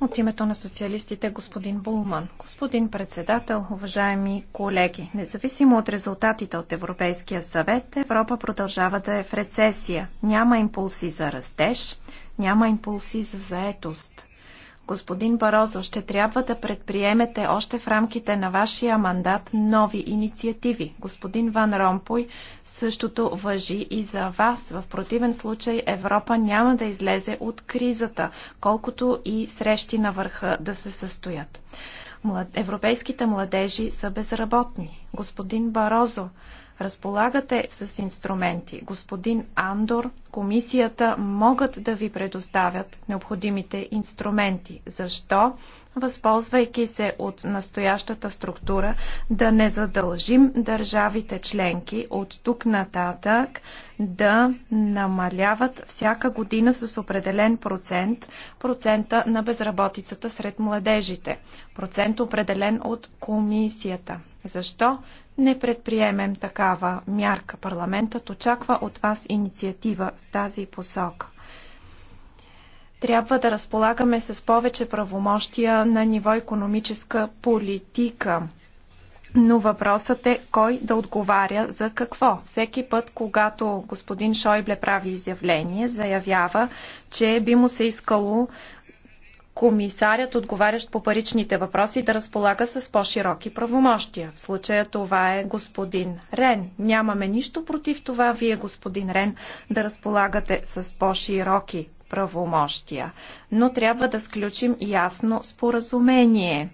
От името на социалистите господин Булман. Господин председател, уважаеми колеги, независимо от резултатите от Европейския съвет, Европа продължава да е в рецесия. Няма импулси за растеж, няма импулси за заетост. Господин Барозо, ще трябва да предприемете още в рамките на вашия мандат нови инициативи. Господин Ван Ромпой, същото въжи и за вас. В противен случай Европа няма да излезе от кризата, колкото и срещи на върха да се състоят. Европейските младежи са безработни. Господин Барозо, Разполагате с инструменти. Господин Андор, комисията могат да ви предоставят необходимите инструменти. Защо, възползвайки се от настоящата структура, да не задължим държавите членки от тук нататък да намаляват всяка година с определен процент процента на безработицата сред младежите. Процент определен от комисията. Защо? не предприемем такава мярка. Парламентът очаква от вас инициатива в тази посока. Трябва да разполагаме с повече правомощия на ниво економическа политика. Но въпросът е кой да отговаря за какво. Всеки път, когато господин Шойбле прави изявление, заявява, че би му се искало комисарят, отговарящ по паричните въпроси, да разполага с по-широки правомощия. В случая това е господин Рен. Нямаме нищо против това, вие, господин Рен, да разполагате с по-широки правомощия. Но трябва да сключим ясно споразумение.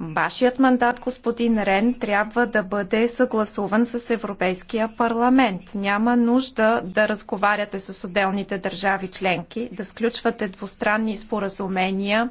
Вашият мандат, господин Рен, трябва да бъде съгласуван с Европейския парламент. Няма нужда да разговаряте с отделните държави членки, да сключвате двустранни споразумения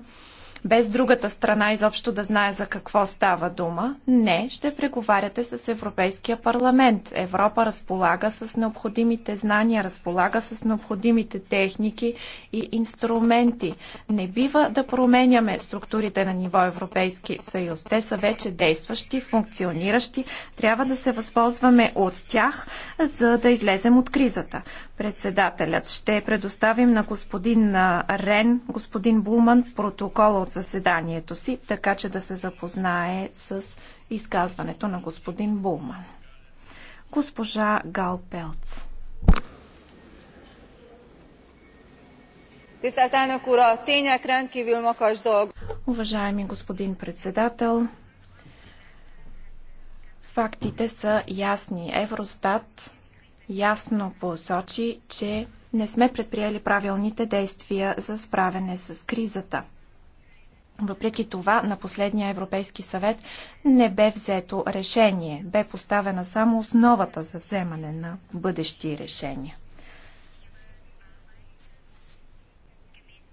без другата страна изобщо да знае за какво става дума. Не, ще преговаряте с Европейския парламент. Европа разполага с необходимите знания, разполага с необходимите техники и инструменти. Не бива да променяме структурите на ниво Европейски съюз. Те са вече действащи, функциониращи. Трябва да се възползваме от тях, за да излезем от кризата. Председателят ще предоставим на господин Рен, господин Булман, протокола от заседанието си, така че да се запознае с изказването на господин Булман. Госпожа Гал Пелц. Уважаеми господин председател, фактите са ясни. Евростат ясно посочи, че не сме предприели правилните действия за справяне с кризата. Въпреки това, на последния Европейски съвет не бе взето решение, бе поставена само основата за вземане на бъдещи решения.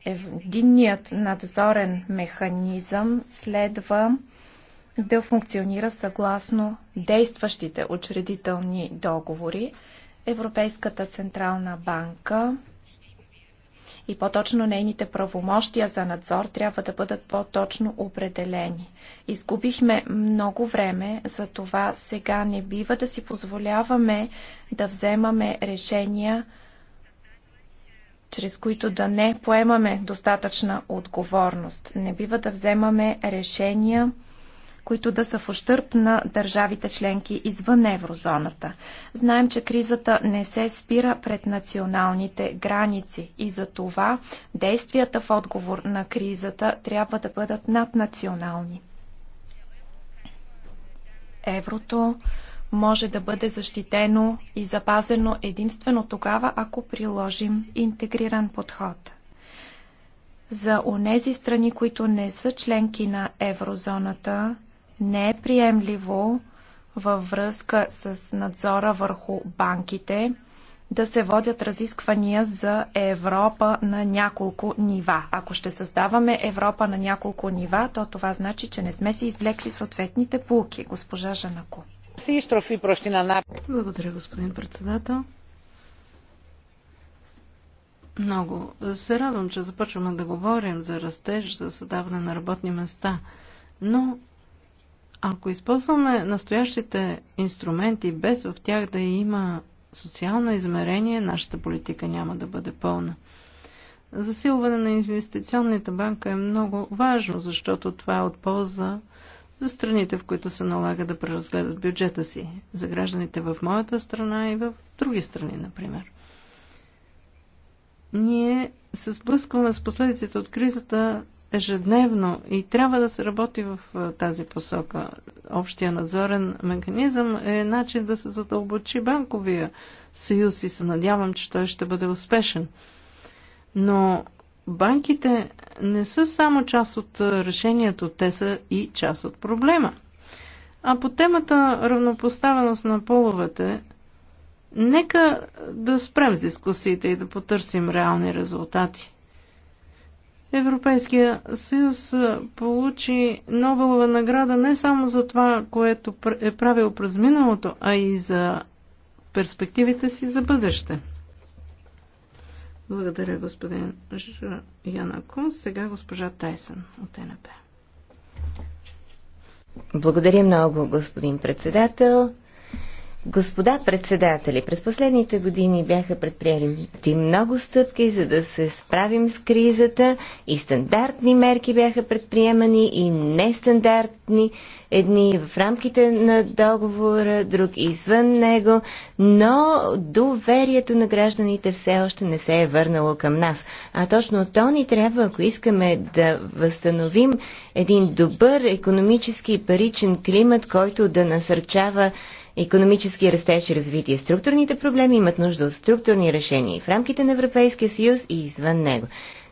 Единният надзорен механизъм следва да функционира съгласно действащите учредителни договори, Европейската централна банка и по-точно нейните правомощия за надзор трябва да бъдат по-точно определени. Изгубихме много време, за това сега не бива да си позволяваме да вземаме решения, чрез които да не поемаме достатъчна отговорност. Не бива да вземаме решения, които да са в ощърп на държавите членки извън еврозоната. Знаем, че кризата не се спира пред националните граници и за това действията в отговор на кризата трябва да бъдат наднационални. Еврото може да бъде защитено и запазено единствено тогава, ако приложим интегриран подход. За онези страни, които не са членки на еврозоната, не е приемливо във връзка с надзора върху банките да се водят разисквания за Европа на няколко нива. Ако ще създаваме Европа на няколко нива, то това значи, че не сме си извлекли съответните полки, госпожа Жанако. Благодаря, господин председател. Много се радвам, че започваме да говорим за растеж, за създаване на работни места, но ако използваме настоящите инструменти без в тях да има социално измерение, нашата политика няма да бъде пълна. Засилване на инвестиционната банка е много важно, защото това е от полза за страните, в които се налага да преразгледат бюджета си. За гражданите в моята страна и в други страни, например. Ние се сблъскваме с последиците от кризата ежедневно и трябва да се работи в тази посока. Общия надзорен механизъм е начин да се задълбочи банковия съюз и се надявам, че той ще бъде успешен. Но банките не са само част от решението, те са и част от проблема. А по темата равнопоставеност на половете, нека да спрем с дискусиите и да потърсим реални резултати. Европейския съюз получи Нобелова награда не само за това, което е правил през миналото, а и за перспективите си за бъдеще. Благодаря, господин Янако. Сега госпожа Тайсън от НП. Благодаря много, господин председател. Господа председатели, през последните години бяха предприяти много стъпки, за да се справим с кризата и стандартни мерки бяха предприемани и нестандартни, едни в рамките на договора, друг извън него, но доверието на гражданите все още не се е върнало към нас. А точно то ни трябва, ако искаме да възстановим един добър економически и паричен климат, който да насърчава економически растеж и развитие. Структурните проблеми имат нужда от структурни решения и в рамките на Европейския съюз и извън него.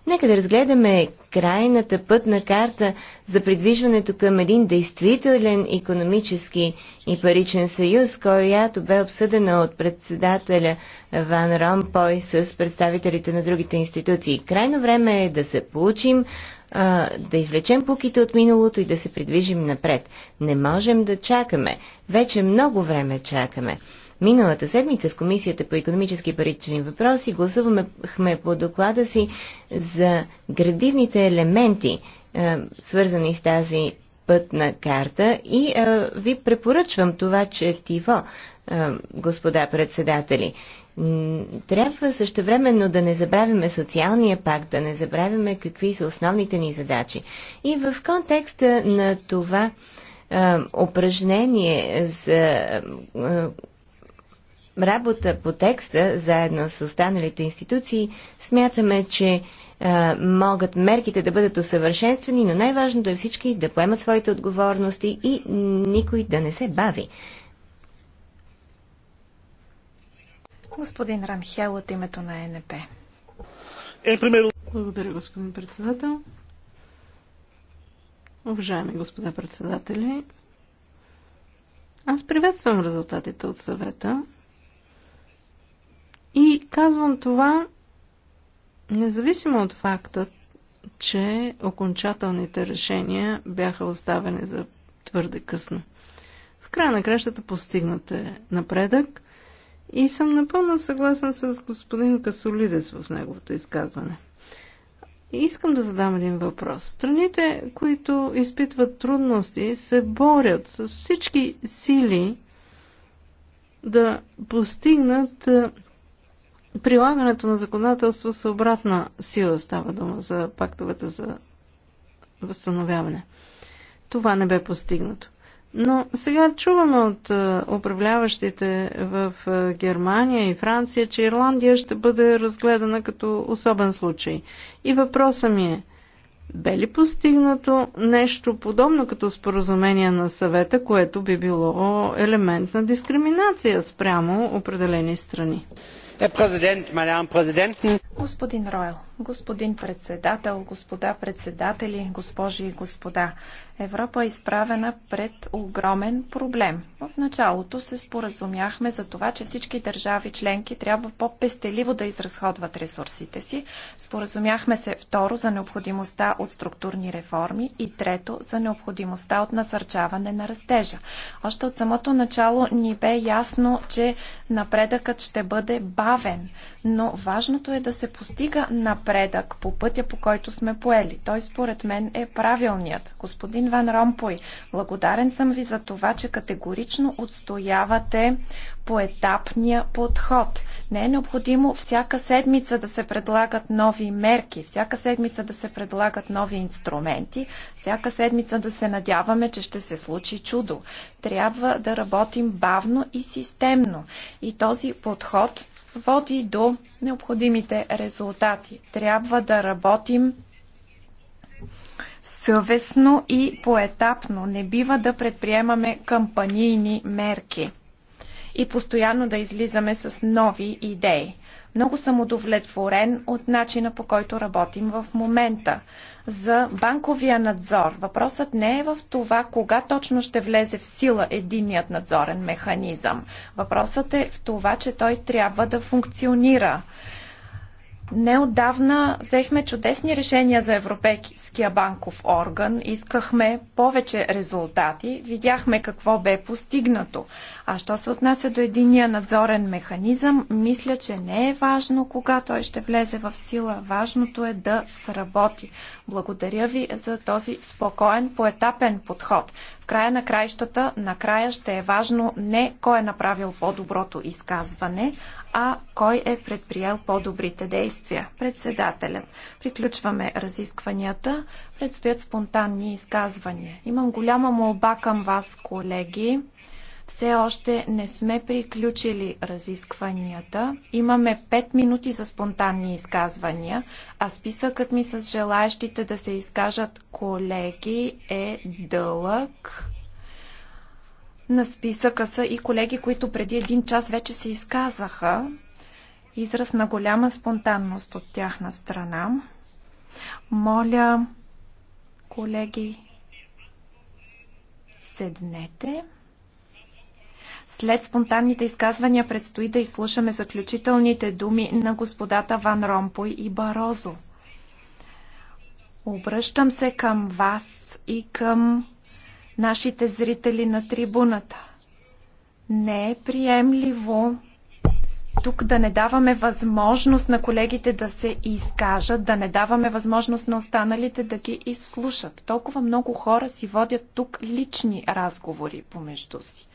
Нека да разгледаме крайната пътна карта за придвижването към един действителен економически и паричен съюз, която бе обсъдена от председателя Ван Ромпой с представителите на другите институции. Крайно време е да се получим а, да извлечем пуките от миналото и да се придвижим напред. Не можем да чакаме. Вече много време чакаме. Миналата седмица в Комисията по економически и парични въпроси гласувахме по доклада си за градивните елементи, а, свързани с тази пътна карта и а, ви препоръчвам това четиво, а, господа председатели. Трябва също времено да не забравяме социалния пакт, да не забравяме какви са основните ни задачи. И в контекста на това упражнение за работа по текста, заедно с останалите институции, смятаме, че могат мерките да бъдат усъвършенствани, но най-важното е всички да поемат своите отговорности и никой да не се бави. Господин Ранхел от името на ЕНП. Е, Благодаря, господин председател. Уважаеми господа председатели, аз приветствам резултатите от съвета и казвам това независимо от факта, че окончателните решения бяха оставени за твърде късно. В края на кращата постигнате напредък и съм напълно съгласен с господин Касолидес в неговото изказване. Искам да задам един въпрос. Страните, които изпитват трудности, се борят с всички сили да постигнат е, прилагането на законодателство с обратна сила. Става дума за пактовете за възстановяване. Това не бе постигнато. Но сега чуваме от е, управляващите в е, Германия и Франция, че Ирландия ще бъде разгледана като особен случай. И въпросът ми е, бе ли постигнато нещо подобно като споразумение на съвета, което би било елемент на дискриминация спрямо определени страни? Господин Ройл, Господин председател, господа председатели, госпожи и господа, Европа е изправена пред огромен проблем. В началото се споразумяхме за това, че всички държави членки трябва по-пестеливо да изразходват ресурсите си. Споразумяхме се второ за необходимостта от структурни реформи и трето за необходимостта от насърчаване на растежа. Още от самото начало ни бе ясно, че напредъкът ще бъде бавен но важното е да се постига напредък по пътя, по който сме поели. Той според мен е правилният. Господин Ван Ромпой, благодарен съм ви за това, че категорично отстоявате поетапния подход. Не е необходимо всяка седмица да се предлагат нови мерки, всяка седмица да се предлагат нови инструменти, всяка седмица да се надяваме, че ще се случи чудо. Трябва да работим бавно и системно. И този подход води до необходимите резултати. Трябва да работим съвестно и поетапно. Не бива да предприемаме кампанийни мерки и постоянно да излизаме с нови идеи. Много съм удовлетворен от начина по който работим в момента. За банковия надзор въпросът не е в това кога точно ще влезе в сила единият надзорен механизъм. Въпросът е в това, че той трябва да функционира. Неодавна взехме чудесни решения за Европейския банков орган. Искахме повече резултати. Видяхме какво бе постигнато. А що се отнася до единия надзорен механизъм, мисля, че не е важно кога той ще влезе в сила. Важното е да сработи. Благодаря ви за този спокоен, поетапен подход. В края на краищата, накрая ще е важно не кой е направил по-доброто изказване, а кой е предприел по-добрите действия. Председателят. Приключваме разискванията. Предстоят спонтанни изказвания. Имам голяма молба към вас, колеги. Все още не сме приключили разискванията. Имаме 5 минути за спонтанни изказвания, а списъкът ми с желаящите да се изкажат колеги е дълъг. На списъка са и колеги, които преди един час вече се изказаха. Израз на голяма спонтанност от тяхна страна. Моля, колеги, седнете. След спонтанните изказвания предстои да изслушаме заключителните думи на господата Ван Ромпой и Барозо. Обръщам се към вас и към нашите зрители на трибуната. Не е приемливо тук да не даваме възможност на колегите да се изкажат, да не даваме възможност на останалите да ги изслушат. Толкова много хора си водят тук лични разговори помежду си.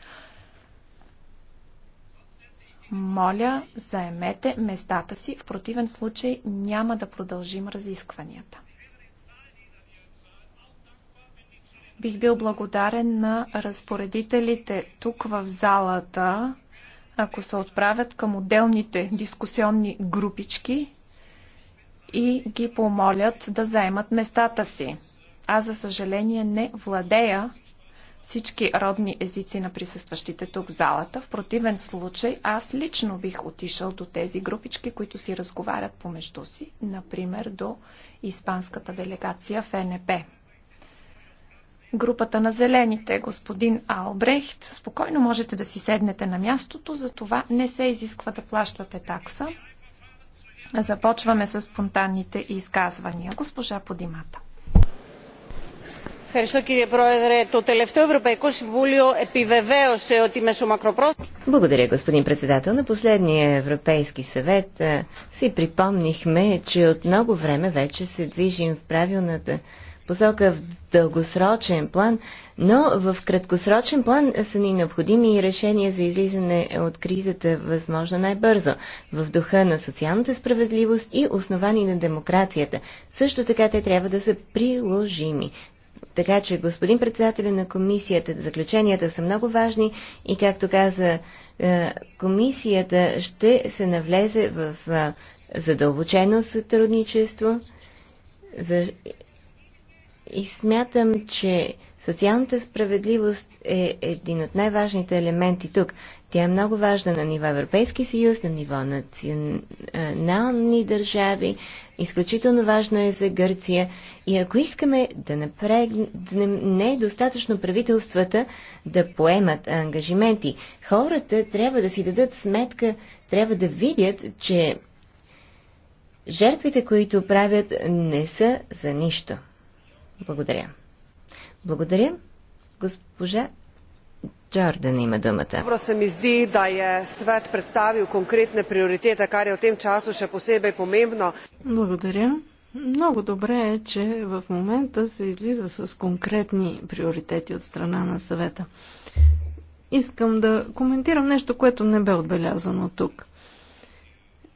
Моля, заемете местата си, в противен случай няма да продължим разискванията. Бих бил благодарен на разпоредителите тук в залата, ако се отправят към отделните дискусионни групички и ги помолят да заемат местата си. Аз, за съжаление, не владея всички родни езици на присъстващите тук в залата. В противен случай, аз лично бих отишъл до тези групички, които си разговарят помежду си, например до испанската делегация в НП групата на зелените, господин Албрехт. Спокойно можете да си седнете на мястото, за това не се изисква да плащате такса. Започваме с спонтанните изказвания. Госпожа Подимата. Благодаря, господин председател. На последния Европейски съвет си припомнихме, че от много време вече се движим в правилната посока в дългосрочен план, но в краткосрочен план са ни необходими и решения за излизане от кризата възможно най-бързо, в духа на социалната справедливост и основани на демокрацията. Също така те трябва да са приложими. Така че, господин председател на комисията, заключенията са много важни и, както каза е, комисията, ще се навлезе в е, задълбочено сътрудничество за и смятам, че социалната справедливост е един от най-важните елементи тук. Тя е много важна на ниво Европейски съюз, на ниво национални държави. Изключително важно е за Гърция. И ако искаме да напрегнем, не е достатъчно правителствата да поемат ангажименти. Хората трябва да си дадат сметка, трябва да видят, че жертвите, които правят, не са за нищо. Благодаря. Благодаря. Госпожа Джордан има думата. Dobro ми mi да е, je представил predstavil приоритета prioritete, kar je v tem času še posebej помембно. Благодаря. Много добре е, че в момента се излиза с конкретни приоритети от страна на съвета. Искам да коментирам нещо, което не бе отбелязано тук.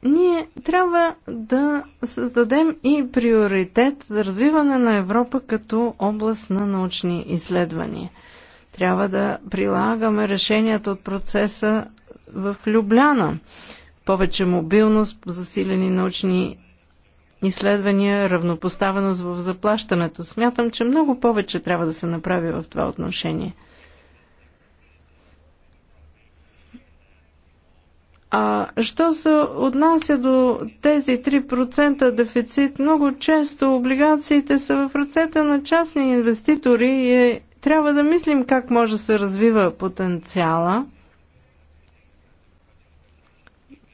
Ние трябва да създадем и приоритет за развиване на Европа като област на научни изследвания. Трябва да прилагаме решенията от процеса в Любляна. Повече мобилност, засилени научни изследвания, равнопоставеност в заплащането. Смятам, че много повече трябва да се направи в това отношение. А що се отнася до тези 3% дефицит, много често облигациите са в ръцете на частни инвеститори и е, трябва да мислим как може да се развива потенциала.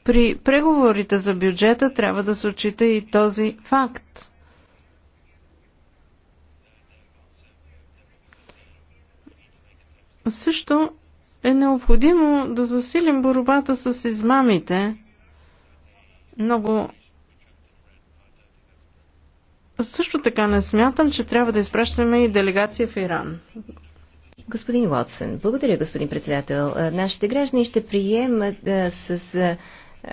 При преговорите за бюджета трябва да се отчита и този факт. Също е необходимо да засилим борбата с измамите. Много също така не смятам, че трябва да изпращаме и делегация в Иран. Господин Уотсън, благодаря, господин председател. Нашите граждани ще приемат с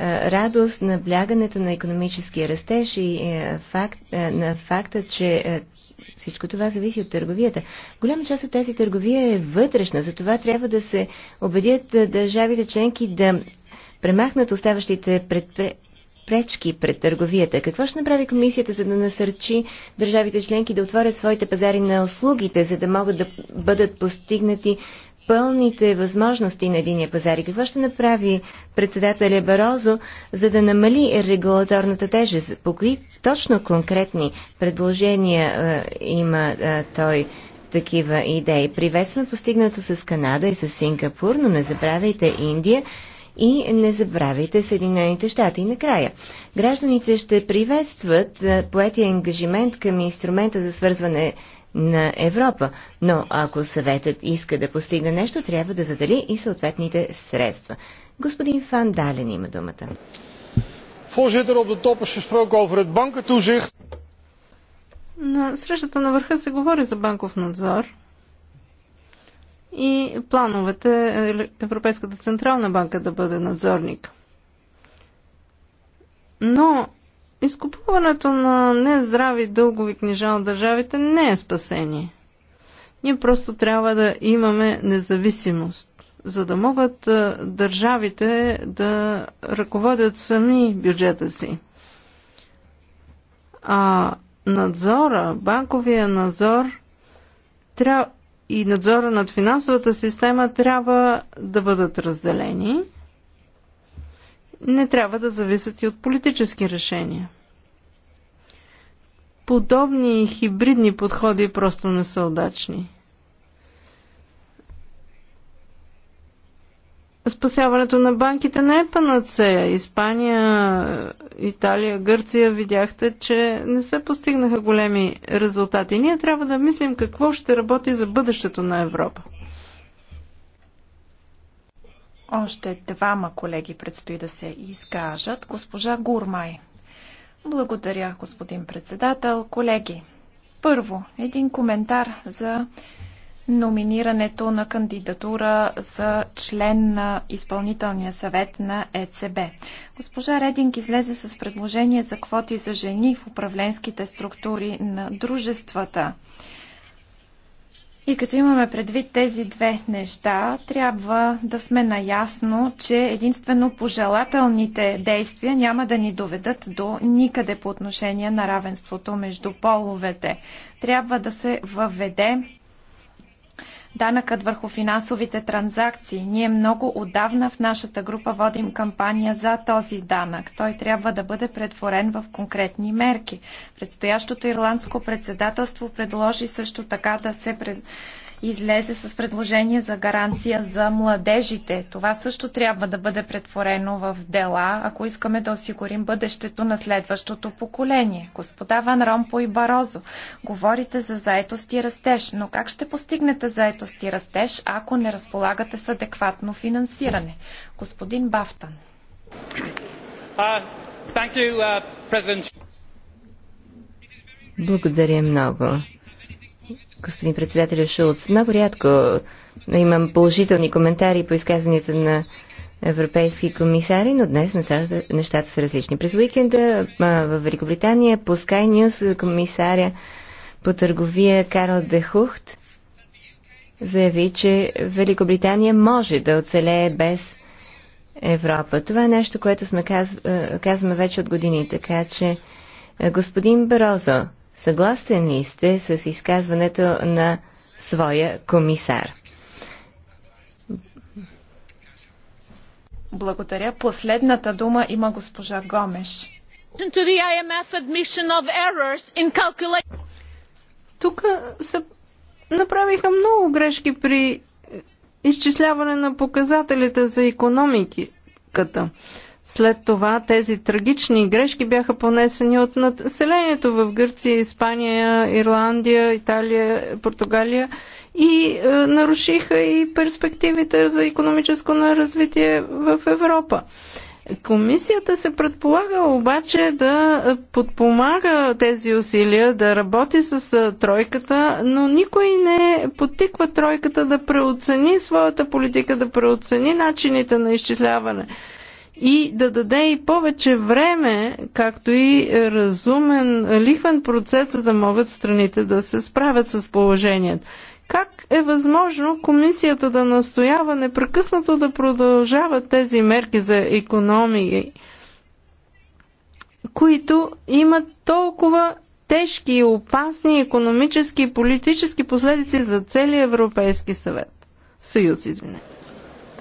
радост на блягането на економическия растеж и факт, на факта, че всичко това зависи от търговията. Голяма част от тази търговия е вътрешна, затова трябва да се убедят държавите членки да премахнат оставащите предпре... пречки пред търговията. Какво ще направи комисията, за да насърчи държавите членки да отворят своите пазари на услугите, за да могат да бъдат постигнати пълните възможности на единия пазар и какво ще направи председателя Барозо, за да намали регулаторната тежест? По кои точно конкретни предложения а, има а, той такива идеи? Приветстваме постигнато с Канада и с Сингапур, но не забравяйте Индия и не забравяйте Съединените щати. И накрая, гражданите ще приветстват поетия ангажимент към инструмента за свързване на Европа. Но ако съветът иска да постигне нещо, трябва да задали и съответните средства. Господин Фан Дален има думата. Voorzitter, op de top is gesproken over het bankentoezicht. На срещата на върха се говори за банков надзор и плановете Европейската централна банка да бъде надзорник. Но изкупуването на нездрави дългови книжа от държавите не е спасение. Ние просто трябва да имаме независимост, за да могат държавите да ръководят сами бюджета си. А надзора, банковия надзор и надзора над финансовата система трябва да бъдат разделени – не трябва да зависят и от политически решения. Подобни хибридни подходи просто не са удачни. Спасяването на банките не е панацея. Испания, Италия, Гърция видяхте, че не се постигнаха големи резултати. Ние трябва да мислим какво ще работи за бъдещето на Европа. Още двама колеги предстои да се изкажат. Госпожа Гурмай. Благодаря, господин председател. Колеги, първо, един коментар за номинирането на кандидатура за член на изпълнителния съвет на ЕЦБ. Госпожа Рединг излезе с предложение за квоти за жени в управленските структури на дружествата. И като имаме предвид тези две неща, трябва да сме наясно, че единствено пожелателните действия няма да ни доведат до никъде по отношение на равенството между половете. Трябва да се въведе данъкът върху финансовите транзакции. Ние много отдавна в нашата група водим кампания за този данък. Той трябва да бъде претворен в конкретни мерки. Предстоящото ирландско председателство предложи също така да се пред излезе с предложение за гаранция за младежите. Това също трябва да бъде претворено в дела, ако искаме да осигурим бъдещето на следващото поколение. Господа Ван Ромпо и Барозо, говорите за заетост и растеж, но как ще постигнете заетост и растеж, ако не разполагате с адекватно финансиране? Господин Бафтан. Uh, you, uh, Благодаря много господин председател Шулц. Много рядко имам положителни коментари по изказванията на европейски комисари, но днес нещата, са различни. През уикенда в Великобритания по Sky News комисаря по търговия Карл Дехухт заяви, че Великобритания може да оцелее без Европа. Това е нещо, което сме казваме вече от години, така че господин Барозо, Съгласен ли сте с изказването на своя комисар? Благодаря. Последната дума има госпожа Гомеш. Тук се направиха много грешки при изчисляване на показателите за економиката. След това тези трагични грешки бяха понесени от населението в Гърция, Испания, Ирландия, Италия, Португалия и е, нарушиха и перспективите за економическо на развитие в Европа. Комисията се предполага обаче да подпомага тези усилия, да работи с е, тройката, но никой не подтиква тройката да преоцени своята политика, да преоцени начините на изчисляване и да даде и повече време, както и разумен лихвен процес, за да могат страните да се справят с положението. Как е възможно комисията да настоява непрекъснато да продължават тези мерки за економии, които имат толкова тежки и опасни економически и политически последици за целия Европейски съвет? Съюз, извинете.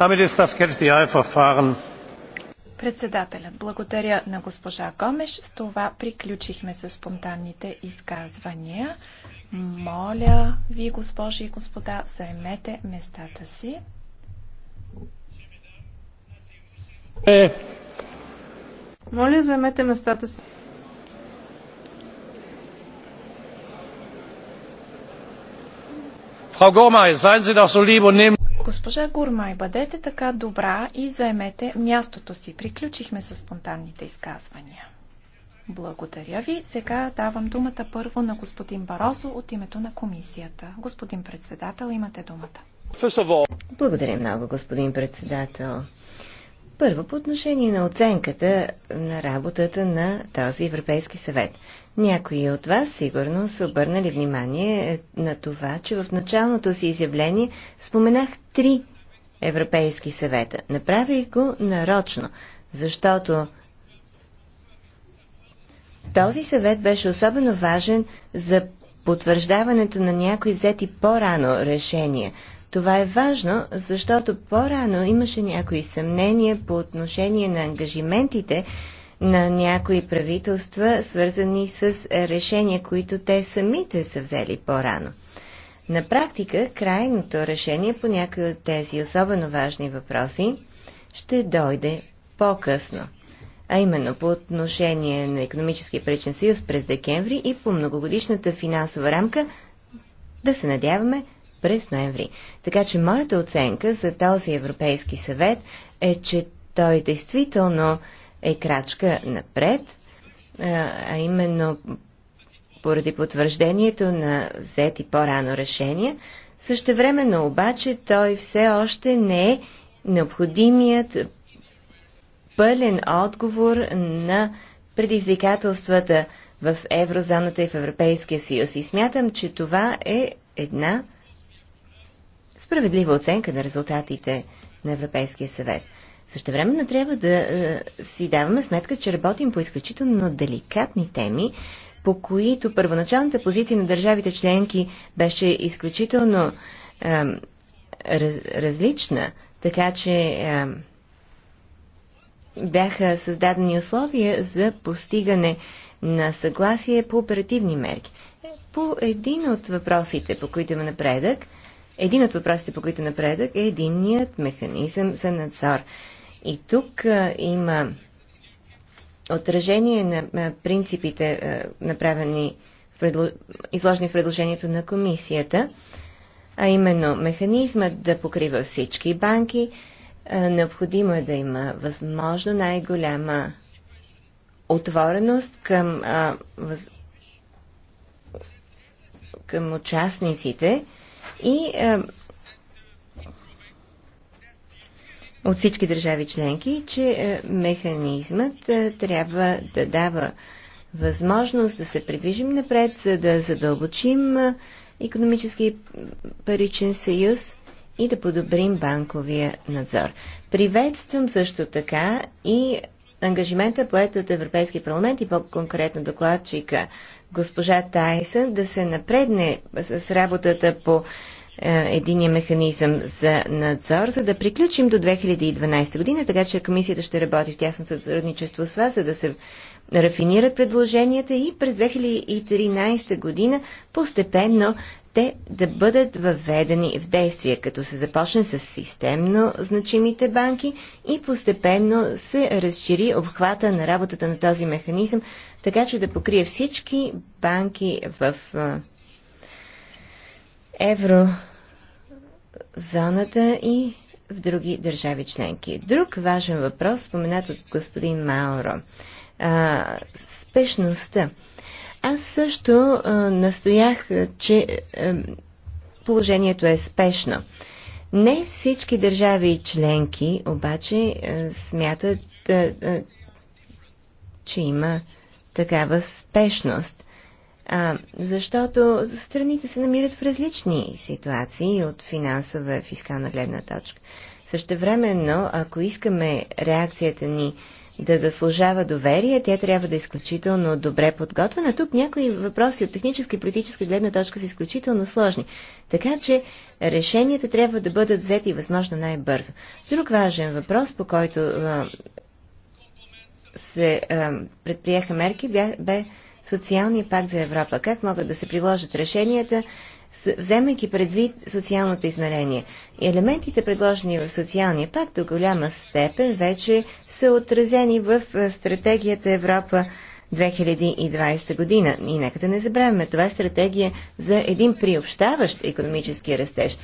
Damit ist das catch the Председателят, благодаря на госпожа Гомеш. С това приключихме с спонтанните изказвания. Моля ви, госпожи и господа, займете местата си. Е. Моля, заемете местата си. Frau Gormay, seien Sie doch so lieb und nehmen Госпожа Гурмай, бъдете така добра и заемете мястото си. Приключихме с спонтанните изказвания. Благодаря ви. Сега давам думата първо на господин Барозо от името на комисията. Господин председател, имате думата. Благодаря много, господин председател. Първо по отношение на оценката на работата на този Европейски съвет. Някои от вас сигурно са обърнали внимание на това, че в началното си изявление споменах три европейски съвета. Направих го нарочно, защото този съвет беше особено важен за потвърждаването на някои взети по-рано решения. Това е важно, защото по-рано имаше някои съмнения по отношение на ангажиментите, на някои правителства, свързани с решения, които те самите са взели по-рано. На практика, крайното решение по някои от тези особено важни въпроси ще дойде по-късно, а именно по отношение на економическия пречен съюз през декември и по многогодишната финансова рамка, да се надяваме, през ноември. Така че моята оценка за този Европейски съвет е, че той действително е крачка напред, а именно поради потвърждението на взети по-рано решения. Същевременно обаче той все още не е необходимият пълен отговор на предизвикателствата в еврозоната и в Европейския съюз. И смятам, че това е една справедлива оценка на резултатите на Европейския съвет. Същевременно трябва да е, си даваме сметка, че работим по изключително деликатни теми, по които първоначалната позиция на държавите членки беше изключително е, раз, различна, така че е, бяха създадени условия за постигане на съгласие по оперативни мерки. По един от въпросите, по които има напредък, един от въпросите, по които е напредък е единният механизъм за надзор. И тук а, има отражение на а, принципите, а, направени в предло... изложени в предложението на комисията, а именно механизмът да покрива всички банки, а, необходимо е да има възможно най-голяма отвореност към, а, въз... към участниците и а, от всички държави членки, че е, механизмът е, трябва да дава възможност да се придвижим напред, за да задълбочим економически паричен съюз и да подобрим банковия надзор. Приветствам също така и ангажимента поет от Европейския парламент и по-конкретно докладчика госпожа Тайсън да се напредне с работата по е, единия механизъм за надзор, за да приключим до 2012 година, така че комисията ще работи в тясно сътрудничество с вас, за да се рафинират предложенията и през 2013 година постепенно те да бъдат въведени в действие, като се започне с системно значимите банки и постепенно се разшири обхвата на работата на този механизъм, така че да покрие всички банки в е, еврозоната и в други държави членки. Друг важен въпрос, споменат от господин Мауро. А, спешността. Аз също а, настоях, че а, положението е спешно. Не всички държави и членки обаче а, смятат, а, а, че има такава спешност. А, защото страните се намират в различни ситуации от финансова и фискална гледна точка. Същевременно, ако искаме реакцията ни да заслужава доверие, тя трябва да е изключително добре подготвена. Тук някои въпроси от техническа и политическа гледна точка са изключително сложни. Така че решенията трябва да бъдат взети възможно най-бързо. Друг важен въпрос, по който а, се а, предприеха мерки, бе, бе социалния пакт за Европа. Как могат да се приложат решенията, вземайки предвид социалното измерение? Елементите, предложени в социалния пакт, до голяма степен вече са отразени в стратегията Европа 2020 година. И нека да не забравяме, това е стратегия за един приобщаващ економически растеж.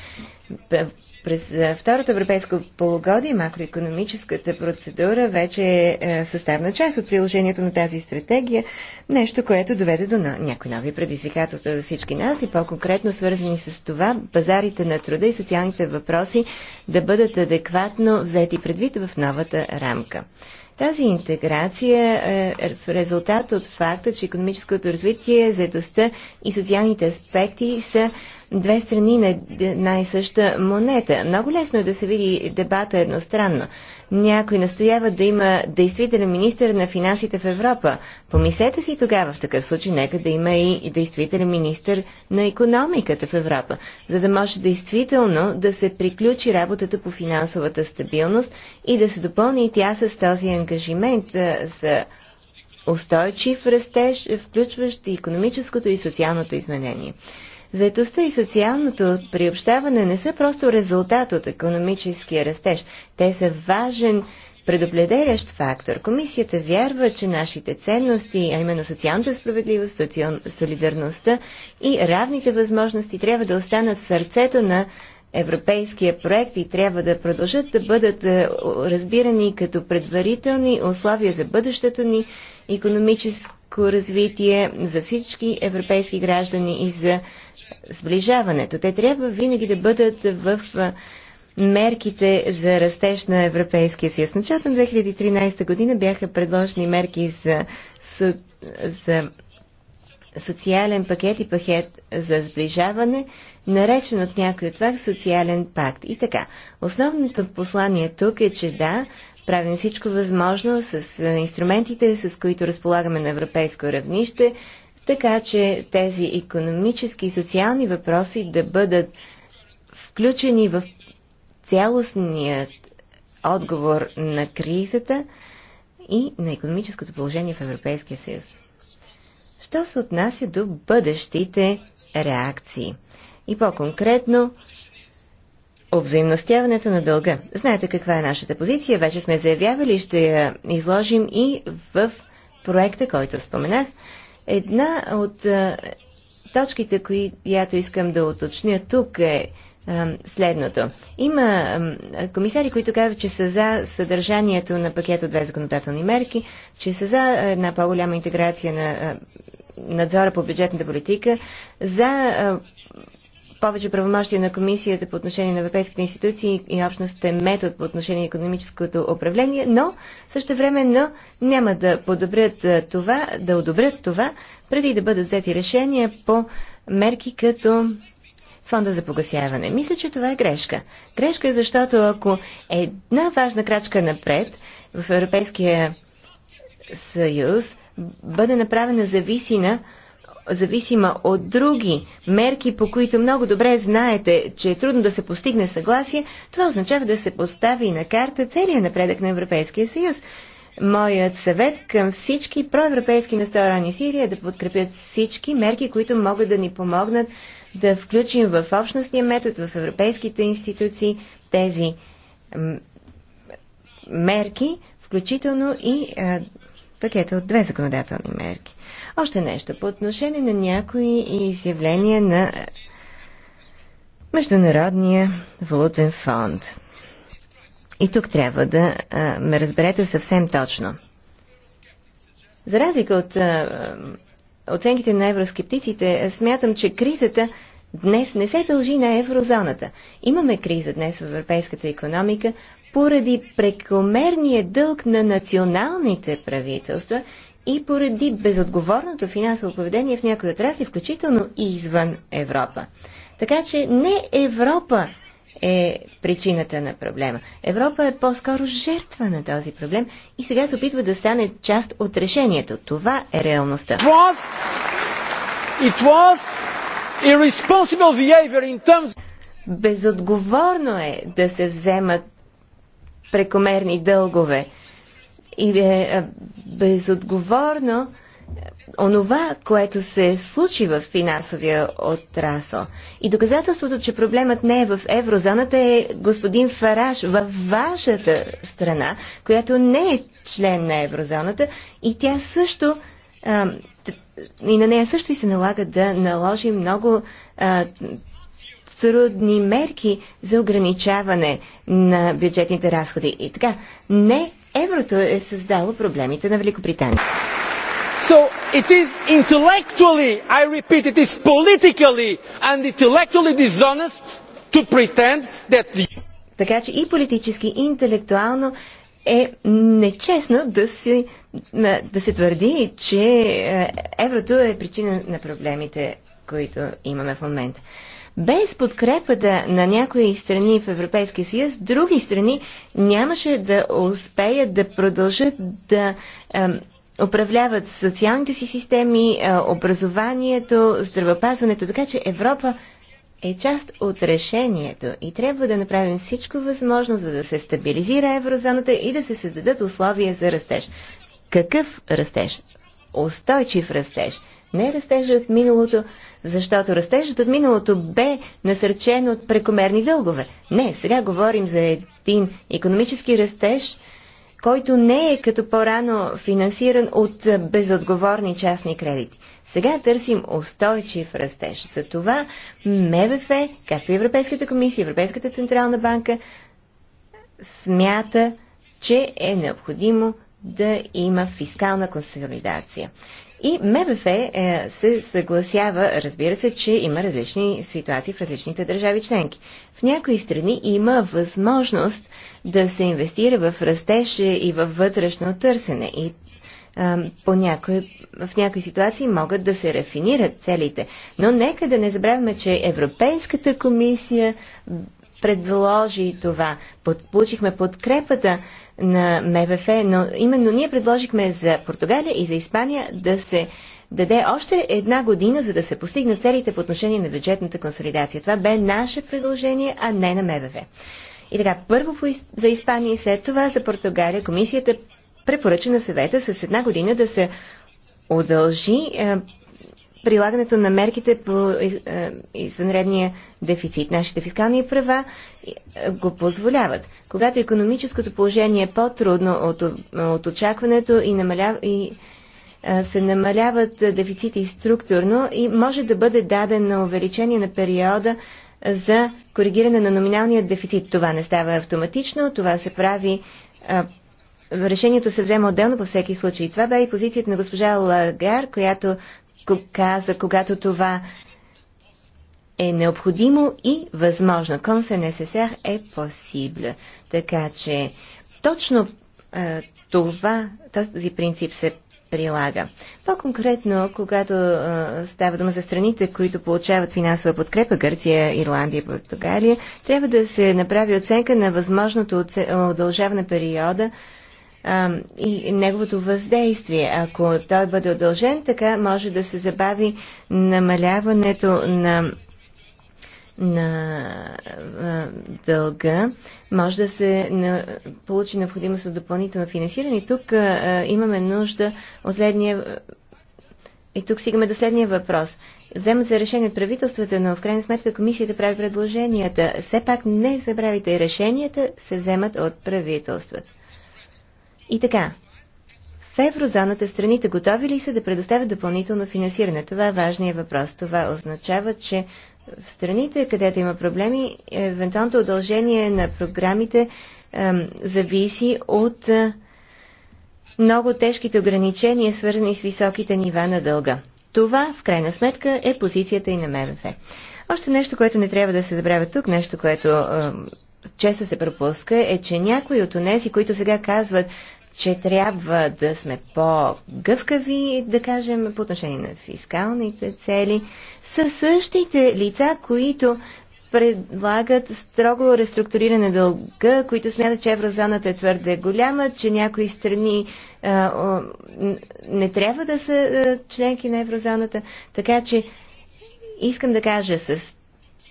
През е, второто европейско полугодие макроекономическата процедура вече е, е съставна част от приложението на тази стратегия, нещо, което доведе до някои нови предизвикателства за всички нас и по-конкретно свързани с това пазарите на труда и социалните въпроси да бъдат адекватно взети предвид в новата рамка. Тази интеграция е, е в резултат от факта, че економическото развитие, заедостта и социалните аспекти са две страни на една и съща монета. Много лесно е да се види дебата едностранно. Някой настоява да има действителен министр на финансите в Европа. Помислете си тогава в такъв случай, нека да има и действителен министр на економиката в Европа, за да може действително да се приключи работата по финансовата стабилност и да се допълни и тя с този ангажимент за устойчив растеж, включващ и економическото и социалното изменение. Заетостта и социалното приобщаване не са просто резултат от економическия растеж. Те са важен предопределящ фактор. Комисията вярва, че нашите ценности, а именно социалната справедливост, социал... солидарността и равните възможности трябва да останат в сърцето на европейския проект и трябва да продължат да бъдат е, разбирани като предварителни условия за бъдещето ни економическо развитие за всички европейски граждани и за сближаването. Те трябва винаги да бъдат в мерките за растеж на Европейския съюз. Началото на 2013 година бяха предложени мерки за, со, за социален пакет и пакет за сближаване, наречен от някой от вас социален пакт. И така, основното послание тук е, че да, правим всичко възможно с инструментите, с които разполагаме на европейско равнище, така че тези економически и социални въпроси да бъдат включени в цялостният отговор на кризата и на економическото положение в Европейския съюз. Що се отнася до бъдещите реакции? И по-конкретно, обзаимностяването на дълга. Знаете каква е нашата позиция, вече сме заявявали, ще я изложим и в проекта, който споменах. Една от точките, която искам да уточня тук е следното. Има комисари, които казват, че са за съдържанието на пакет от две законодателни мерки, че са за една по-голяма интеграция на надзора по бюджетната политика, за повече правомощия на комисията по отношение на европейските институции и общността метод по отношение на економическото управление, но също време но няма да подобрят това, да одобрят това, преди да бъдат взети решения по мерки като фонда за погасяване. Мисля, че това е грешка. Грешка е защото ако една важна крачка напред в Европейския съюз бъде направена зависина зависима от други мерки, по които много добре знаете, че е трудно да се постигне съгласие, това означава да се постави на карта целият напредък на Европейския съюз. Моят съвет към всички проевропейски настроени Сирия е да подкрепят всички мерки, които могат да ни помогнат да включим в общностния метод, в европейските институции тези мерки, включително и а, пакета от две законодателни мерки. Още нещо по отношение на някои изявления на Международния валутен фонд. И тук трябва да а, ме разберете съвсем точно. За разлика от а, оценките на евроскептиците, смятам, че кризата днес не се дължи на еврозоната. Имаме криза днес в европейската економика поради прекомерния дълг на националните правителства и поради безотговорното финансово поведение в някои отрасли, включително и извън Европа. Така че не Европа е причината на проблема. Европа е по-скоро жертва на този проблем и сега се опитва да стане част от решението. Това е реалността. It was, it was irresponsible behavior in terms... Безотговорно е да се вземат прекомерни дългове и е, е безотговорно е, онова, което се случи в финансовия отрасъл. И доказателството, че проблемът не е в еврозоната е господин Фараш във вашата страна, която не е член на еврозоната и тя също и на нея също и се налага да наложи много а, трудни мерки за ограничаване на бюджетните разходи. И така, не еврото е създало проблемите на Великобритания. So it is intellectually, I repeat, it is politically and intellectually dishonest to pretend that the... Така че и политически, и интелектуално е нечестно да се, да се твърди, че е, еврото е причина на проблемите, които имаме в момента. Без подкрепата на някои страни в Европейския съюз, други страни нямаше да успеят да продължат да е, управляват социалните си системи, е, образованието, здравеопазването, така че Европа е част от решението и трябва да направим всичко възможно, за да се стабилизира еврозоната и да се създадат условия за растеж. Какъв растеж? Устойчив растеж – не растежа от миналото, защото растежът от миналото бе насърчен от прекомерни дългове. Не, сега говорим за един економически растеж, който не е като по-рано финансиран от безотговорни частни кредити. Сега търсим устойчив растеж. За това МВФ, както и Европейската комисия, Европейската централна банка, смята, че е необходимо да има фискална консолидация. И МВФ е, се съгласява, разбира се, че има различни ситуации в различните държави членки. В някои страни има възможност да се инвестира в растеж и във вътрешно търсене. И по някои, в някои ситуации могат да се рафинират целите. Но нека да не забравяме, че Европейската комисия предложи това. Под, получихме подкрепата на МВФ, но именно ние предложихме за Португалия и за Испания да се даде още една година, за да се постигнат целите по отношение на бюджетната консолидация. Това бе наше предложение, а не на МВФ. И така, първо за Испания и след това за Португалия комисията препоръча на съвета с една година да се удължи е, прилагането на мерките по е, е, извънредния дефицит. Нашите фискални права е, го позволяват. Когато економическото положение е по-трудно от, от очакването и, намалява, и се намаляват дефицити структурно и може да бъде дадено увеличение на периода за коригиране на номиналния дефицит. Това не става автоматично, това се прави решението се взема отделно по всеки случай. Това бе и позицията на госпожа Лагар, която каза, когато това е необходимо и възможно. Консе НССР е посибля. Така че точно а, това, този принцип се прилага. По-конкретно, когато а, става дума за страните, които получават финансова подкрепа, Гърция, Ирландия и Португалия, трябва да се направи оценка на възможното удължаване периода а, и неговото въздействие. Ако той бъде удължен, така може да се забави намаляването на на а, дълга, може да се на, получи необходимост от допълнително финансиране. И тук а, имаме нужда от следния. И тук стигаме до следния въпрос. Вземат се решение от правителствата, но в крайна сметка комисията прави предложенията. Все пак не забравяйте, решенията се вземат от правителствата. И така, в еврозоната страните готови ли са да предоставят допълнително финансиране? Това е важният въпрос. Това означава, че в страните, където има проблеми, евентуалното удължение на програмите ем, зависи от е, много тежките ограничения, свързани с високите нива на дълга. Това, в крайна сметка, е позицията и на МВФ. Още нещо, което не трябва да се забравя тук, нещо, което често се пропуска, е, че някои от тези, които сега казват, че трябва да сме по-гъвкави, да кажем, по отношение на фискалните цели, са същите лица, които предлагат строго реструктуриране дълга, които смятат, че еврозоната е твърде голяма, че някои страни а, а, не трябва да са а, членки на еврозоната. Така че искам да кажа с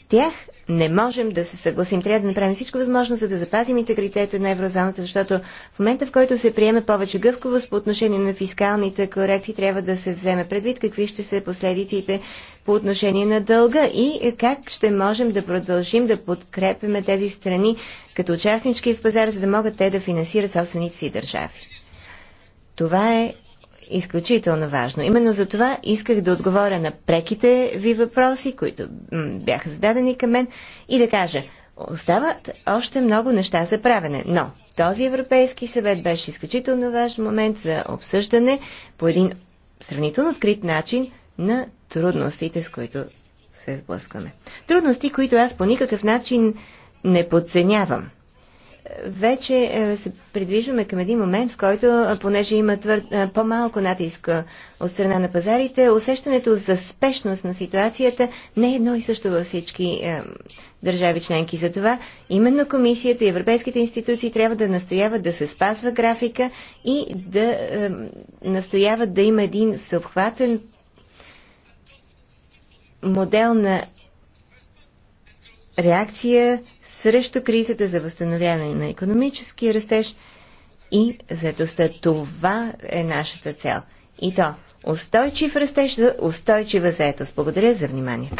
тях не можем да се съгласим. Трябва да направим всичко възможно, за да запазим интегритета на еврозоната, защото в момента, в който се приеме повече гъвковост по отношение на фискалните корекции, трябва да се вземе предвид какви ще са последиците по отношение на дълга и как ще можем да продължим да подкрепяме тези страни като участнички в пазара, за да могат те да финансират собствените си държави. Това е изключително важно. Именно за това исках да отговоря на преките ви въпроси, които бяха зададени към мен и да кажа, остават още много неща за правене, но този Европейски съвет беше изключително важен момент за обсъждане по един сравнително открит начин на трудностите, с които се сблъскваме. Трудности, които аз по никакъв начин не подценявам – вече е, се придвижваме към един момент, в който, е, понеже има твърд, е, по-малко натиск от страна на пазарите, усещането за спешност на ситуацията не е едно и също във всички държави членки. Затова именно комисията и европейските институции трябва да настояват да се спазва графика и да настояват да има един съобхватен модел на реакция срещу кризата за възстановяване на економически растеж и заедостта. Това е нашата цел. И то устойчив растеж за устойчива заедост. Благодаря за вниманието.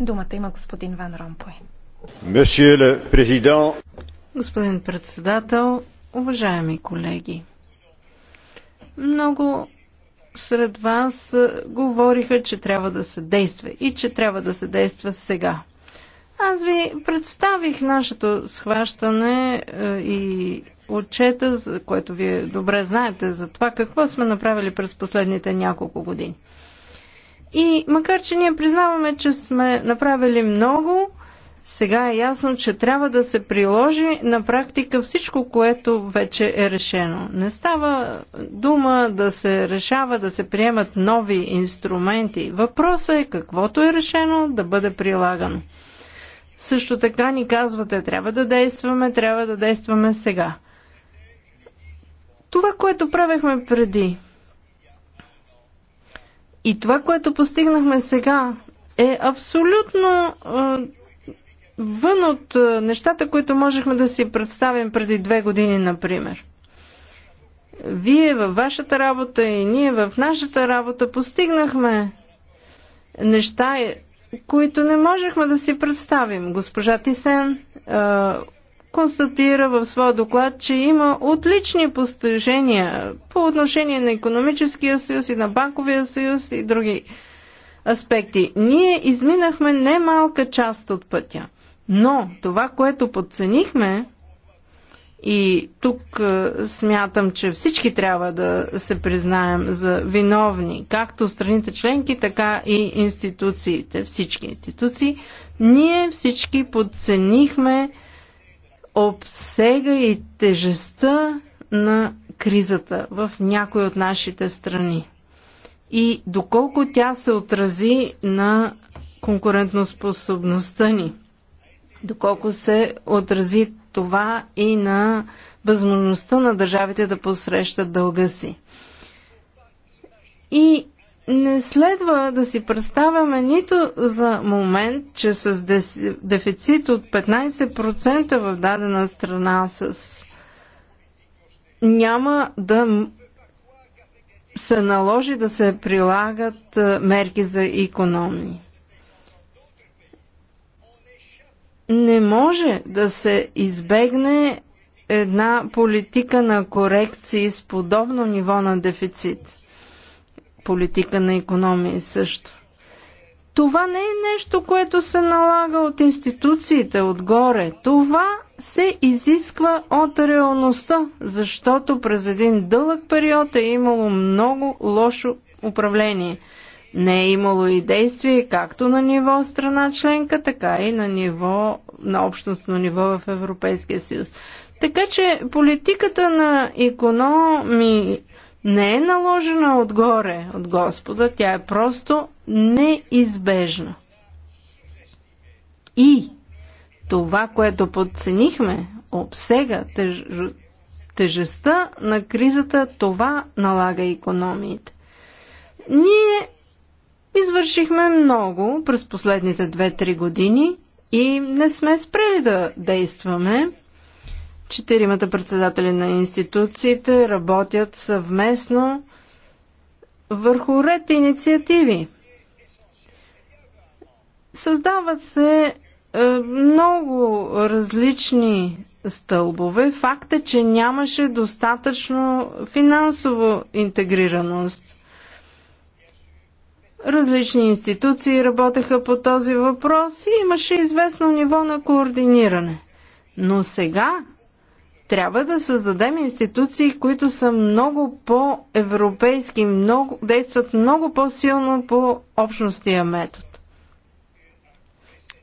Думата има господин Ван Ромпой. Господин председател, уважаеми колеги, много сред вас говориха, че трябва да се действа и че трябва да се действа сега. Аз ви представих нашето схващане и отчета, за което вие добре знаете за това какво сме направили през последните няколко години. И макар, че ние признаваме, че сме направили много, сега е ясно, че трябва да се приложи на практика всичко, което вече е решено. Не става дума да се решава да се приемат нови инструменти. Въпросът е каквото е решено да бъде прилагано. Също така ни казвате, трябва да действаме, трябва да действаме сега. Това, което правехме преди и това, което постигнахме сега, е абсолютно вън от е, нещата, които можехме да си представим преди две години, например. Вие във вашата работа и ние в нашата работа постигнахме неща, е, които не можехме да си представим. Госпожа Тисен а, е, констатира в своя доклад, че има отлични постижения по отношение на економическия съюз и на банковия съюз и други аспекти. Ние изминахме немалка част от пътя. Но това, което подценихме, и тук е, смятам, че всички трябва да се признаем за виновни, както страните членки, така и институциите, всички институции. Ние всички подценихме обсега и тежестта на кризата в някои от нашите страни и доколко тя се отрази на конкурентоспособността ни доколко се отрази това и на възможността на държавите да посрещат дълга си. И не следва да си представяме нито за момент, че с дефицит от 15% в дадена страна с няма да се наложи да се прилагат мерки за економии. Не може да се избегне една политика на корекции с подобно ниво на дефицит. Политика на економии също. Това не е нещо, което се налага от институциите отгоре. Това се изисква от реалността, защото през един дълъг период е имало много лошо управление – не е имало и действие както на ниво страна членка, така и на ниво, на общностно ниво в Европейския съюз. Така че политиката на економи не е наложена отгоре от Господа, тя е просто неизбежна. И това, което подценихме, обсега теж... тежестта на кризата, това налага економиите. Ние Извършихме много през последните 2-3 години и не сме спрели да действаме. Четиримата председатели на институциите работят съвместно върху ред инициативи. Създават се е, много различни стълбове. Факт е, че нямаше достатъчно финансово интегрираност. Различни институции работеха по този въпрос и имаше известно ниво на координиране. Но сега трябва да създадем институции, които са много по-европейски, много, действат много по-силно по общностия метод.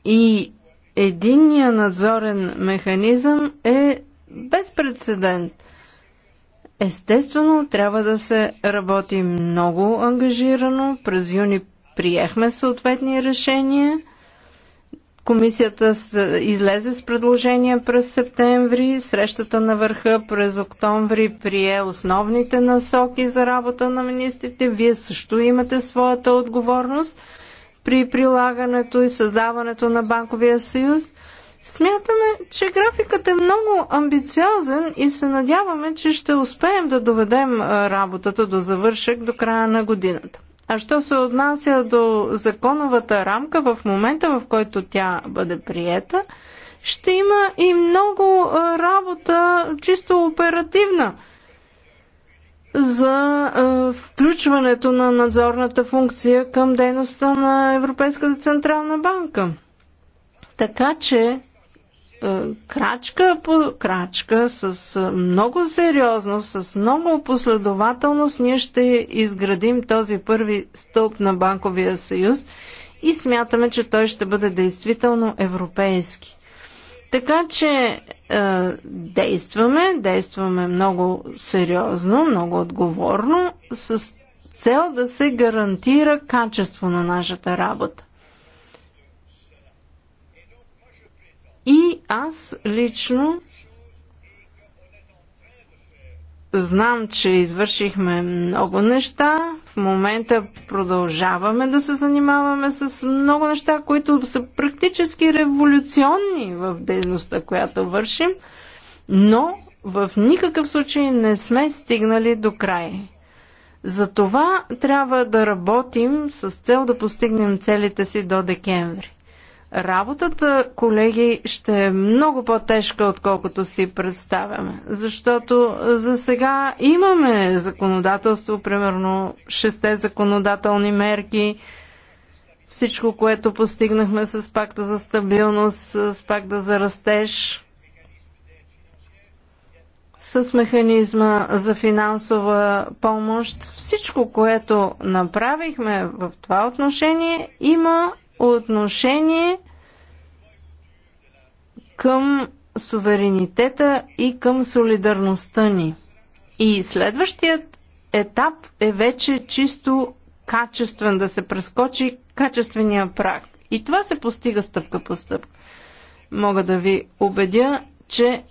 И единния надзорен механизъм е безпредседент. Естествено, трябва да се работи много ангажирано. През юни приехме съответни решения. Комисията излезе с предложения през септември, срещата на върха през октомври прие основните насоки за работа на министрите. Вие също имате своята отговорност при прилагането и създаването на Банковия съюз. Смятаме, че графикът е много амбициозен и се надяваме, че ще успеем да доведем работата до завършек до края на годината. А що се отнася до законовата рамка, в момента в който тя бъде приета, ще има и много работа чисто оперативна за включването на надзорната функция към дейността на Европейската централна банка. Така че е, крачка по крачка, с е, много сериозност, с много последователност, ние ще изградим този първи стълб на Банковия съюз и смятаме, че той ще бъде действително европейски. Така че е, действаме, действаме много сериозно, много отговорно, с цел да се гарантира качество на нашата работа. И аз лично Знам, че извършихме много неща. В момента продължаваме да се занимаваме с много неща, които са практически революционни в дейността, която вършим, но в никакъв случай не сме стигнали до край. За това трябва да работим с цел да постигнем целите си до декември. Работата, колеги, ще е много по-тежка, отколкото си представяме. Защото за сега имаме законодателство, примерно шесте законодателни мерки, всичко, което постигнахме с пакта за стабилност, с пакта за растеж, с механизма за финансова помощ. Всичко, което направихме в това отношение, има отношение към суверенитета и към солидарността ни. И следващият етап е вече чисто качествен, да се прескочи качествения прак. И това се постига стъпка по стъпка. Мога да ви убедя, че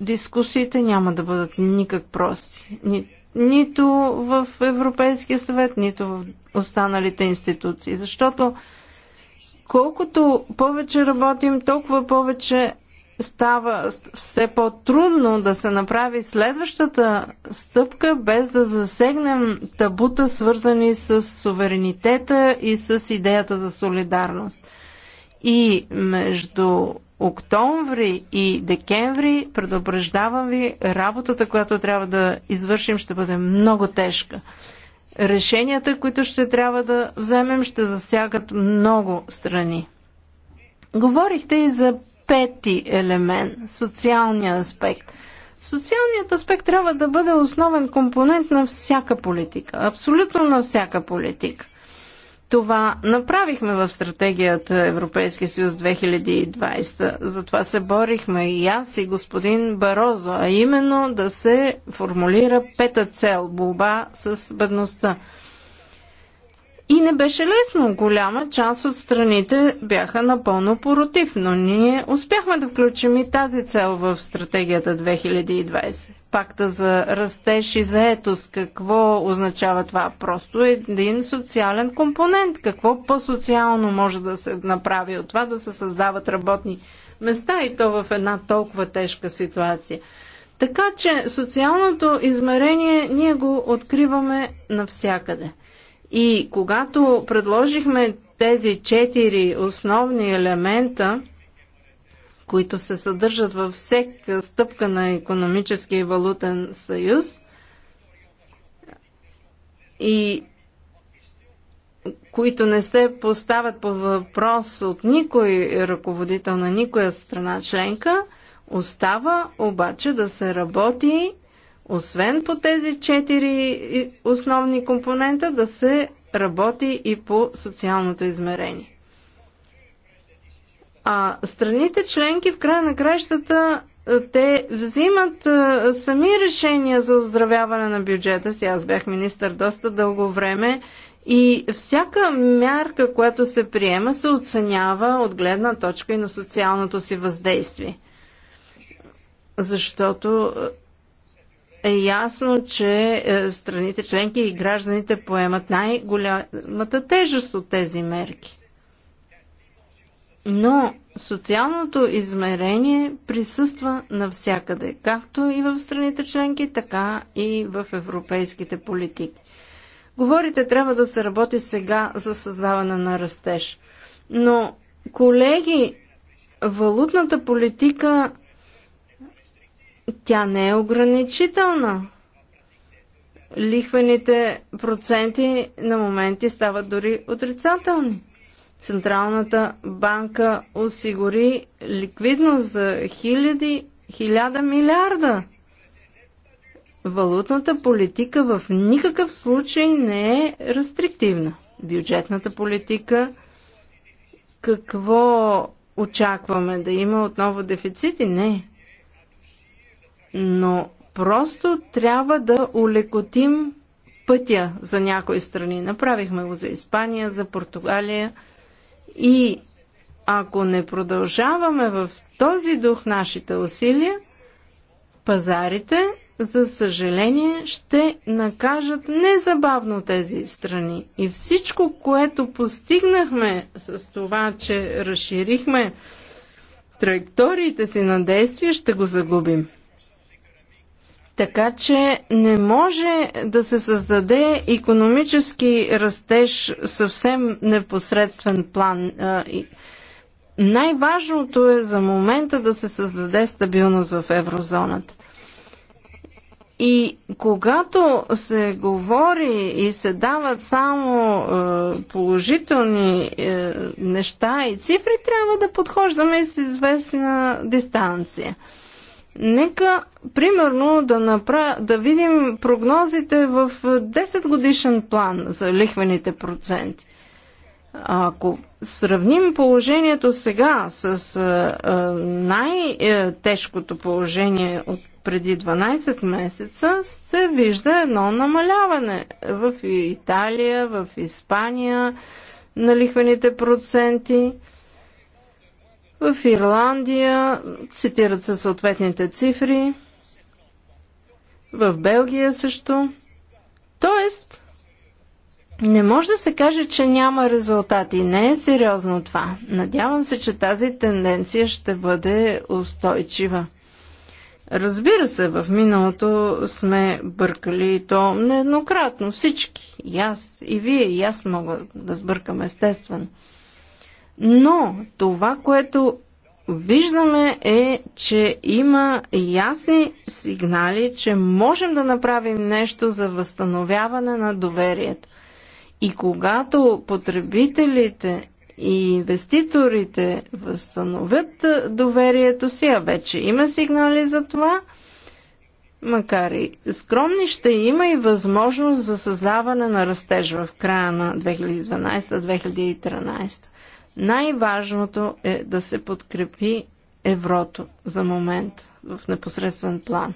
дискусиите няма да бъдат никак прости. Ни, нито в Европейския съвет, нито в останалите институции. Защото колкото повече работим, толкова повече става все по-трудно да се направи следващата стъпка, без да засегнем табута, свързани с суверенитета и с идеята за солидарност. И между октомври и декември, предупреждавам ви, работата, която трябва да извършим, ще бъде много тежка решенията, които ще трябва да вземем, ще засягат много страни. Говорихте и за пети елемент социалния аспект. Социалният аспект трябва да бъде основен компонент на всяка политика, абсолютно на всяка политика. Това направихме в стратегията Европейски съюз 2020. Затова се борихме и аз и господин Барозо, а именно да се формулира пета цел – борба с бедността. И не беше лесно. Голяма част от страните бяха напълно против, но ние успяхме да включим и тази цел в стратегията 2020 пакта за растеж и заетост. Какво означава това? Просто един социален компонент. Какво по-социално може да се направи от това да се създават работни места и то в една толкова тежка ситуация? Така че социалното измерение ние го откриваме навсякъде. И когато предложихме тези четири основни елемента, които се съдържат във всяка стъпка на економическия и валутен съюз и които не се поставят по въпрос от никой ръководител на никоя страна членка, остава обаче да се работи, освен по тези четири основни компонента, да се работи и по социалното измерение. А страните членки в края на краищата е, те взимат е, сами решения за оздравяване на бюджета си. Аз бях министър доста дълго време и всяка мярка, която се приема, се оценява от гледна точка и на социалното си въздействие. Защото е, е ясно, че страните членки и гражданите поемат най-голямата тежест от тези мерки. Но социалното измерение присъства навсякъде, както и в страните членки, така и в европейските политики. Говорите, трябва да се работи сега за създаване на растеж. Но, колеги, валутната политика, тя не е ограничителна. Лихвените проценти на моменти стават дори отрицателни. Централната банка осигури ликвидност за хиляди, хиляда милиарда. Валутната политика в никакъв случай не е рестриктивна. Бюджетната политика какво очакваме? Да има отново дефицити? Не. Но просто трябва да улекотим пътя за някои страни. Направихме го за Испания, за Португалия – и ако не продължаваме в този дух нашите усилия, пазарите, за съжаление, ще накажат незабавно тези страни. И всичко, което постигнахме с това, че разширихме траекториите си на действие, ще го загубим. Така че не може да се създаде економически растеж съвсем непосредствен план. Най-важното е за момента да се създаде стабилност в еврозоната. И когато се говори и се дават само положителни неща и цифри, трябва да подхождаме с известна дистанция. Нека, примерно, да, напра... да видим прогнозите в 10 е, годишен план за лихвените проценти. Ако сравним положението сега с е, е, най-тежкото положение от преди 12 месеца, се вижда едно намаляване в Италия, в Испания на лихвените проценти. В Ирландия цитират се съответните цифри. В Белгия също. Тоест, не може да се каже, че няма резултати. Не е сериозно това. Надявам се, че тази тенденция ще бъде устойчива. Разбира се, в миналото сме бъркали и то нееднократно всички. И аз, и вие, и аз мога да сбъркам естествено. Но това, което виждаме е, че има ясни сигнали, че можем да направим нещо за възстановяване на доверието. И когато потребителите и инвеститорите възстановят доверието си, а вече има сигнали за това, макар и скромни, ще има и възможност за създаване на растеж в края на 2012-2013. Най-важното е да се подкрепи еврото за момент в непосредствен план.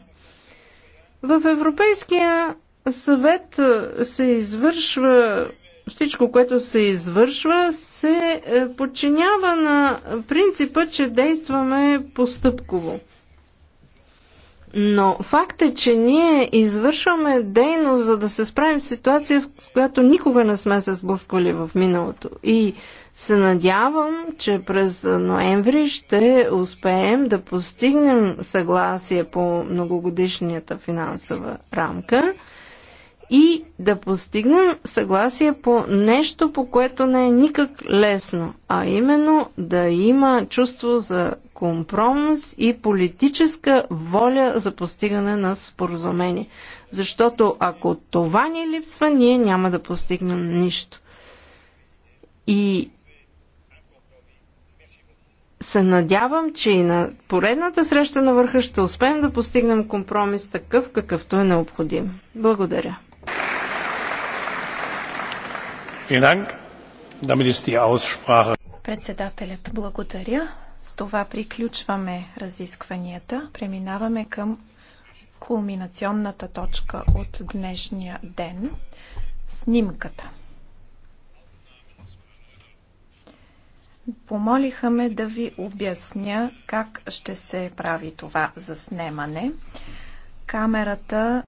В Европейския съвет се извършва всичко, което се извършва, се е, подчинява на принципа, че действаме постъпково. Но факт е, че ние извършваме дейност, за да се справим в ситуация, с която никога не сме се сблъсквали в миналото. И се надявам, че през ноември ще успеем да постигнем съгласие по многогодишнията финансова рамка и да постигнем съгласие по нещо, по което не е никак лесно, а именно да има чувство за компромис и политическа воля за постигане на споразумение. Защото ако това ни липсва, ние няма да постигнем нищо. И се надявам, че и на поредната среща на върха ще успеем да постигнем компромис такъв, какъвто е необходим. Благодаря. Председателят благодаря. С това приключваме разискванията. Преминаваме към кулминационната точка от днешния ден – снимката. Помолиха ме да ви обясня как ще се прави това заснемане. Камерата